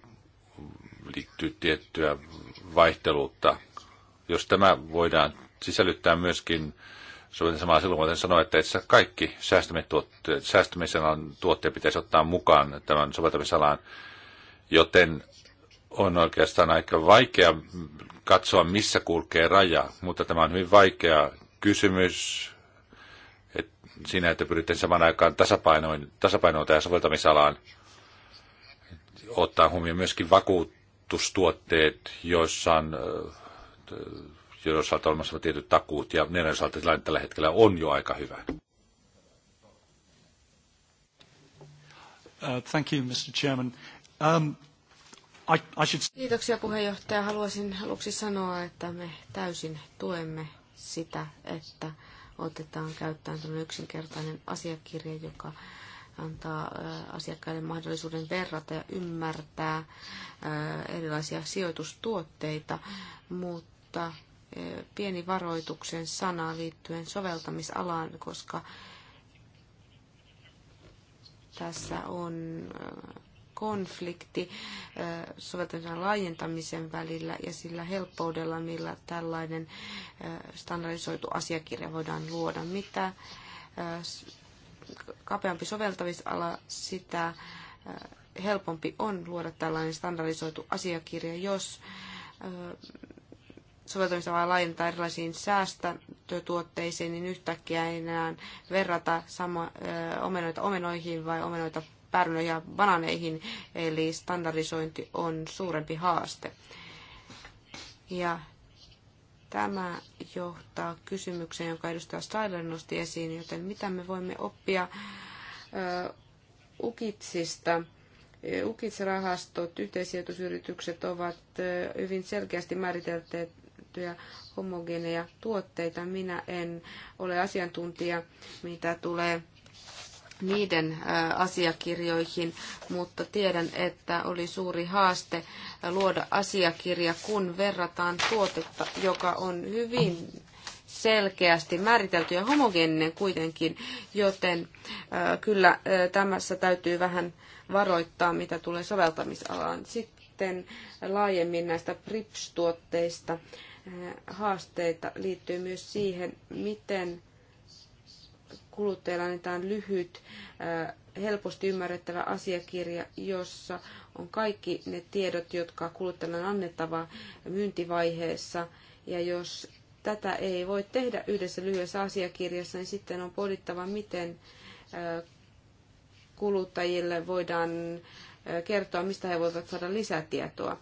liittyy tiettyä vaihteluutta. Jos tämä voidaan sisällyttää myöskin sovitan samaa silloin, voin sanoa, että itse kaikki säästämisen alan tuotteet pitäisi ottaa mukaan tämän soveltamisalaan, joten on oikeastaan aika vaikea katsoa, missä kulkee raja, mutta tämä on hyvin vaikea kysymys, siinä, että pyritte saman aikaan tasapainoon, tasapainoon tähän soveltamisalaan ottaa huomioon myöskin vakuutustuotteet, joissa on äh, joiden osalta olemassa tietyt takuut, ja ne osalta tilanne tällä hetkellä on jo aika hyvä. Uh, thank you, Mr. Chairman. Um, I, I should... Kiitoksia puheenjohtaja. Haluaisin aluksi sanoa, että me täysin tuemme sitä, että otetaan käyttöön yksinkertainen asiakirja, joka antaa asiakkaille mahdollisuuden verrata ja ymmärtää erilaisia sijoitustuotteita, mutta pieni varoituksen sana liittyen soveltamisalaan, koska tässä on konflikti soveltamisen laajentamisen välillä ja sillä helppoudella, millä tällainen standardisoitu asiakirja voidaan luoda. Mitä kapeampi soveltamisala, sitä helpompi on luoda tällainen standardisoitu asiakirja, jos soveltamistavaa laajentaa erilaisiin säästötuotteisiin, niin yhtäkkiä ei enää verrata sama, ö, omenoita omenoihin vai omenoita päärynöjä bananeihin, eli standardisointi on suurempi haaste. Ja tämä johtaa kysymykseen, jonka edustaja Steiler nosti esiin, joten mitä me voimme oppia Ukitsista. Ukitsrahastot, yhteisijoitusyritykset ovat hyvin selkeästi määriteltyjä homogeneja tuotteita. Minä en ole asiantuntija, mitä tulee niiden asiakirjoihin, mutta tiedän, että oli suuri haaste luoda asiakirja, kun verrataan tuotetta, joka on hyvin selkeästi määritelty ja homogeeninen kuitenkin, joten kyllä tämässä täytyy vähän varoittaa, mitä tulee soveltamisalaan. Sitten laajemmin näistä PRIPS-tuotteista haasteita liittyy myös siihen, miten kuluttajalle annetaan lyhyt, helposti ymmärrettävä asiakirja, jossa on kaikki ne tiedot, jotka kuluttajalle on annettava myyntivaiheessa. Ja jos tätä ei voi tehdä yhdessä lyhyessä asiakirjassa, niin sitten on pohdittava, miten kuluttajille voidaan kertoa, mistä he voivat saada lisätietoa.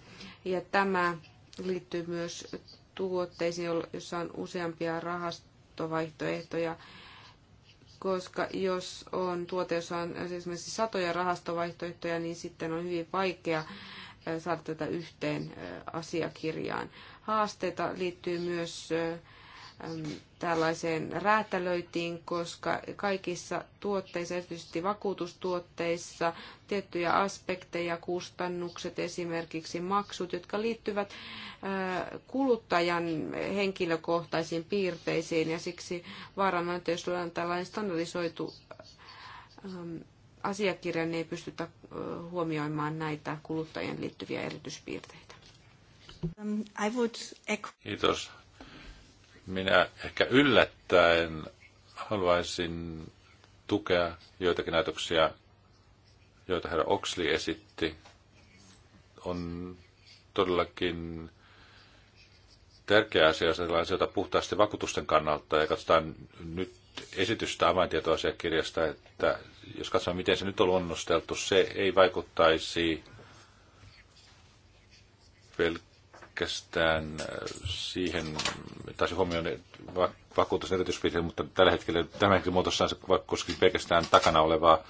Ja tämä liittyy myös tuotteisiin, joissa on useampia rahastovaihtoehtoja koska jos on tuote, jossa on esimerkiksi satoja rahastovaihtoehtoja, niin sitten on hyvin vaikea äh, saada tätä yhteen äh, asiakirjaan. Haasteita liittyy myös äh, tällaiseen räätälöitiin, koska kaikissa tuotteissa, erityisesti vakuutustuotteissa, tiettyjä aspekteja, kustannukset, esimerkiksi maksut, jotka liittyvät kuluttajan henkilökohtaisiin piirteisiin, ja siksi vaarana, että jos on tällainen standardisoitu asiakirja, niin ei pystytä huomioimaan näitä kuluttajien liittyviä erityispiirteitä. Um, Kiitos. Minä ehkä yllättäen haluaisin tukea joitakin ajatuksia, joita herra Oxley esitti. On todellakin tärkeä asia sellaisia, joita puhtaasti vakuutusten kannalta, ja katsotaan nyt esitystä avaintietoasiakirjasta, että jos katsotaan, miten se nyt on luonnosteltu, se ei vaikuttaisi pelkästään pelkästään äh, siihen, taisi huomioon vakuutus erityispiirteet, mutta tällä hetkellä tämä hetkellä muodossaan se koskisi pelkästään takana olevaa äh,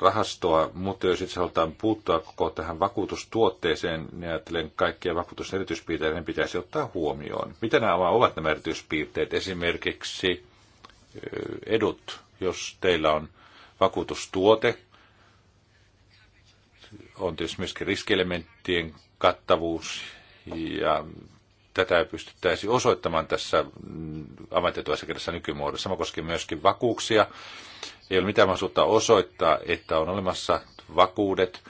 rahastoa, mutta jos itse halutaan puuttua koko tähän vakuutustuotteeseen, niin ajattelen kaikkia vakuutusten erityispiirteitä, niin pitäisi ottaa huomioon. Mitä nämä ovat nämä erityispiirteet? Esimerkiksi äh, edut, jos teillä on vakuutustuote, on tietysti myöskin riskielementtien kattavuus, ja tätä ei pystyttäisi osoittamaan tässä ammattituossa nykymuodossa. Sama koskee myöskin vakuuksia. Ei ole mitään mahdollisuutta osoittaa, että on olemassa vakuudet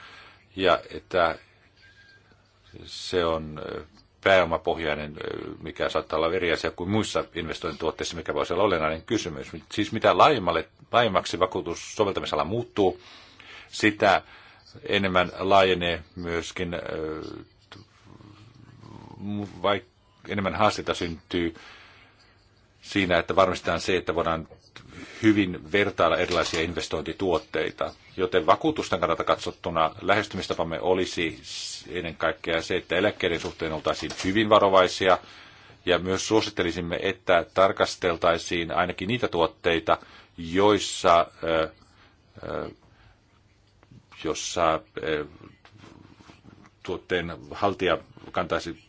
ja että se on pääomapohjainen, mikä saattaa olla eri asia kuin muissa investointituotteissa, mikä voisi olla olennainen kysymys. Siis mitä laajemmaksi vakuutus soveltamisala muuttuu, sitä enemmän laajenee myöskin, vaikka enemmän haasteita syntyy siinä, että varmistetaan se, että voidaan hyvin vertailla erilaisia investointituotteita. Joten vakuutusten kannalta katsottuna lähestymistapamme olisi ennen kaikkea se, että eläkkeiden suhteen oltaisiin hyvin varovaisia ja myös suosittelisimme, että tarkasteltaisiin ainakin niitä tuotteita, joissa ö, ö, jossa eh, tuotteen haltija kantaisi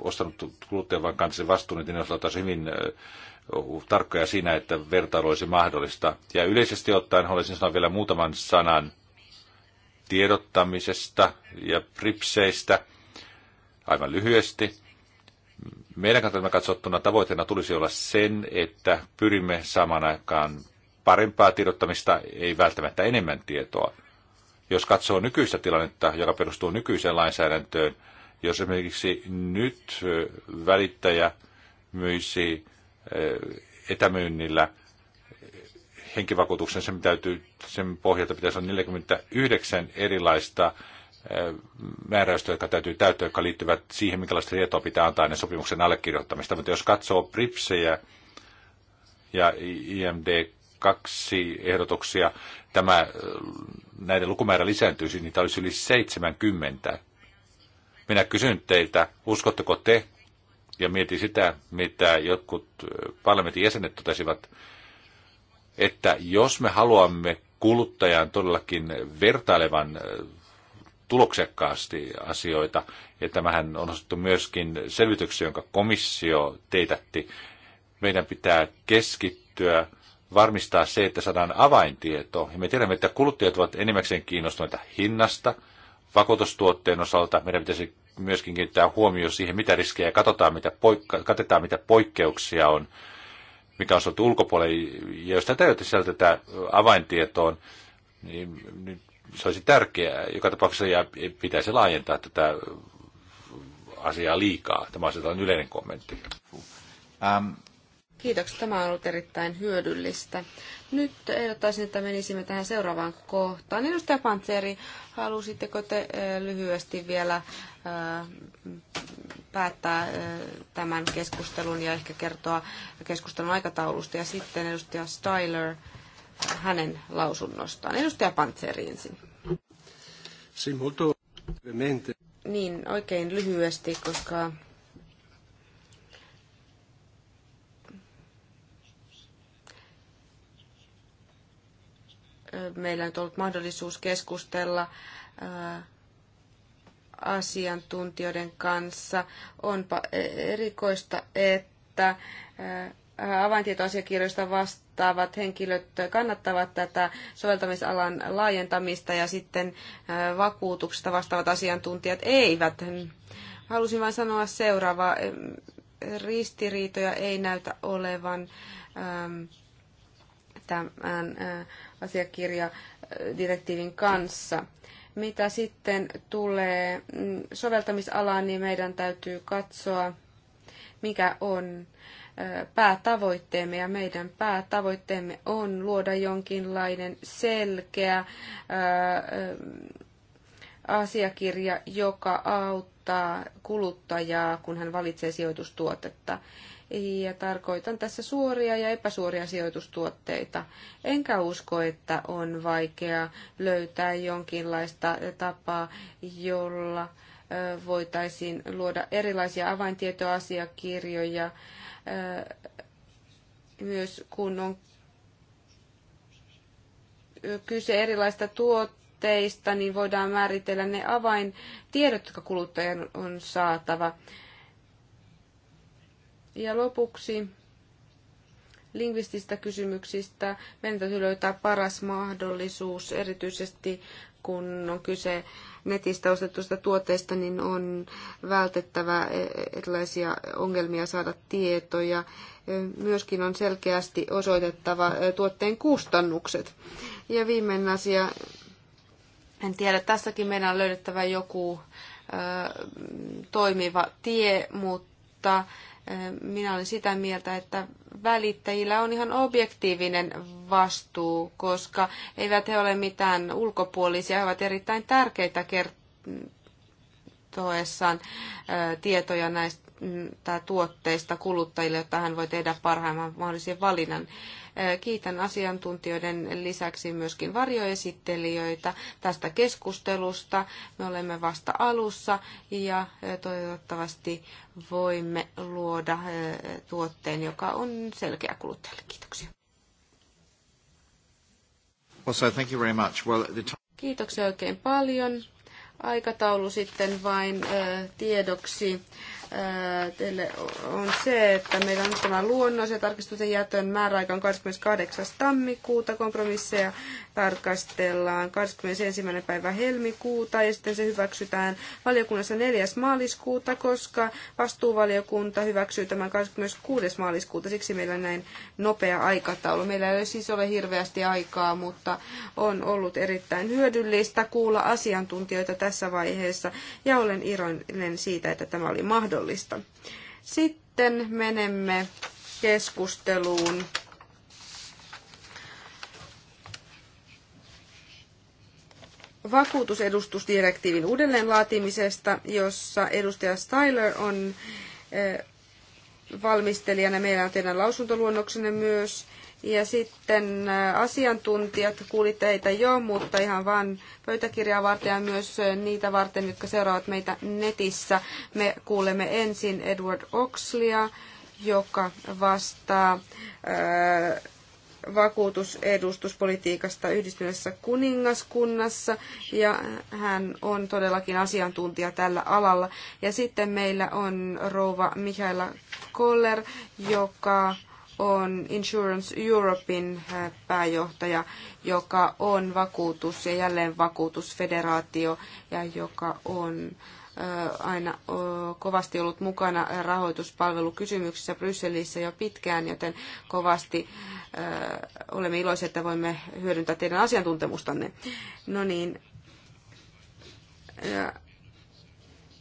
ostanut kuluttajan vaan kantaisi vastuun, niin olisi hyvin eh, tarkkoja siinä, että vertailu olisi mahdollista. Ja yleisesti ottaen haluaisin sanoa vielä muutaman sanan tiedottamisesta ja pripseistä aivan lyhyesti. Meidän kannaltamme katsottuna tavoitteena tulisi olla sen, että pyrimme samaan aikaan parempaa tiedottamista, ei välttämättä enemmän tietoa – jos katsoo nykyistä tilannetta, joka perustuu nykyiseen lainsäädäntöön, jos esimerkiksi nyt välittäjä myisi etämyynnillä henkivakuutuksen, sen, täytyy, sen pohjalta pitäisi olla 49 erilaista määräystä, jotka täytyy täyttää, jotka liittyvät siihen, minkälaista tietoa pitää antaa ennen sopimuksen allekirjoittamista. Mutta jos katsoo PRIPSejä ja IMD kaksi ehdotuksia, tämä, äh, näiden lukumäärä lisääntyisi, niitä olisi yli 70. Minä kysyn teiltä, uskotteko te, ja mietin sitä, mitä jotkut äh, parlamentin jäsenet totesivat, että jos me haluamme kuluttajan todellakin vertailevan äh, tuloksekkaasti asioita, ja tämähän on osattu myöskin selvityksiä, jonka komissio teitätti, meidän pitää keskittyä varmistaa se, että saadaan avaintieto. Ja me tiedämme, että kuluttajat ovat enimmäkseen kiinnostuneita hinnasta. Vakuutustuotteen osalta meidän pitäisi myöskin kiinnittää huomio siihen, mitä riskejä katsotaan, mitä poikka- katsotaan, mitä poikkeuksia on, mikä on sanottu ulkopuolelle. Ja jos tätä ei ole tätä avaintietoon, niin, niin se olisi tärkeää. Joka tapauksessa ja pitäisi laajentaa tätä asiaa liikaa. Tämä on yleinen kommentti. Um, Kiitoksia, tämä on ollut erittäin hyödyllistä. Nyt ehdottaisin, että menisimme tähän seuraavaan kohtaan. Edustaja Pantseri, halusitteko te lyhyesti vielä päättää tämän keskustelun ja ehkä kertoa keskustelun aikataulusta ja sitten edustaja Styler hänen lausunnostaan. Edustaja Pantseri ensin. Niin, oikein lyhyesti, koska meillä on ollut mahdollisuus keskustella asiantuntijoiden kanssa. Onpa e- erikoista, että avaintietoasiakirjoista vastaavat henkilöt kannattavat tätä soveltamisalan laajentamista ja sitten vakuutuksesta vastaavat asiantuntijat eivät. Halusin vain sanoa seuraavaa. Ristiriitoja ei näytä olevan tämän asiakirjadirektiivin äh, kanssa. Mitä sitten tulee mm, soveltamisalaan, niin meidän täytyy katsoa, mikä on äh, päätavoitteemme ja meidän päätavoitteemme on luoda jonkinlainen selkeä äh, asiakirja, joka auttaa kuluttajaa, kun hän valitsee sijoitustuotetta ja tarkoitan tässä suoria ja epäsuoria sijoitustuotteita. Enkä usko, että on vaikea löytää jonkinlaista tapaa, jolla voitaisiin luoda erilaisia avaintietoasiakirjoja, myös kun on kyse erilaista tuotteista, niin voidaan määritellä ne avaintiedot, jotka kuluttajan on saatava ja lopuksi lingvististä kysymyksistä. Meidän täytyy löytää paras mahdollisuus, erityisesti kun on kyse netistä ostetusta tuotteesta, niin on vältettävä e- erilaisia ongelmia saada tietoja. E, myöskin on selkeästi osoitettava e, tuotteen kustannukset. Ja viimeinen asia, en tiedä, tässäkin meidän on löydettävä joku toimiva tie, mutta minä olen sitä mieltä, että välittäjillä on ihan objektiivinen vastuu, koska eivät he ole mitään ulkopuolisia, he ovat erittäin tärkeitä kertoessaan tietoja näistä tuotteista kuluttajille, jotta hän voi tehdä parhaimman mahdollisen valinnan. Kiitän asiantuntijoiden lisäksi myöskin varjoesittelijöitä tästä keskustelusta. Me olemme vasta alussa ja toivottavasti voimme luoda tuotteen, joka on selkeä kuluttajalle. Kiitoksia. Kiitoksia oikein paljon. Aikataulu sitten vain tiedoksi teille on se, että meillä on tämä luonnos ja tarkistusten jätön määräaika on 28. tammikuuta. Kompromisseja tarkastellaan 21. päivä helmikuuta ja sitten se hyväksytään valiokunnassa 4. maaliskuuta, koska vastuuvaliokunta hyväksyy tämän 26. maaliskuuta. Siksi meillä on näin nopea aikataulu. Meillä ei siis ole hirveästi aikaa, mutta on ollut erittäin hyödyllistä kuulla asiantuntijoita tässä vaiheessa ja olen iloinen siitä, että tämä oli mahdollista. Sitten menemme keskusteluun vakuutusedustusdirektiivin uudelleenlaatimisesta, jossa edustaja Styler on eh, valmistelijana. Meillä on teidän lausuntoluonnoksenne myös. Ja sitten eh, asiantuntijat, kuulitte heitä jo, mutta ihan vain pöytäkirjaa varten ja myös eh, niitä varten, jotka seuraavat meitä netissä. Me kuulemme ensin Edward Oxlia, joka vastaa vakuutusedustuspolitiikasta yhdistyneessä kuningaskunnassa ja hän on todellakin asiantuntija tällä alalla. Ja sitten meillä on rouva Mihaila Koller, joka on Insurance Europein pääjohtaja, joka on vakuutus ja jälleen vakuutusfederaatio ja joka on aina kovasti ollut mukana rahoituspalvelukysymyksissä Brysselissä jo pitkään, joten kovasti olemme iloisia, että voimme hyödyntää teidän asiantuntemustanne. No niin. Ja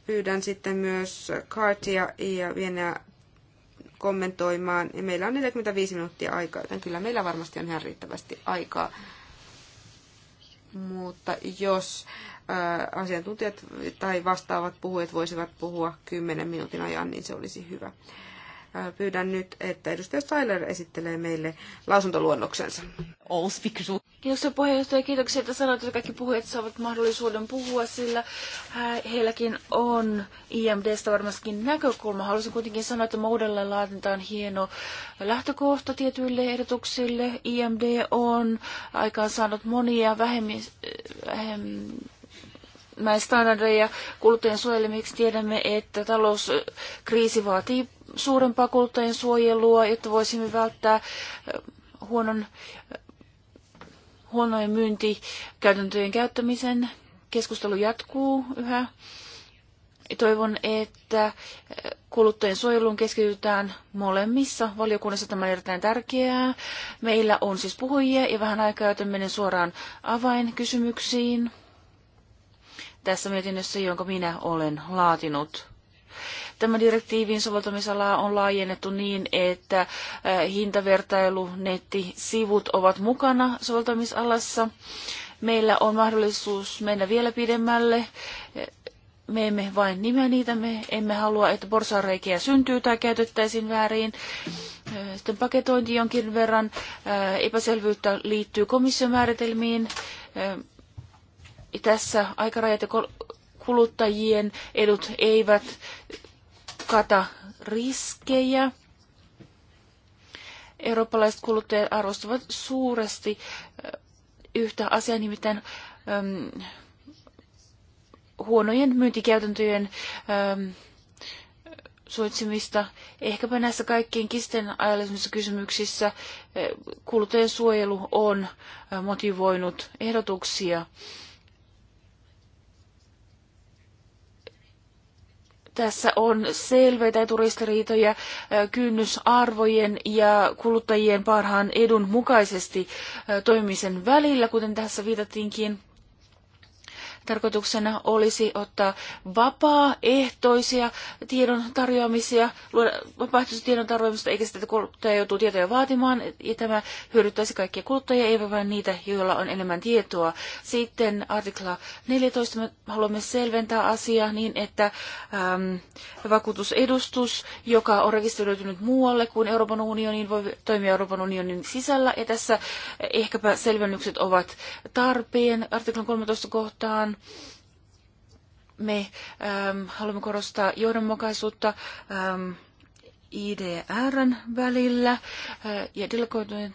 pyydän sitten myös Kartia ja vienä kommentoimaan. Ja meillä on 45 minuuttia aikaa, joten kyllä meillä varmasti on ihan riittävästi aikaa. Mutta jos asiantuntijat tai vastaavat puhujat voisivat puhua 10 minuutin ajan, niin se olisi hyvä. Pyydän nyt, että edustaja Styler esittelee meille lausuntoluonnoksensa. All speakers. Kiitoksia puheenjohtaja. Kiitoksia, että sanoit, että kaikki puhujat saavat mahdollisuuden puhua, sillä heilläkin on IMDstä varmastikin näkökulma. Haluaisin kuitenkin sanoa, että Moodella laaditaan hieno lähtökohta tietyille ehdotuksille. IMD on aikaan saanut monia vähemmistöjä ja kuluttajien suojelemiseksi. Tiedämme, että talouskriisi vaatii suurempaa kuluttajien suojelua, jotta voisimme välttää huonon, huonojen myyntikäytäntöjen käyttämisen. Keskustelu jatkuu yhä. Toivon, että kuluttajien suojeluun keskitytään molemmissa valiokunnissa. Tämä on erittäin tärkeää. Meillä on siis puhujia ja vähän aikaa, joten menen suoraan avainkysymyksiin tässä mietinnössä, jonka minä olen laatinut. Tämä direktiivin soveltamisalaa on laajennettu niin, että hintavertailu, nettisivut ovat mukana soveltamisalassa. Meillä on mahdollisuus mennä vielä pidemmälle. Me emme vain nimeä niitä, me emme halua, että porsareikiä syntyy tai käytettäisiin väärin. Sitten paketointi jonkin verran epäselvyyttä liittyy komission määritelmiin tässä aikarajat ja kuluttajien edut eivät kata riskejä. Eurooppalaiset kuluttajat arvostavat suuresti yhtä asiaa, nimittäin äm, huonojen myyntikäytäntöjen äm, suitsimista. Ehkäpä näissä kaikkien kisten ajallisemmissa kysymyksissä kuluttajien suojelu on motivoinut ehdotuksia. tässä on selveitä eturistiriitoja kynnysarvojen ja kuluttajien parhaan edun mukaisesti toimisen välillä, kuten tässä viitattiinkin tarkoituksena olisi ottaa vapaaehtoisia tiedon tarjoamisia, luoda vapaaehtoisia tiedon tarjoamista, eikä sitä, että kuluttaja joutuu tietoja vaatimaan, ja tämä hyödyttäisi kaikkia kuluttajia, eivä vain niitä, joilla on enemmän tietoa. Sitten artikla 14, me haluamme selventää asiaa niin, että äm, vakuutusedustus, joka on rekisteröitynyt muualle kuin Euroopan unioniin, voi toimia Euroopan unionin sisällä, ja tässä ehkäpä selvennykset ovat tarpeen artiklan 13 kohtaan me äm, haluamme korostaa johdonmukaisuutta äm, IDRn välillä äh, ja delegoitujen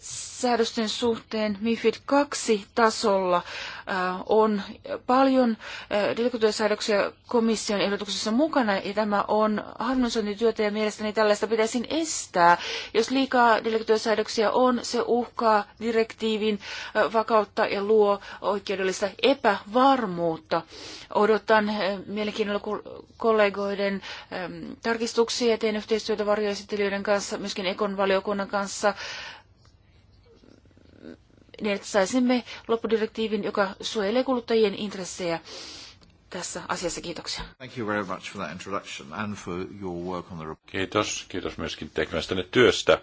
säädösten suhteen MIFID 2 tasolla äh, on paljon äh, delegoituja komission ehdotuksessa mukana ja tämä on harmonisointityötä ja mielestäni tällaista pitäisi estää. Jos liikaa delegoituja on, se uhkaa direktiivin äh, vakautta ja luo oikeudellista epävarmuutta. Odotan mielenkiinnolla kollegoiden ähm, tarkistuksia ja teen yhteistyötä varjoesittelijöiden kanssa, myöskin Ekon valiokunnan kanssa niin että saisimme loppudirektiivin, joka suojelee kuluttajien intressejä tässä asiassa. Kiitoksia. Thank you very much for that introduction and for your work on the Kiitos. Kiitos myöskin tekemästänne työstä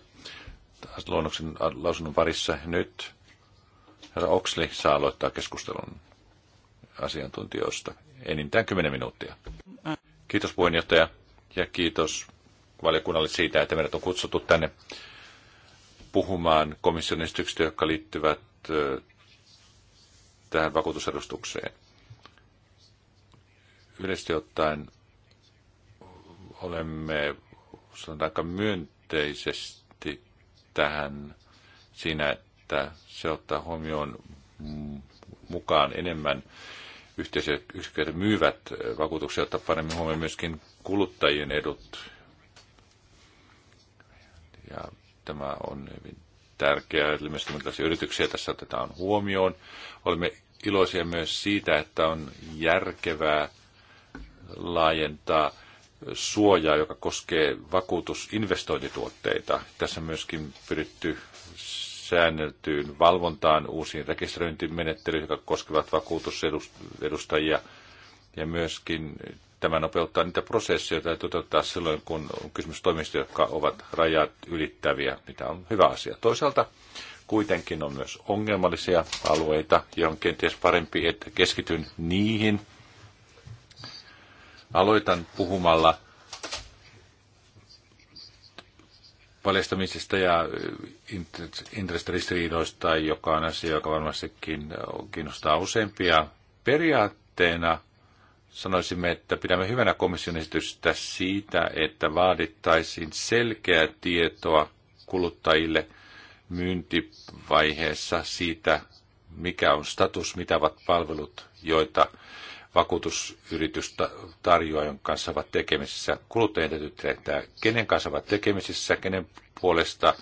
taas luonnoksen äh, lausunnon parissa. Nyt herra Oxley saa aloittaa keskustelun asiantuntijoista enintään 10 minuuttia. Kiitos puheenjohtaja ja kiitos valiokunnalle siitä, että meidät on kutsuttu tänne puhumaan komission esityksistä, jotka liittyvät tähän vakuutusedustukseen. Yleisesti ottaen olemme sanotaan aika myönteisesti tähän siinä, että se ottaa huomioon mukaan enemmän yksiköitä myyvät vakuutuksia, ottaa paremmin huomioon myöskin kuluttajien edut. Ja Tämä on hyvin tärkeää. Ilmeisesti tällaisia yrityksiä tässä otetaan huomioon. Olemme iloisia myös siitä, että on järkevää laajentaa suojaa, joka koskee vakuutusinvestointituotteita. Tässä on myöskin pyritty säänneltyyn valvontaan uusiin rekisteröintimenettelyihin, jotka koskevat vakuutusedustajia ja myöskin tämä nopeuttaa niitä prosesseja, joita toteuttaa silloin, kun on kysymys toimista, jotka ovat rajat ylittäviä, mitä on hyvä asia. Toisaalta kuitenkin on myös ongelmallisia alueita, johon on kenties parempi, että keskityn niihin. Aloitan puhumalla paljastamisesta ja intressiristiriidoista, joka on asia, joka varmastikin kiinnostaa useampia Periaatteena sanoisimme, että pidämme hyvänä komission esitystä siitä, että vaadittaisiin selkeää tietoa kuluttajille myyntivaiheessa siitä, mikä on status, mitä ovat palvelut, joita vakuutusyritys tarjoaa, jonka kanssa ovat tekemisissä. Kuluttajien täytyy tietää, kenen kanssa ovat tekemisissä, kenen puolesta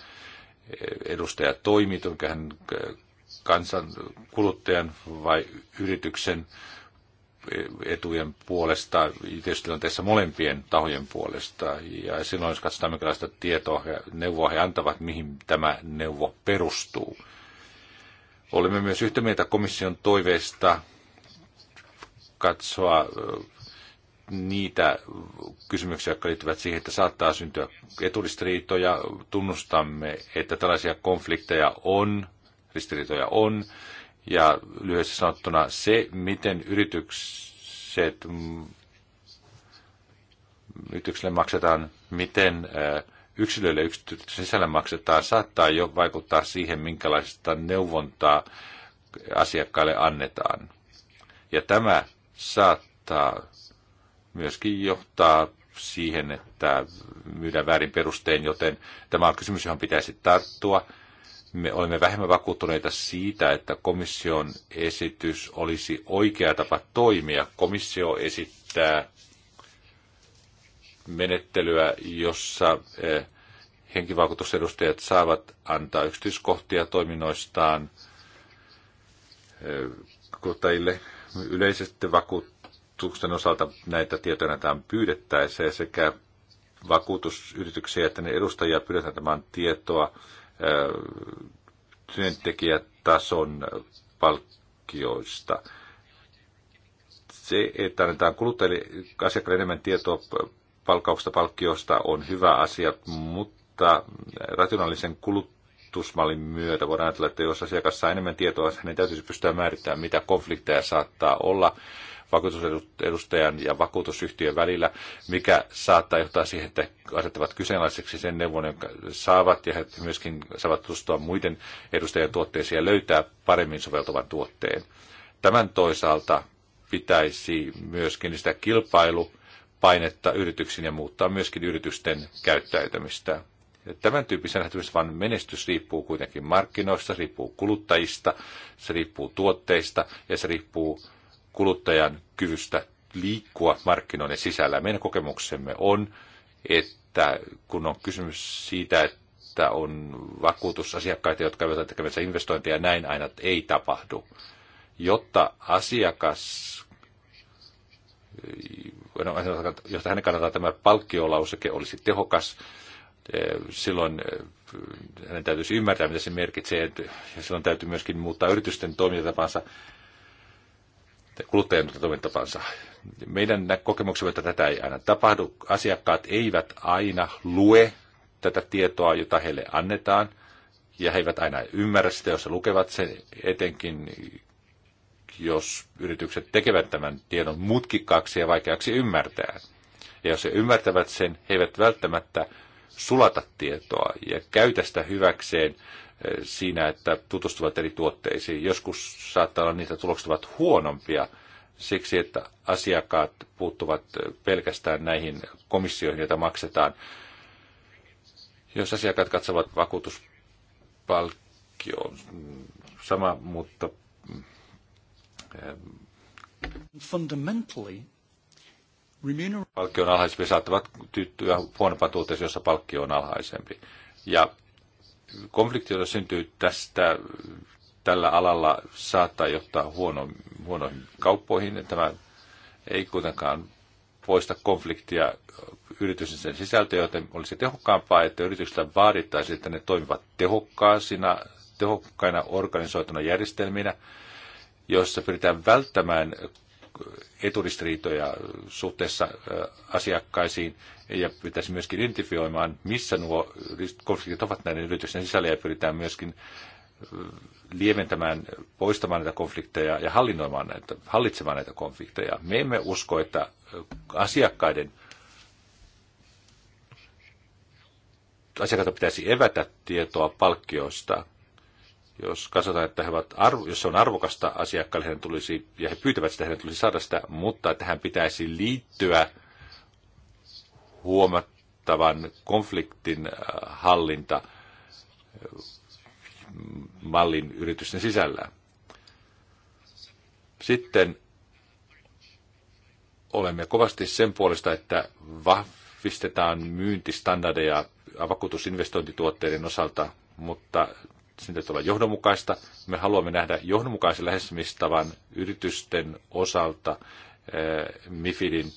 edustaja toimii, onko hän kansan kuluttajan vai yrityksen etujen puolesta, tietysti on tässä molempien tahojen puolesta. Ja silloin, jos katsotaan, minkälaista tietoa ja neuvoa he antavat, mihin tämä neuvo perustuu. Olemme myös yhtä mieltä komission toiveesta katsoa niitä kysymyksiä, jotka liittyvät siihen, että saattaa syntyä eturistiriitoja. Tunnustamme, että tällaisia konflikteja on, ristiriitoja on, ja lyhyesti sanottuna se, miten yritykset, yritykselle maksetaan, miten äh, yksilöille yksityisen sisällä maksetaan, saattaa jo vaikuttaa siihen, minkälaista neuvontaa asiakkaille annetaan. Ja tämä saattaa myöskin johtaa siihen, että myydään väärin perustein, joten tämä on kysymys, johon pitäisi tarttua me olemme vähemmän vakuuttuneita siitä, että komission esitys olisi oikea tapa toimia. Komissio esittää menettelyä, jossa eh, henkivakuutusedustajat saavat antaa yksityiskohtia toiminnoistaan eh, kuluttajille. Yleisesti vakuutuksen osalta näitä tietoja näitä pyydettäessä sekä vakuutusyrityksiä että ne edustajia pyydetään tämän tietoa työntekijätason palkkioista. Se, että annetaan kuluttajille asiakkaille enemmän tietoa palkkauksesta palkkiosta on hyvä asia, mutta rationaalisen kulutusmallin myötä voidaan ajatella, että jos asiakas saa enemmän tietoa, niin täytyisi pystyä määrittämään, mitä konflikteja saattaa olla vakuutusedustajan ja vakuutusyhtiön välillä, mikä saattaa johtaa siihen, että asettavat kyseenalaiseksi sen neuvon, jonka saavat, ja he myöskin saavat tutustua muiden edustajien tuotteisiin ja löytää paremmin soveltuvan tuotteen. Tämän toisaalta pitäisi myöskin sitä kilpailupainetta yrityksiin ja muuttaa myöskin yritysten käyttäytymistä. Tämän tyyppisen vaan menestys riippuu kuitenkin markkinoista, se riippuu kuluttajista, se riippuu tuotteista ja se riippuu kuluttajan kyvystä liikkua markkinoiden sisällä. Meidän kokemuksemme on, että kun on kysymys siitä, että on vakuutusasiakkaita, jotka ovat tekemässä investointeja, näin aina ei tapahdu. Jotta asiakas, no, jotta hänen kannaltaan tämä palkkiolauseke olisi tehokas, silloin eh, hänen täytyisi ymmärtää, mitä se merkitsee, ja silloin täytyy myöskin muuttaa yritysten toimintatapansa kuluttajien toimintatapansa. Meidän kokemuksemme, että tätä ei aina tapahdu. Asiakkaat eivät aina lue tätä tietoa, jota heille annetaan, ja he eivät aina ymmärrä sitä, jos he lukevat sen, etenkin jos yritykset tekevät tämän tiedon mutkikkaaksi ja vaikeaksi ymmärtää. Ja jos he ymmärtävät sen, he eivät välttämättä sulata tietoa ja käytä sitä hyväkseen Eh, siinä, että tutustuvat eri tuotteisiin. Joskus saattaa olla niitä tulokset ovat huonompia siksi, että asiakkaat puuttuvat eh, pelkästään näihin komissioihin, joita maksetaan. Jos asiakkaat katsovat vakuutuspalkkioon, mm, sama, mutta... Mm, eh, Fundamentally, Palkkion alhaisempi saattavat tyytyä huonompaan tuotteeseen, jossa palkkio on alhaisempi. Ja konflikti, jota syntyy tästä tällä alalla, saattaa johtaa huono, huonoihin kauppoihin. Tämä ei kuitenkaan poista konfliktia yritysten sen sisältöä, joten olisi tehokkaampaa, että yrityksillä vaadittaisiin, että ne toimivat tehokkaasina, tehokkaina organisoituna järjestelminä, joissa pyritään välttämään eturistiriitoja suhteessa asiakkaisiin ja pitäisi myöskin identifioimaan, missä nuo konfliktit ovat näiden yritysten sisällä ja pyritään myöskin lieventämään, poistamaan näitä konflikteja ja hallinnoimaan näitä, hallitsemaan näitä konflikteja. Me emme usko, että asiakkaiden asiakkaita pitäisi evätä tietoa palkkioista. Jos katsotaan, että he ovat arvo, jos se on arvokasta asiakkaille, hän tulisi, ja he pyytävät sitä, hän tulisi saada sitä, mutta tähän pitäisi liittyä huomattavan konfliktin äh, hallinta äh, mallin yritysten sisällä. Sitten olemme kovasti sen puolesta, että vahvistetaan myyntistandardeja vakuutusinvestointituotteiden osalta, mutta sen täytyy olla johdonmukaista. Me haluamme nähdä johdonmukaisen lähestymistavan yritysten osalta eh, MIFIDin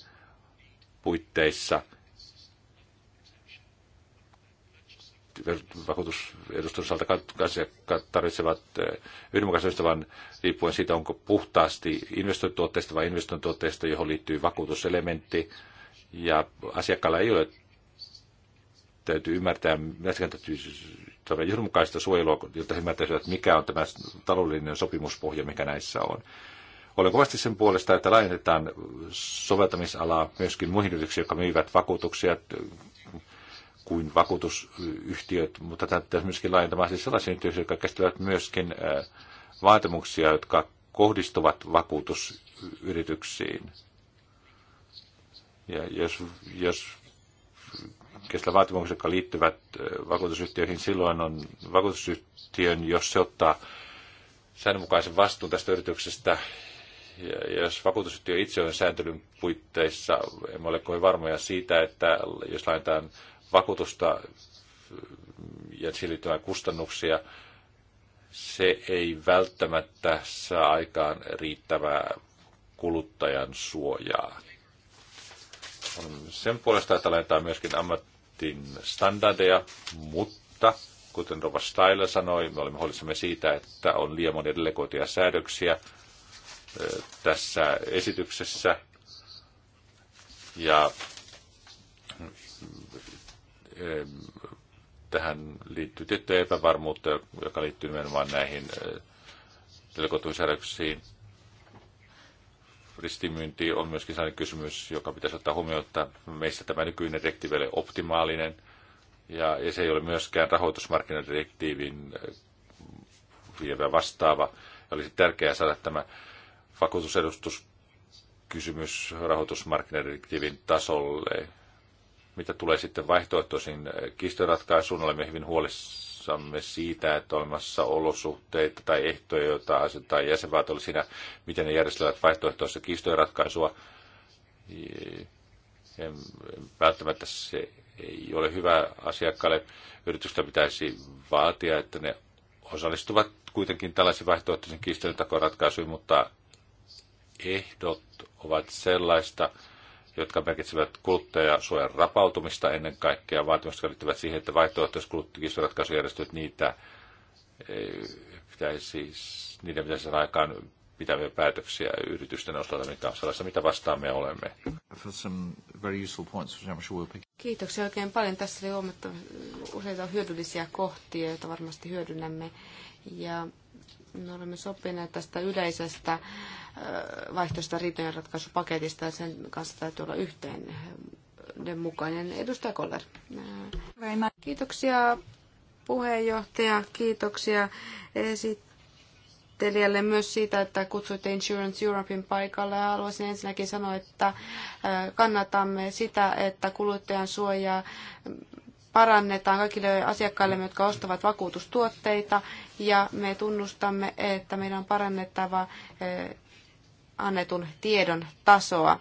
puitteissa osalta tarvitsevat eh, yhdenmukaisesti, vaan riippuen siitä, onko puhtaasti investointituotteista vai investointituotteista, johon liittyy vakuutuselementti. Ja asiakkaalla ei ole täytyy ymmärtää, läskän täytyy johdonmukaista suojelua, jotta he ymmärtäisivät, mikä on tämä taloudellinen sopimuspohja, mikä näissä on. Olen kovasti sen puolesta, että laajennetaan soveltamisalaa myöskin muihin yrityksiin, jotka myyvät vakuutuksia kuin vakuutusyhtiöt, mutta tämä pitäisi myöskin laajentamaan siis sellaisiin yhtiöihin, jotka käsittelevät myöskin vaatimuksia, jotka kohdistuvat vakuutusyrityksiin. Ja jos, jos keskellä vaatimukset, jotka liittyvät vakuutusyhtiöihin, silloin on vakuutusyhtiön, jos se ottaa säännönmukaisen vastuun tästä yrityksestä, ja jos vakuutusyhtiö itse on sääntelyn puitteissa, emme ole kovin varmoja siitä, että jos laitetaan vakuutusta ja siirrytään kustannuksia, se ei välttämättä saa aikaan riittävää kuluttajan suojaa. On sen puolesta, että laitetaan myöskin ammat, noudatettiin standardeja, mutta kuten Rova Staila sanoi, me olemme huolissamme siitä, että on liian monia delegoituja säädöksiä tässä esityksessä. Ja tähän liittyy tiettyä epävarmuutta, joka liittyy nimenomaan näihin delegoituihin säädöksiin ristimyynti on myöskin sellainen kysymys, joka pitäisi ottaa huomioon, että meistä tämä nykyinen direktiivi ei ole optimaalinen, ja, ja se ei ole myöskään rahoitusmarkkinadirektiivin eh, vievä vastaava. Ja olisi tärkeää saada tämä vakuutusedustuskysymys rahoitusmarkkinadirektiivin tasolle. Mitä tulee sitten vaihtoehtoisiin eh, kiistoratkaisuun, olemme hyvin huolissamme huolissamme siitä, että olemassa olosuhteita tai ehtoja, joita asettaa oli siinä, miten ne järjestelevät vaihtoehtoista kiistojen ratkaisua. Välttämättä se ei ole hyvä asiakkaalle. Yritystä pitäisi vaatia, että ne osallistuvat kuitenkin tällaisiin vaihtoehtoisiin kiistojen ratkaisuihin, mutta ehdot ovat sellaista, jotka merkitsevät suojan rapautumista ennen kaikkea, vaatimukset liittyvät siihen, että vaihtoehtoiset kuluttajakisratkaisujärjestöt, niitä eh, pitäisi, niiden pitäisi saada aikaan pitäviä päätöksiä yritysten osalta, mikä on sellaista, mitä vastaan me olemme. Kiitoksia oikein paljon. Tässä oli huomattavasti useita hyödyllisiä kohtia, joita varmasti hyödynnämme. Ja me olemme sopineet tästä yleisestä vaihtoista riitojenratkaisupaketista ja sen kanssa täytyy olla yhteen mukainen. Edustaja Koller. Kiitoksia puheenjohtaja, kiitoksia esittelijälle myös siitä, että kutsuitte Insurance Europein paikalle. Haluaisin ensinnäkin sanoa, että kannatamme sitä, että kuluttajan suojaa parannetaan kaikille asiakkaille, jotka ostavat vakuutustuotteita ja me tunnustamme, että meidän on parannettava eh, annetun tiedon tasoa.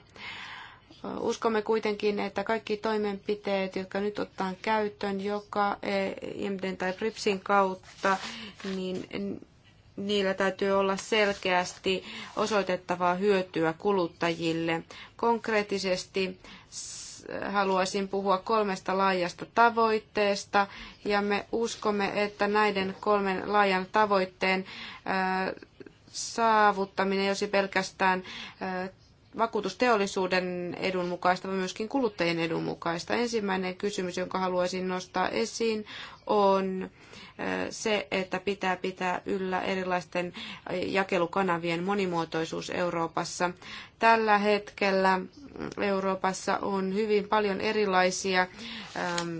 Uskomme kuitenkin, että kaikki toimenpiteet, jotka nyt otetaan käyttöön joka eh, IMDn tai PRIPSin kautta, niin niillä täytyy olla selkeästi osoitettavaa hyötyä kuluttajille. Konkreettisesti haluaisin puhua kolmesta laajasta tavoitteesta ja me uskomme, että näiden kolmen laajan tavoitteen saavuttaminen, olisi pelkästään vakuutusteollisuuden edun mukaista, vaan myöskin kuluttajien edun mukaista. Ensimmäinen kysymys, jonka haluaisin nostaa esiin, on se, että pitää pitää yllä erilaisten jakelukanavien monimuotoisuus Euroopassa. Tällä hetkellä Euroopassa on hyvin paljon erilaisia ähm,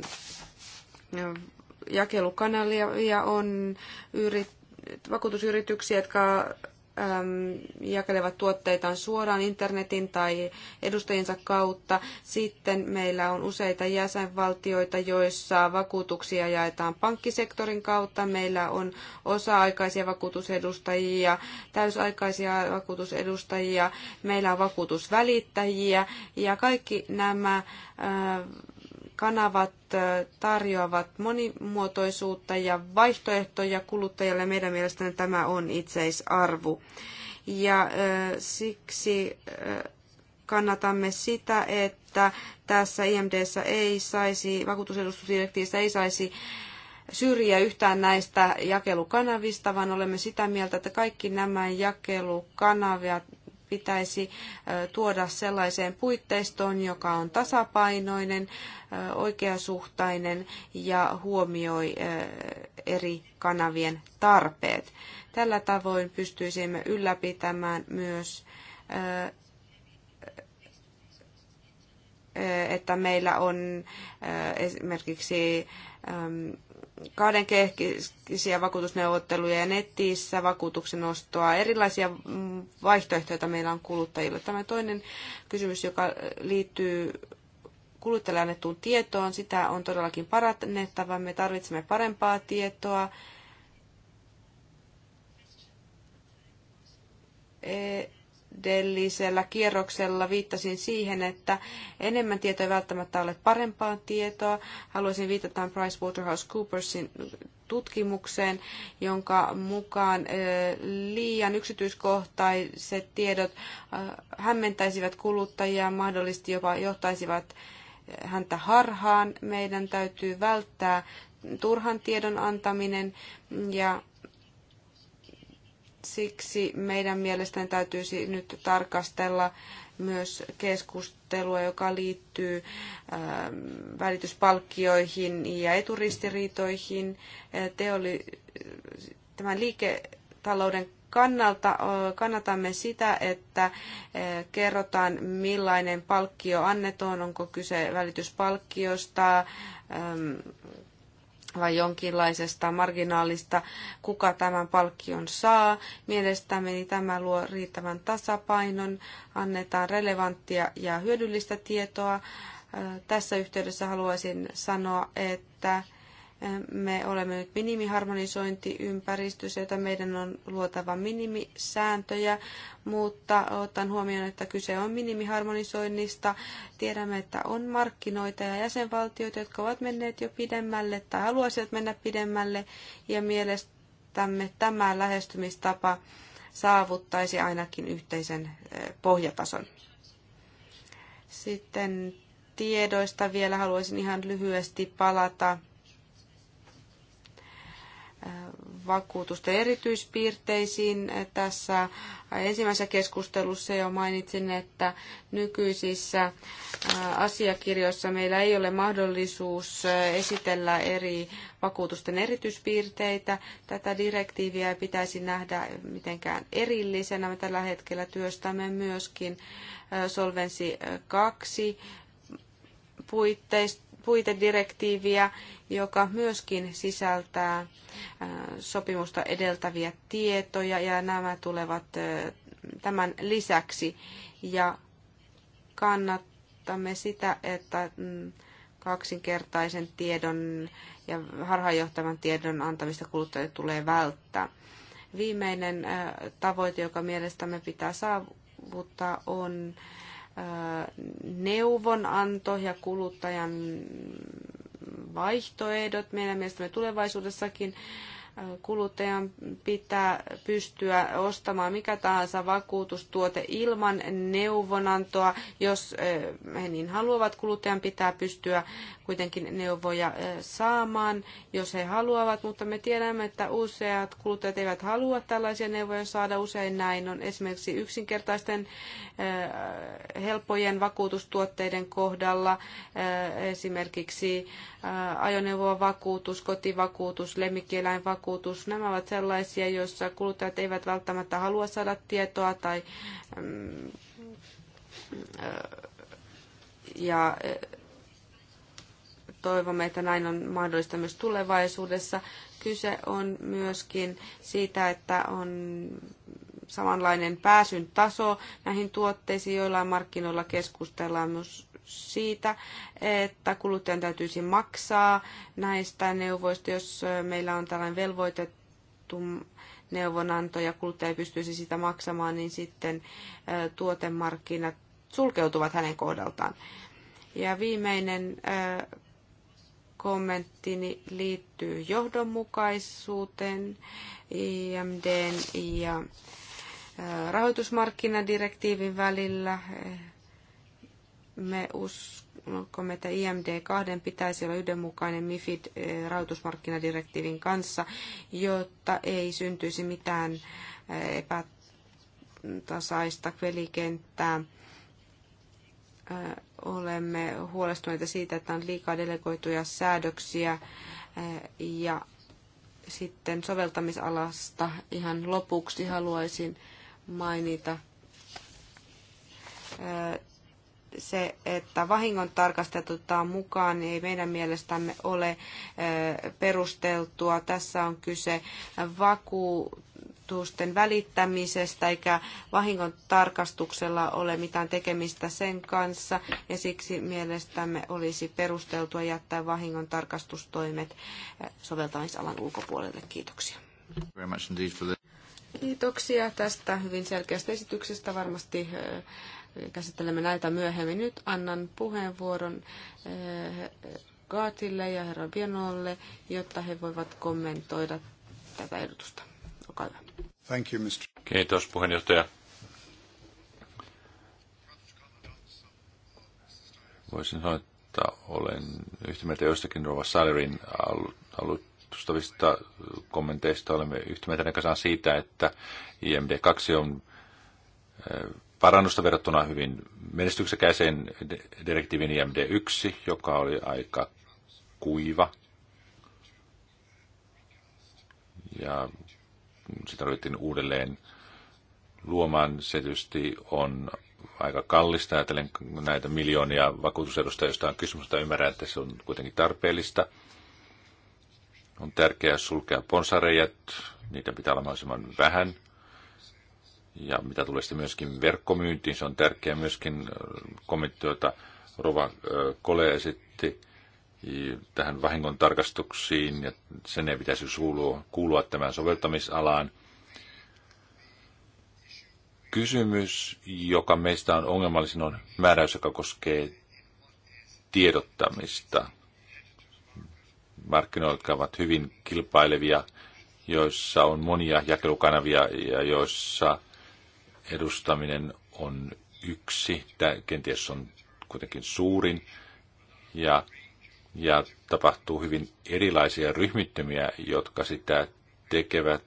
jakelukanavia, on yrit, vakuutusyrityksiä, jotka Ähm, jakelevat tuotteitaan suoraan internetin tai edustajiensa kautta. Sitten meillä on useita jäsenvaltioita, joissa vakuutuksia jaetaan pankkisektorin kautta. Meillä on osa-aikaisia vakuutusedustajia, täysaikaisia vakuutusedustajia, meillä on vakuutusvälittäjiä ja kaikki nämä äh, kanavat tarjoavat monimuotoisuutta ja vaihtoehtoja kuluttajille. Meidän mielestämme tämä on itseisarvo. Ja siksi kannatamme sitä, että tässä IMDssä ei saisi, vakuutusedustusdirektiivissä ei saisi syrjiä yhtään näistä jakelukanavista, vaan olemme sitä mieltä, että kaikki nämä jakelukanavat pitäisi tuoda sellaiseen puitteistoon, joka on tasapainoinen, oikeasuhtainen ja huomioi eri kanavien tarpeet. Tällä tavoin pystyisimme ylläpitämään myös että meillä on esimerkiksi kahdenkeskisiä vakuutusneuvotteluja netissä, vakuutuksen ostoa, erilaisia vaihtoehtoja, joita meillä on kuluttajilla. Tämä toinen kysymys, joka liittyy kuluttajalle annettuun tietoon, sitä on todellakin parannettava. Me tarvitsemme parempaa tietoa. E- edellisellä kierroksella viittasin siihen, että enemmän tietoa ei välttämättä ole parempaa tietoa. Haluaisin viitata PricewaterhouseCoopersin tutkimukseen, jonka mukaan liian yksityiskohtaiset tiedot hämmentäisivät kuluttajia, mahdollisesti jopa johtaisivat häntä harhaan. Meidän täytyy välttää turhan tiedon antaminen ja Siksi meidän mielestäni täytyisi nyt tarkastella myös keskustelua, joka liittyy ähm, välityspalkkioihin ja eturistiriitoihin. Äh, Teoli, äh, tämän liiketalouden kannalta äh, kannatamme sitä, että kerrotaan millainen palkkio annetaan, onko kyse välityspalkkiosta, ähm, vai jonkinlaisesta marginaalista, kuka tämän palkkion saa. Mielestäni tämä luo riittävän tasapainon, annetaan relevanttia ja hyödyllistä tietoa. Tässä yhteydessä haluaisin sanoa, että me olemme nyt minimiharmonisointiympäristössä, jota meidän on luotava minimisääntöjä, mutta otan huomioon, että kyse on minimiharmonisoinnista. Tiedämme, että on markkinoita ja jäsenvaltioita, jotka ovat menneet jo pidemmälle tai haluaisivat mennä pidemmälle, ja mielestämme tämä lähestymistapa saavuttaisi ainakin yhteisen pohjatason. Sitten tiedoista vielä haluaisin ihan lyhyesti palata vakuutusten erityispiirteisiin. Tässä ensimmäisessä keskustelussa jo mainitsin, että nykyisissä äh, asiakirjoissa meillä ei ole mahdollisuus äh, esitellä eri vakuutusten erityispiirteitä. Tätä direktiiviä ei pitäisi nähdä mitenkään erillisenä. Me tällä hetkellä työstämme myöskin äh, Solvensi 2 puitteista puitedirektiiviä, joka myöskin sisältää äh, sopimusta edeltäviä tietoja ja nämä tulevat äh, tämän lisäksi. Ja kannatamme sitä, että mm, kaksinkertaisen tiedon ja harhaanjohtavan tiedon antamista kuluttajille tulee välttää. Viimeinen äh, tavoite, joka mielestämme pitää saavuttaa, on neuvonanto ja kuluttajan vaihtoehdot. Meidän mielestämme tulevaisuudessakin kuluttajan pitää pystyä ostamaan mikä tahansa vakuutustuote ilman neuvonantoa. Jos he niin haluavat, kuluttajan pitää pystyä kuitenkin neuvoja saamaan, jos he haluavat, mutta me tiedämme, että useat kuluttajat eivät halua tällaisia neuvoja saada. Usein näin on esimerkiksi yksinkertaisten helppojen vakuutustuotteiden kohdalla, esimerkiksi vakuutus, kotivakuutus, lemmikkieläinvakuutus. Nämä ovat sellaisia, joissa kuluttajat eivät välttämättä halua saada tietoa tai mm, ja Toivomme, että näin on mahdollista myös tulevaisuudessa. Kyse on myöskin siitä, että on samanlainen pääsyn taso näihin tuotteisiin, joilla markkinoilla keskustellaan myös siitä, että kuluttajan täytyisi maksaa näistä neuvoista, jos meillä on tällainen velvoitettu neuvonanto ja kuluttaja pystyisi sitä maksamaan, niin sitten tuotemarkkinat sulkeutuvat hänen kohdaltaan. Ja viimeinen kommenttini liittyy johdonmukaisuuteen, IMDn ja äh, rahoitusmarkkinadirektiivin välillä. Me uskomme, että IMD 2 pitäisi olla yhdenmukainen MIFID äh, rahoitusmarkkinadirektiivin kanssa, jotta ei syntyisi mitään äh, epätasaista pelikenttää olemme huolestuneita siitä, että on liikaa delegoituja säädöksiä ja sitten soveltamisalasta ihan lopuksi haluaisin mainita se, että vahingon tarkastetutaan mukaan, ei meidän mielestämme ole perusteltua. Tässä on kyse vakuutuksesta ilmoitusten välittämisestä eikä vahingon tarkastuksella ole mitään tekemistä sen kanssa ja siksi mielestämme olisi perusteltua jättää vahingon tarkastustoimet eh, soveltamisalan ulkopuolelle. Kiitoksia. Kiitoksia tästä hyvin selkeästä esityksestä. Varmasti eh, käsittelemme näitä myöhemmin. Nyt annan puheenvuoron eh, Gaatille ja herra Bienolle, jotta he voivat kommentoida tätä ehdotusta. Olkaa hyvä. Thank you, Mr. Kiitos puheenjohtaja. Voisin sanoa, että olen yhtä mieltä joistakin Rova Salerin alustavista kommenteista. Olemme yhtä mieltä kanssaan siitä, että IMD2 on parannusta verrattuna hyvin menestyksekäiseen direktiivin IMD1, joka oli aika kuiva. Ja sitä ryhdyttiin uudelleen luomaan. Se tietysti on aika kallista, ajatellen näitä miljoonia vakuutusedusta, joista on kysymys, että ymmärrän, että se on kuitenkin tarpeellista. On tärkeää sulkea ponsareijat, niitä pitää olla mahdollisimman vähän. Ja mitä tulee sitten myöskin verkkomyyntiin, se on tärkeää myöskin äh, kommentti, jota Rova äh, Kole esitti tähän vahingon tarkastuksiin ja sen ei pitäisi kuulua, kuulua tämän soveltamisalaan. Kysymys, joka meistä on ongelmallisin, on määräys, joka koskee tiedottamista. Markkinoilla, jotka ovat hyvin kilpailevia, joissa on monia jakelukanavia ja joissa edustaminen on yksi, tämä kenties on kuitenkin suurin, ja ja tapahtuu hyvin erilaisia ryhmittymiä, jotka sitä tekevät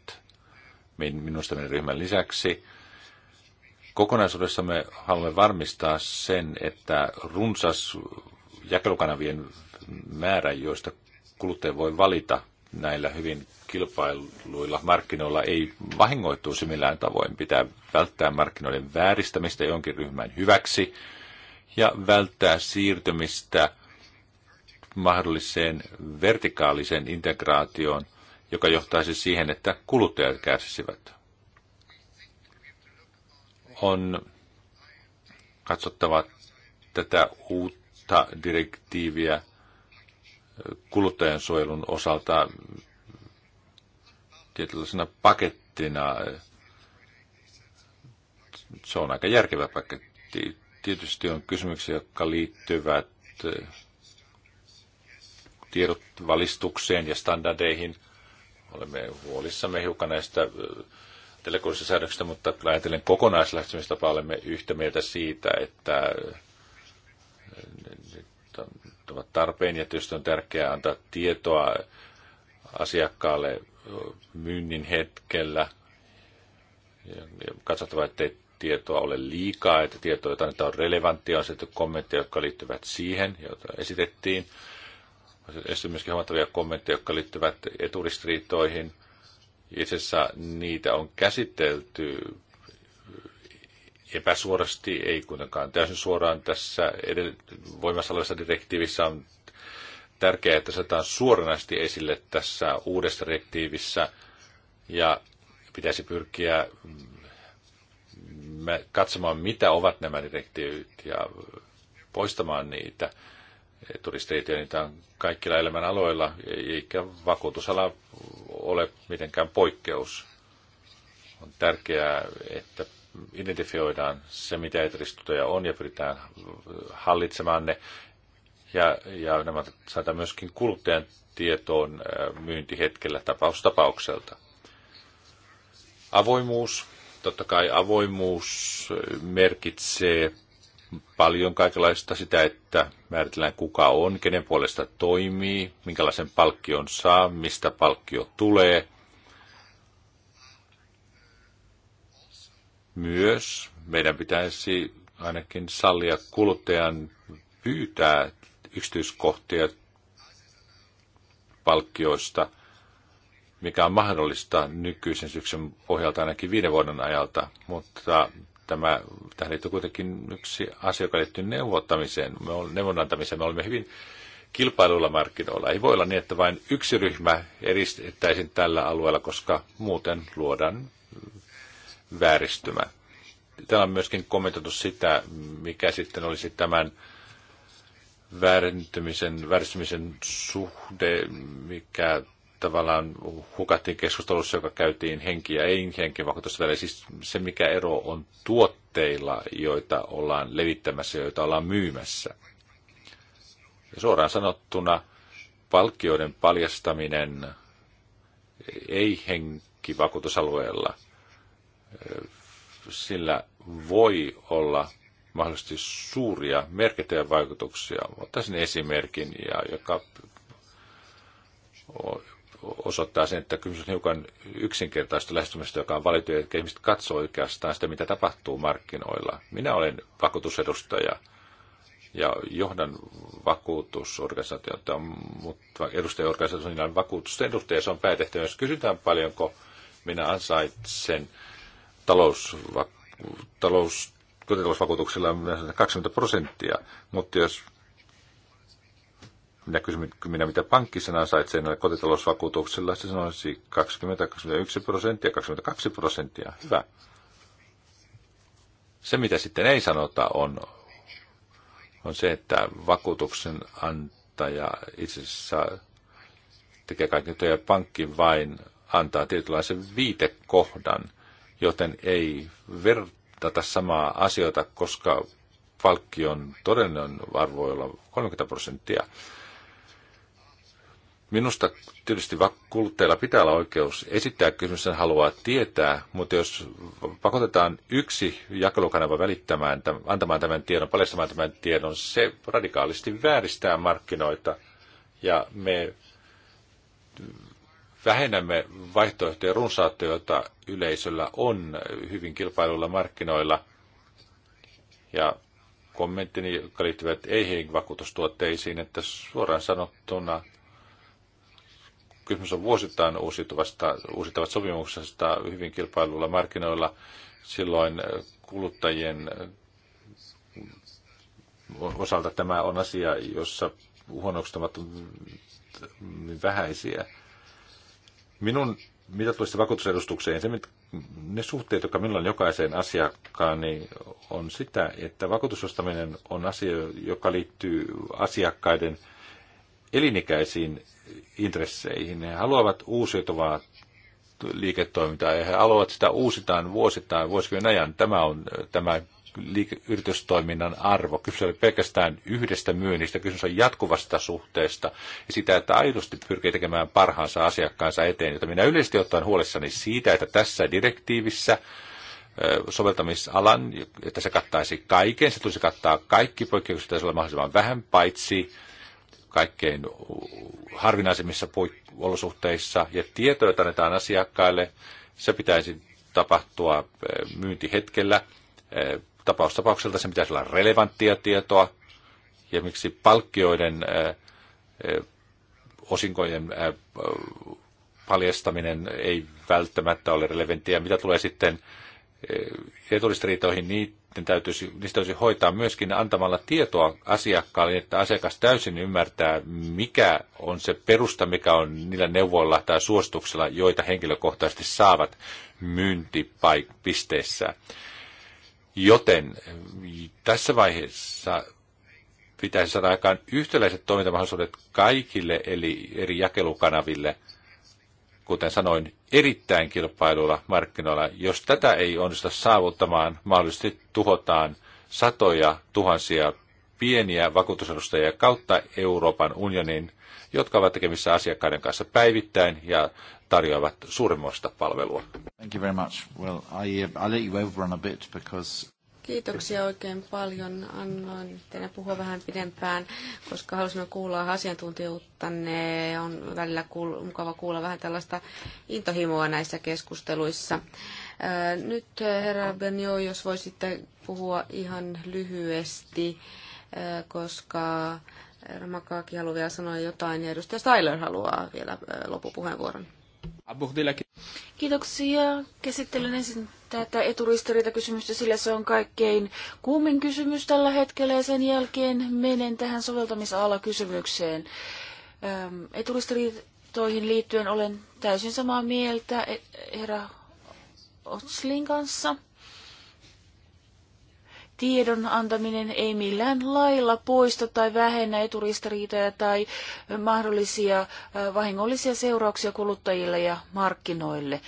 minusta meidän ryhmän lisäksi. Kokonaisuudessa me haluamme varmistaa sen, että runsas jakelukanavien määrä, joista kuluttaja voi valita näillä hyvin kilpailuilla markkinoilla, ei vahingoittuisi millään tavoin. Pitää välttää markkinoiden vääristämistä jonkin ryhmän hyväksi ja välttää siirtymistä mahdolliseen vertikaaliseen integraatioon, joka johtaisi siihen, että kuluttajat kärsisivät. On katsottava tätä uutta direktiiviä kuluttajansuojelun osalta tietynlaisena pakettina. Se on aika järkevä paketti. Tietysti on kysymyksiä, jotka liittyvät tiedot valistukseen ja standardeihin. Olemme huolissamme hiukan näistä säädöksistä, mutta ajatellen kokonaislähtemistapaa olemme yhtä mieltä siitä, että ovat tarpeen ja tietysti on tärkeää antaa tietoa asiakkaalle myynnin hetkellä. Ja katsottava, ei tietoa ole liikaa, että tietoa, jota on relevanttia, on sitten kommentteja, jotka liittyvät siihen, joita esitettiin esiin myöskin huomattavia kommentteja, jotka liittyvät eturistiriitoihin. Itse asiassa niitä on käsitelty epäsuorasti, ei kuitenkaan täysin suoraan tässä edell- voimassa olevassa direktiivissä on tärkeää, että se otetaan suoranaisesti esille tässä uudessa direktiivissä ja pitäisi pyrkiä mm, katsomaan, mitä ovat nämä direktiivit ja poistamaan niitä turisteita, niitä on kaikilla elämän aloilla, eikä vakuutusala ole mitenkään poikkeus. On tärkeää, että identifioidaan se, mitä etäristutoja on ja pyritään hallitsemaan ne. Ja, ja nämä saadaan myöskin kuluttajan tietoon äh, myyntihetkellä tapaustapaukselta. Avoimuus. Totta kai avoimuus merkitsee paljon kaikenlaista sitä, että määritellään kuka on, kenen puolesta toimii, minkälaisen palkkion saa, mistä palkkio tulee. Myös meidän pitäisi ainakin sallia kuluttajan pyytää yksityiskohtia palkkioista, mikä on mahdollista nykyisen syksyn pohjalta ainakin viiden vuoden ajalta, mutta tämä, tähän liittyy kuitenkin yksi asia, joka liittyy neuvottamiseen, me olemme neuvonantamiseen. Me olemme hyvin kilpailuilla markkinoilla. Ei voi olla niin, että vain yksi ryhmä eristettäisiin tällä alueella, koska muuten luodaan vääristymä. Täällä on myöskin kommentoitu sitä, mikä sitten olisi tämän vääristymisen suhde, mikä tavallaan hukattiin keskustelussa, joka käytiin henki- ja ei-henkien välillä. Siis se, mikä ero on tuotteilla, joita ollaan levittämässä ja joita ollaan myymässä. Ja suoraan sanottuna palkkioiden paljastaminen ei-henkivakuutusalueella, sillä voi olla mahdollisesti suuria merkittäviä vaikutuksia. Ottaisin esimerkin, ja joka osoittaa sen, että kysymys on hiukan yksinkertaista lähestymistä, joka on valittu, että ihmiset katsoo oikeastaan sitä, mitä tapahtuu markkinoilla. Minä olen vakuutusedustaja ja johdan vakuutusorganisaatiota, mutta edustajaorganisaatioilla niin on vakuutusten edustaja, se on päätehtävä. Jos kysytään paljonko minä ansaitsen talous, talous kotitalousvakuutuksella 20 prosenttia, mutta jos minä kysyn, minä mitä pankki sen ansaitsee näillä kotitalousvakuutuksilla, se sanoisi 20-21 prosenttia, 22 prosenttia. Hyvä. Se, mitä sitten ei sanota, on, on se, että vakuutuksen antaja itse asiassa tekee kaiken ja pankki vain antaa tietynlaisen viitekohdan, joten ei vertata samaa asioita, koska on todellinen arvo olla 30 prosenttia. Minusta tietysti kuluttajilla pitää olla oikeus esittää kysymys, sen haluaa tietää, mutta jos pakotetaan yksi jakelukanava välittämään, antamaan tämän tiedon, paljastamaan tämän tiedon, se radikaalisti vääristää markkinoita ja me vähennämme vaihtoehtoja, runsaatta, joita yleisöllä on hyvin kilpailuilla markkinoilla. Ja kommenttini, jotka liittyvät ei-vakuutustuotteisiin, että suoraan sanottuna – kysymys on vuosittain uusittavasta, uusittavasta sopimuksesta hyvin kilpailuilla markkinoilla. Silloin eh, kuluttajien eh, osalta tämä on asia, jossa huonokset ovat vähäisiä. Minun, mitä tulisi vakuutusedustukseen, se, ne suhteet, jotka minulla on jokaiseen asiakkaan, niin on sitä, että vakuutusostaminen on asia, joka liittyy asiakkaiden elinikäisiin intresseihin. He haluavat uusiutuvaa liiketoimintaa ja he haluavat sitä uusitaan vuosittain vuosikymmenen ajan. Tämä on äh, tämä liike- yritystoiminnan arvo. Kysymys ei pelkästään yhdestä myynnistä, kysymys on jatkuvasta suhteesta ja sitä, että aidosti pyrkii tekemään parhaansa asiakkaansa eteen. Jota minä yleisesti ottaen huolissani siitä, että tässä direktiivissä äh, soveltamisalan, että se kattaisi kaiken, se tulisi kattaa kaikki poikkeukset, olla mahdollisimman vähän, paitsi kaikkein harvinaisimmissa olosuhteissa ja tieto, jota annetaan asiakkaille, se pitäisi tapahtua eh, myyntihetkellä. Eh, Tapaustapaukselta se pitäisi olla relevanttia tietoa ja miksi palkkioiden eh, osinkojen paljastaminen ei välttämättä ole relevanttia. Mitä tulee sitten eturistiriitoihin, niin sitten täytyisi, niistä täytyisi hoitaa myöskin antamalla tietoa asiakkaalle, niin että asiakas täysin ymmärtää, mikä on se perusta, mikä on niillä neuvoilla tai suostuksilla, joita henkilökohtaisesti saavat myyntipisteissä. Joten tässä vaiheessa pitäisi saada aikaan yhtäläiset toimintamahdollisuudet kaikille eli eri jakelukanaville – kuten sanoin, erittäin kilpailuilla markkinoilla. Jos tätä ei onnistu saavuttamaan, mahdollisesti tuhotaan satoja tuhansia pieniä vakuutusedustajia kautta Euroopan unionin, jotka ovat tekemissä asiakkaiden kanssa päivittäin ja tarjoavat suurimmasta palvelua. Thank you very much. Well, I, uh, let you overrun a bit because... Kiitoksia oikein paljon. Annoin teidän puhua vähän pidempään, koska halusimme kuulla ne On välillä kuul- mukava kuulla vähän tällaista intohimoa näissä keskusteluissa. Äh, nyt äh, herra Benjo, jos voisitte puhua ihan lyhyesti, äh, koska Ramakaakin haluaa vielä sanoa jotain ja edustaja Styler haluaa vielä loppupuheenvuoron. Kiitoksia. Käsittelen ensin tätä eturistiriitakysymystä, sillä se on kaikkein kuumin kysymys tällä hetkellä ja sen jälkeen menen tähän soveltamisalakysymykseen. Eturistiriitoihin liittyen olen täysin samaa mieltä e, herra Otslin kanssa. Tiedon antaminen ei millään lailla poista tai vähennä eturistiriitoja tai mahdollisia vahingollisia seurauksia kuluttajille ja markkinoille.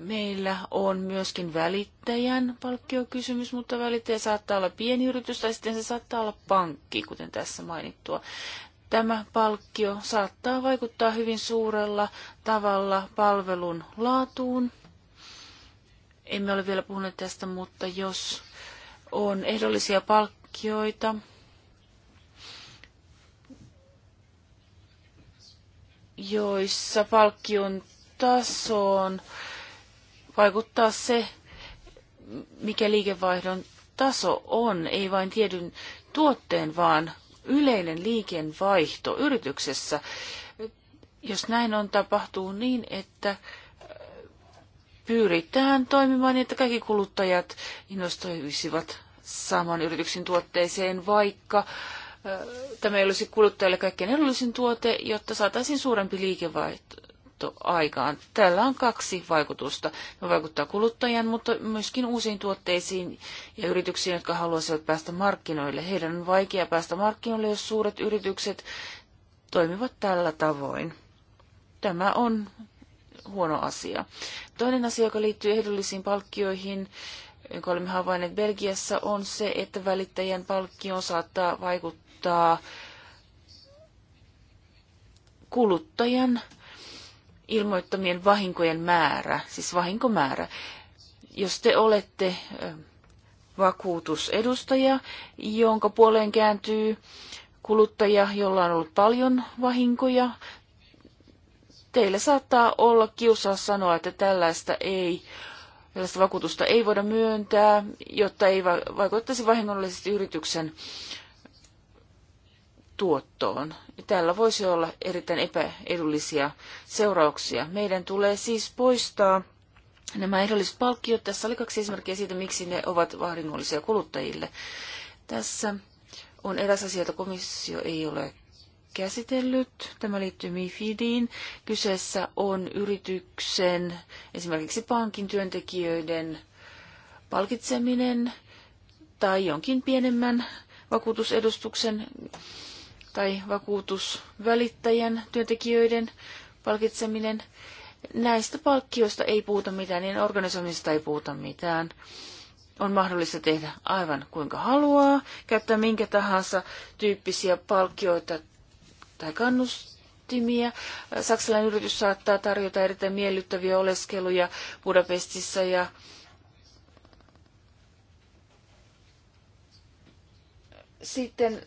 Meillä on myöskin välittäjän palkkiokysymys, mutta välittäjä saattaa olla pieni yritys tai sitten se saattaa olla pankki, kuten tässä mainittua. Tämä palkkio saattaa vaikuttaa hyvin suurella tavalla palvelun laatuun. Emme ole vielä puhuneet tästä, mutta jos on ehdollisia palkkioita, joissa palkkion tasoon vaikuttaa se, mikä liikevaihdon taso on, ei vain tietyn tuotteen, vaan yleinen liikevaihto yrityksessä. Jos näin on, tapahtuu niin, että äh, pyritään toimimaan niin, että kaikki kuluttajat innostuisivat saman yrityksen tuotteeseen, vaikka äh, tämä ei olisi kuluttajalle kaikkein edullisin tuote, jotta saataisiin suurempi liikevaihto saatu aikaan. Tällä on kaksi vaikutusta. Ne vaikuttaa kuluttajan, mutta myöskin uusiin tuotteisiin ja yrityksiin, jotka haluaisivat päästä markkinoille. Heidän on vaikea päästä markkinoille, jos suuret yritykset toimivat tällä tavoin. Tämä on huono asia. Toinen asia, joka liittyy ehdollisiin palkkioihin, jonka olemme havainneet Belgiassa, on se, että välittäjän palkkio saattaa vaikuttaa kuluttajan ilmoittamien vahinkojen määrä, siis vahinkomäärä. Jos te olette vakuutusedustaja, jonka puoleen kääntyy kuluttaja, jolla on ollut paljon vahinkoja, teillä saattaa olla kiusaa sanoa, että tällaista ei tällaista vakuutusta ei voida myöntää, jotta ei vaikuttaisi vahingollisesti yrityksen tuottoon. Tällä voisi olla erittäin epäedullisia seurauksia. Meidän tulee siis poistaa nämä ehdolliset palkkiot. Tässä oli kaksi esimerkkiä siitä, miksi ne ovat vahingollisia kuluttajille. Tässä on eräs asia, jota komissio ei ole käsitellyt. Tämä liittyy MIFIDiin. Kyseessä on yrityksen, esimerkiksi pankin työntekijöiden palkitseminen tai jonkin pienemmän vakuutusedustuksen tai vakuutusvälittäjän työntekijöiden palkitseminen. Näistä palkkioista ei puhuta mitään, niin organisoimisesta ei puhuta mitään. On mahdollista tehdä aivan kuinka haluaa, käyttää minkä tahansa tyyppisiä palkkioita tai kannustimia. Saksalainen yritys saattaa tarjota erittäin miellyttäviä oleskeluja Budapestissa ja sitten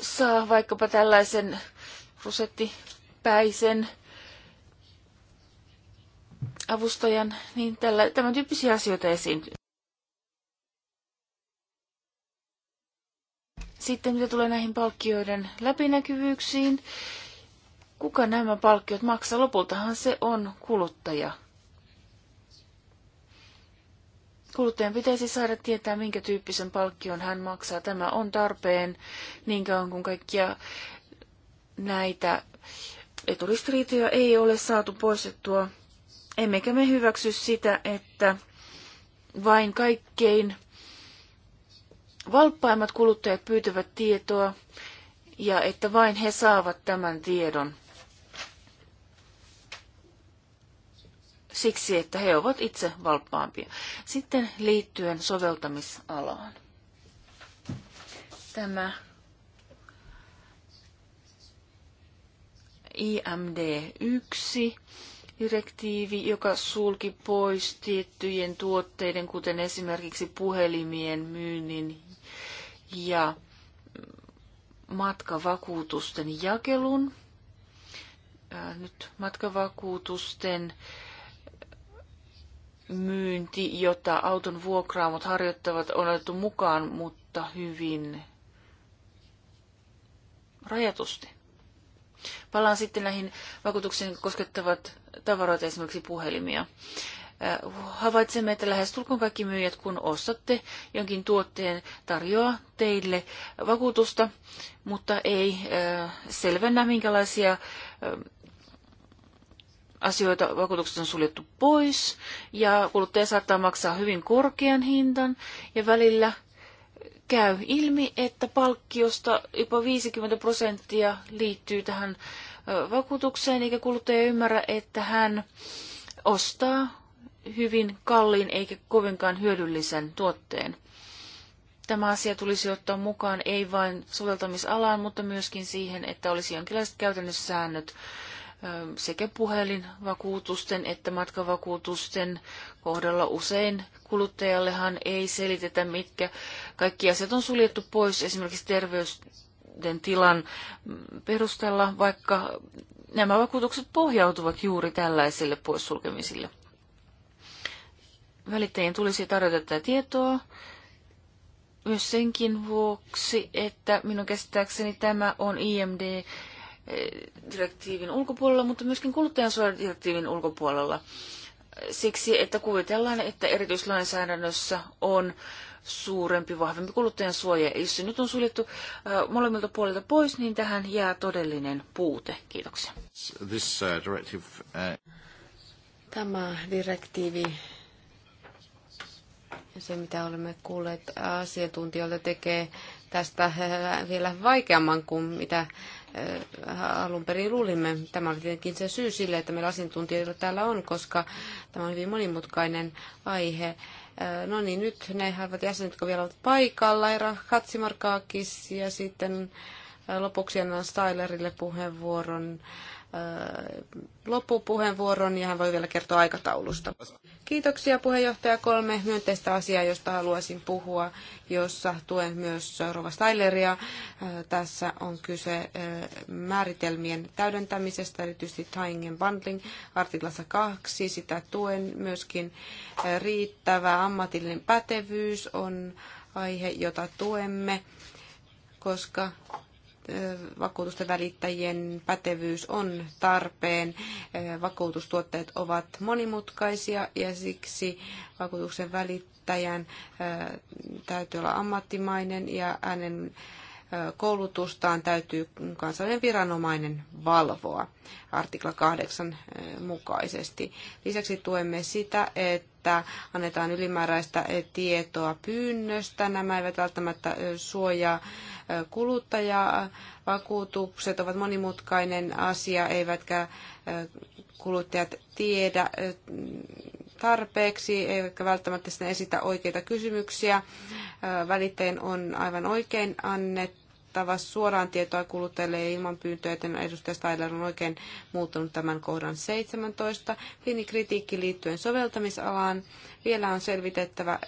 saa vaikkapa tällaisen rusettipäisen avustajan, niin tällä, tämän tyyppisiä asioita esiintyy. Sitten mitä tulee näihin palkkioiden läpinäkyvyyksiin, kuka nämä palkkiot maksaa? Lopultahan se on kuluttaja. Kuluttajan pitäisi saada tietää, minkä tyyppisen palkkion hän maksaa. Tämä on tarpeen niin kauan kuin kaikkia näitä eturistiriitoja ei ole saatu poistettua. Emmekä me hyväksy sitä, että vain kaikkein valppaimmat kuluttajat pyytävät tietoa ja että vain he saavat tämän tiedon. siksi, että he ovat itse valppaampia. Sitten liittyen soveltamisalaan. Tämä IMD1 direktiivi, joka sulki pois tiettyjen tuotteiden, kuten esimerkiksi puhelimien myynnin ja matkavakuutusten jakelun. Nyt matkavakuutusten äh, myynti, jota auton vuokraamot harjoittavat, on otettu mukaan, mutta hyvin rajatusti. Palaan sitten näihin vakuutuksen koskettavat tavaroita, esimerkiksi puhelimia. Äh, havaitsemme, että tulkoon kaikki myyjät, kun ostatte jonkin tuotteen, tarjoaa teille vakuutusta, mutta ei äh, selvennä, minkälaisia äh, asioita vakuutukset on suljettu pois ja kuluttaja saattaa maksaa hyvin korkean hintan ja välillä käy ilmi, että palkkiosta jopa 50 prosenttia liittyy tähän vakuutukseen, eikä kuluttaja ymmärrä, että hän ostaa hyvin kalliin eikä kovinkaan hyödyllisen tuotteen. Tämä asia tulisi ottaa mukaan ei vain soveltamisalaan, mutta myöskin siihen, että olisi jonkinlaiset käytännössä säännöt sekä puhelinvakuutusten että matkavakuutusten kohdalla usein kuluttajallehan ei selitetä, mitkä kaikki asiat on suljettu pois esimerkiksi terveyden tilan perusteella, vaikka nämä vakuutukset pohjautuvat juuri tällaisille poissulkemisille. Välittäjien tulisi tarjota tätä tietoa myös senkin vuoksi, että minun käsittääkseni tämä on IMD direktiivin ulkopuolella, mutta myöskin kuluttajansuojadirektiivin ulkopuolella. Siksi, että kuvitellaan, että erityislainsäädännössä on suurempi, vahvempi kuluttajansuoja. Jos se nyt on suljettu molemmilta puolilta pois, niin tähän jää todellinen puute. Kiitoksia. This, uh, uh, Tämä direktiivi ja se, mitä olemme kuulleet asiantuntijoilta, tekee tästä äh, vielä vaikeamman kuin mitä Äh, alun perin luulimme. Tämä oli tietenkin se syy sille, että meillä asiantuntijoilla täällä on, koska tämä on hyvin monimutkainen aihe. Äh, no niin, nyt ne harvat jäsenet, jotka vielä ovat paikalla, Era Katsimarkaakis ja sitten äh, lopuksi annan Stylerille puheenvuoron, loppupuheenvuoron ja hän voi vielä kertoa aikataulusta. Kiitoksia puheenjohtaja. Kolme myönteistä asiaa, josta haluaisin puhua, jossa tuen myös Rova Steileria. Tässä on kyse määritelmien täydentämisestä, erityisesti tying and bundling artiklassa 2. Sitä tuen myöskin riittävä ammatillinen pätevyys on aihe, jota tuemme, koska vakuutusten välittäjien pätevyys on tarpeen. Vakuutustuotteet ovat monimutkaisia ja siksi vakuutuksen välittäjän täytyy olla ammattimainen ja hänen koulutustaan täytyy kansallinen viranomainen valvoa artikla 8 mukaisesti. Lisäksi tuemme sitä, että annetaan ylimääräistä tietoa pyynnöstä. Nämä eivät välttämättä suojaa kuluttajavakuutukset ovat monimutkainen asia, eivätkä kuluttajat tiedä tarpeeksi, eivätkä välttämättä sinne esitä oikeita kysymyksiä. Välittäjän on aivan oikein annettava suoraan tietoa kuluttajille ilman pyyntöä, joten edustaja Steiler on oikein muuttunut tämän kohdan 17. Pieni kritiikki liittyen soveltamisalaan. Vielä on selvitettävä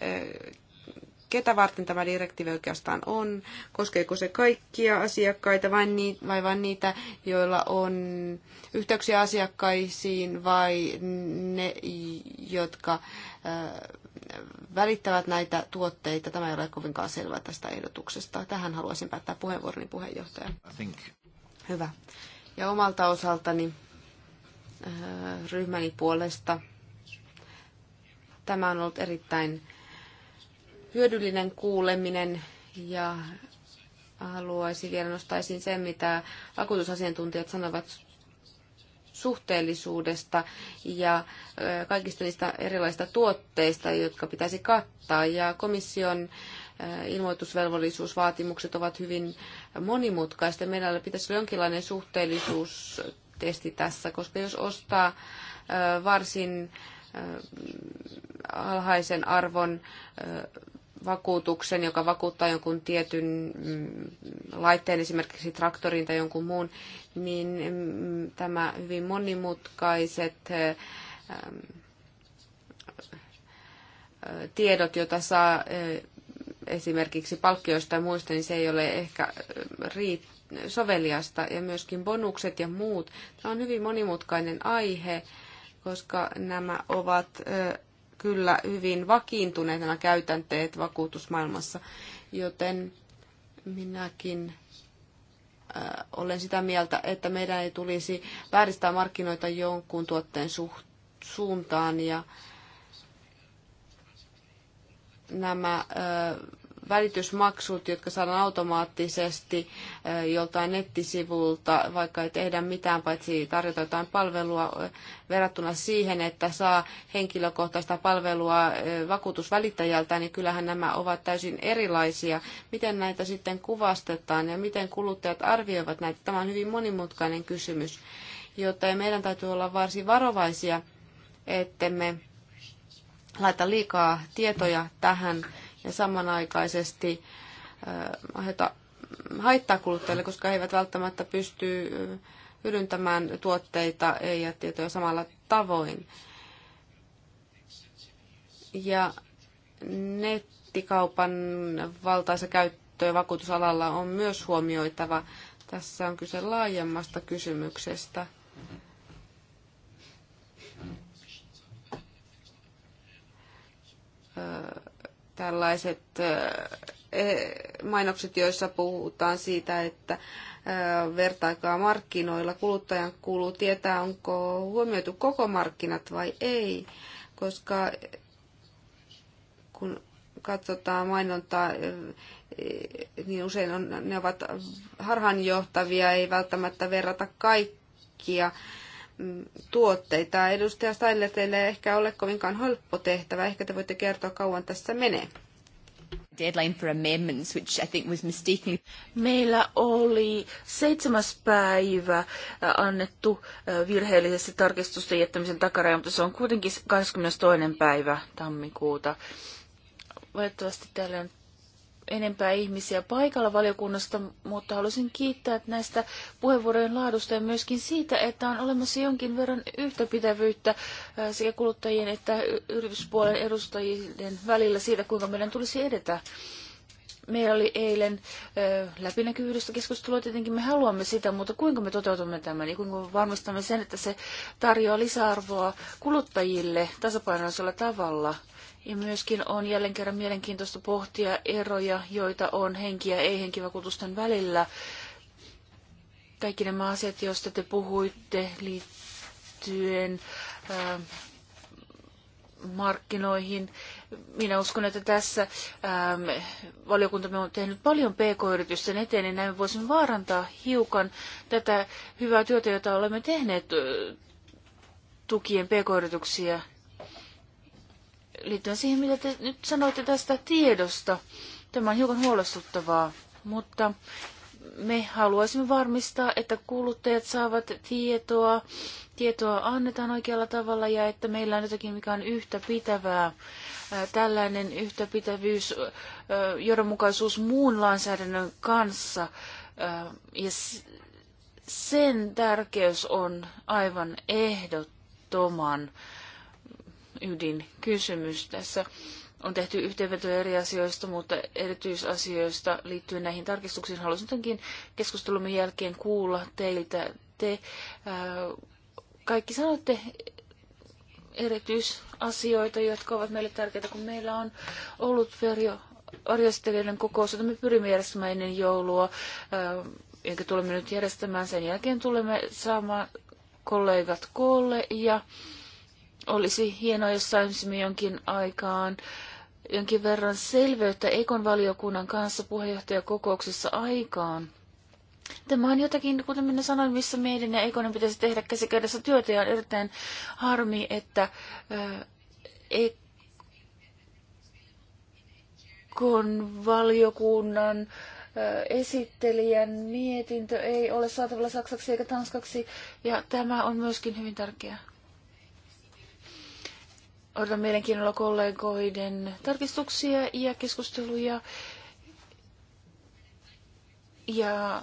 ketä varten tämä direktiivi oikeastaan on, koskeeko se kaikkia asiakkaita vai, nii, vai vain niitä, joilla on yhteyksiä asiakkaisiin vai ne, jotka äh, välittävät näitä tuotteita. Tämä ei ole kovinkaan selvä tästä ehdotuksesta. Tähän haluaisin päättää puheenvuoroni puheenjohtaja. Hyvä. Ja omalta osaltani äh, ryhmäni puolesta tämä on ollut erittäin hyödyllinen kuuleminen ja haluaisin vielä nostaisin sen, mitä vakuutusasiantuntijat sanovat suhteellisuudesta ja kaikista niistä erilaisista tuotteista, jotka pitäisi kattaa. Ja komission ilmoitusvelvollisuusvaatimukset ovat hyvin monimutkaista. Meillä pitäisi olla jonkinlainen suhteellisuustesti tässä, koska jos ostaa varsin alhaisen arvon vakuutuksen, joka vakuuttaa jonkun tietyn mm, laitteen, esimerkiksi traktorin tai jonkun muun, niin mm, tämä hyvin monimutkaiset eh, eh, tiedot, joita saa eh, esimerkiksi palkkioista ja muista, niin se ei ole ehkä riit- soveliasta. Ja myöskin bonukset ja muut. Tämä on hyvin monimutkainen aihe, koska nämä ovat kyllä hyvin vakiintuneet nämä käytänteet vakuutusmaailmassa, joten minäkin äh, olen sitä mieltä, että meidän ei tulisi vääristää markkinoita jonkun tuotteen suuntaan ja nämä äh, välitysmaksut, jotka saadaan automaattisesti joltain nettisivulta, vaikka ei tehdä mitään, paitsi tarjota jotain palvelua verrattuna siihen, että saa henkilökohtaista palvelua vakuutusvälittäjältä, niin kyllähän nämä ovat täysin erilaisia. Miten näitä sitten kuvastetaan ja miten kuluttajat arvioivat näitä? Tämä on hyvin monimutkainen kysymys, jotta meidän täytyy olla varsin varovaisia, ettemme laita liikaa tietoja tähän ja samanaikaisesti äh, aiheuta haittaa kuluttajille, koska he eivät välttämättä pysty äh, hyödyntämään tuotteita ja tietoja samalla tavoin. Ja nettikaupan valtaisa käyttö vakuutusalalla on myös huomioitava. Tässä on kyse laajemmasta kysymyksestä. Öö, tällaiset e, mainokset, joissa puhutaan siitä, että vertaikaa markkinoilla. Kuluttajan kuuluu tietää, onko huomioitu koko markkinat vai ei, koska kun katsotaan mainontaa, e, niin usein on, ne ovat harhaanjohtavia, ei välttämättä verrata kaikkia tuotteita. Edustaja Steiner, teille ei ehkä ole kovinkaan helppo tehtävä. Ehkä te voitte kertoa, kauan tässä menee. Deadline for amendments, which I think was Meillä oli seitsemäs päivä äh, annettu äh, virheellisesti tarkistusten jättämisen takaraja, mutta se on kuitenkin 22. päivä tammikuuta. Valitettavasti täällä on enempää ihmisiä paikalla valiokunnasta, mutta haluaisin kiittää näistä puheenvuorojen laadusta ja myöskin siitä, että on olemassa jonkin verran yhtäpitävyyttä sekä kuluttajien että yrityspuolen edustajien välillä siitä, kuinka meidän tulisi edetä. Meillä oli eilen läpinäkyvyydestä keskustelua, tietenkin me haluamme sitä, mutta kuinka me toteutamme tämän ja kuinka varmistamme sen, että se tarjoaa lisäarvoa kuluttajille tasapainoisella tavalla – ja myöskin on jälleen kerran mielenkiintoista pohtia eroja, joita on henki- ja ei-henkivakuutusten välillä. Kaikki nämä asiat, joista te puhuitte liittyen ää, ähm, markkinoihin. Minä uskon, että tässä valiokunta ähm, valiokuntamme on tehnyt paljon pk-yritysten eteen, niin näin voisimme vaarantaa hiukan tätä hyvää työtä, jota olemme tehneet äh, tukien pk-yrityksiä liittyen siihen, mitä te nyt sanoitte tästä tiedosta. Tämä on hiukan huolestuttavaa, mutta me haluaisimme varmistaa, että kuluttajat saavat tietoa, tietoa annetaan oikealla tavalla ja että meillä on jotakin, mikä on yhtä pitävää. Tällainen yhtäpitävyys, johdonmukaisuus muun lainsäädännön kanssa ja sen tärkeys on aivan ehdottoman ydinkysymys. Tässä on tehty yhteenveto eri asioista, mutta erityisasioista liittyen näihin tarkistuksiin haluaisin tämänkin keskustelun jälkeen kuulla teiltä. Te ää, äh, kaikki sanotte erityisasioita, jotka ovat meille tärkeitä, kun meillä on ollut Verjo varjostelijoiden kokous, jota me pyrimme järjestämään ennen joulua, jonka äh, tulemme nyt järjestämään. Sen jälkeen tulemme saamaan kollegat koolle ja olisi hienoa, jos saisimme jonkin aikaan jonkin verran selveyttä Ekon valiokunnan kanssa puheenjohtajakokouksessa aikaan. Tämä on jotakin, kuten minä sanoin, missä meidän ja Ekonin pitäisi tehdä käsikädessä työtä ja on erittäin harmi, että äh, Ekon valiokunnan esittelijän mietintö ei ole saatavilla saksaksi eikä tanskaksi, ja tämä on myöskin hyvin tärkeää. Odotan mielenkiinnolla kollegoiden tarkistuksia ja keskusteluja. Ja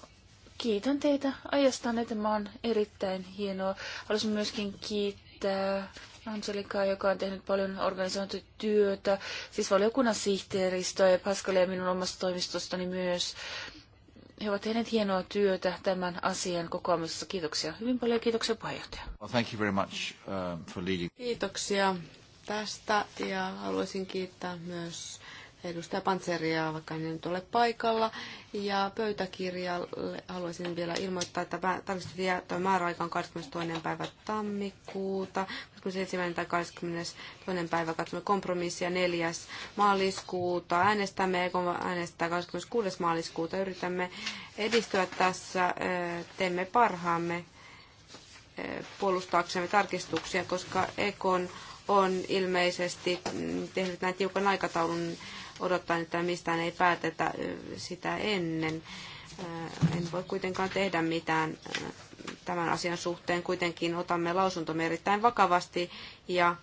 kiitän teitä ajastanne. Tämä on erittäin hienoa. Haluaisin myöskin kiittää Angelikaa, joka on tehnyt paljon organisointityötä, siis valiokunnan sihteeristöä ja Paskalia ja minun omasta toimistostani myös. He ovat tehneet hienoa työtä tämän asian kokoamisessa. Kiitoksia hyvin paljon. Kiitoksia puheenjohtaja. Well, thank you very much, um, for leading. Kiitoksia tästä ja haluaisin kiittää myös edustaja Pantseria, vaikka hän nyt ole paikalla. Ja pöytäkirjalle haluaisin vielä ilmoittaa, että tuo määräaika on 22. päivä tammikuuta, 21. tai 22. päivä katsomme kompromissia 4. maaliskuuta. Äänestämme, kun äänestää 26. maaliskuuta, yritämme edistyä tässä, teemme parhaamme puolustaaksemme tarkistuksia, koska Ekon on ilmeisesti mm, tehnyt näin tiukan aikataulun odottaen, että mistään ei päätetä sitä ennen. En voi kuitenkaan tehdä mitään tämän asian suhteen. Kuitenkin otamme lausuntomme erittäin vakavasti ja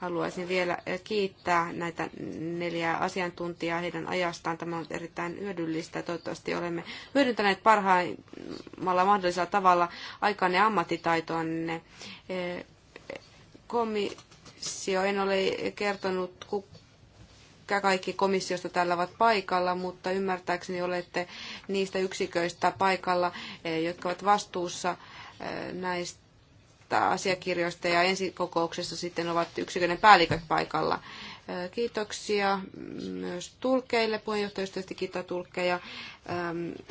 Haluaisin vielä eh, kiittää näitä neljää asiantuntijaa heidän ajastaan. Tämä on erittäin hyödyllistä. Toivottavasti olemme hyödyntäneet parhaimmalla mahdollisella tavalla aikanne ammattitaitoanne. Eh, komissio, en ole kertonut, kuka kaikki komissiosta täällä ovat paikalla, mutta ymmärtääkseni olette niistä yksiköistä paikalla, eh, jotka ovat vastuussa näistä näistä asiakirjoista ja ensi kokouksessa sitten ovat yksiköiden päälliköt paikalla. Kiitoksia myös tulkeille, puheenjohtajistoisesti kiittää tulkkeja.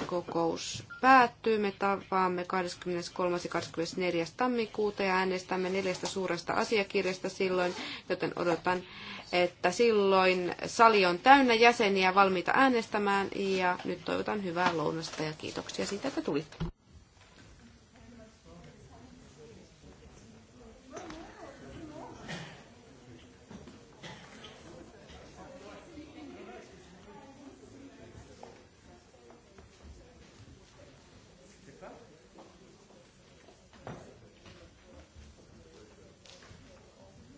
Kokous päättyy. Me tapaamme 23. ja 24. tammikuuta ja äänestämme neljästä suuresta asiakirjasta silloin, joten odotan, että silloin sali on täynnä jäseniä valmiita äänestämään. Ja nyt toivotan hyvää lounasta ja kiitoksia siitä, että tulitte.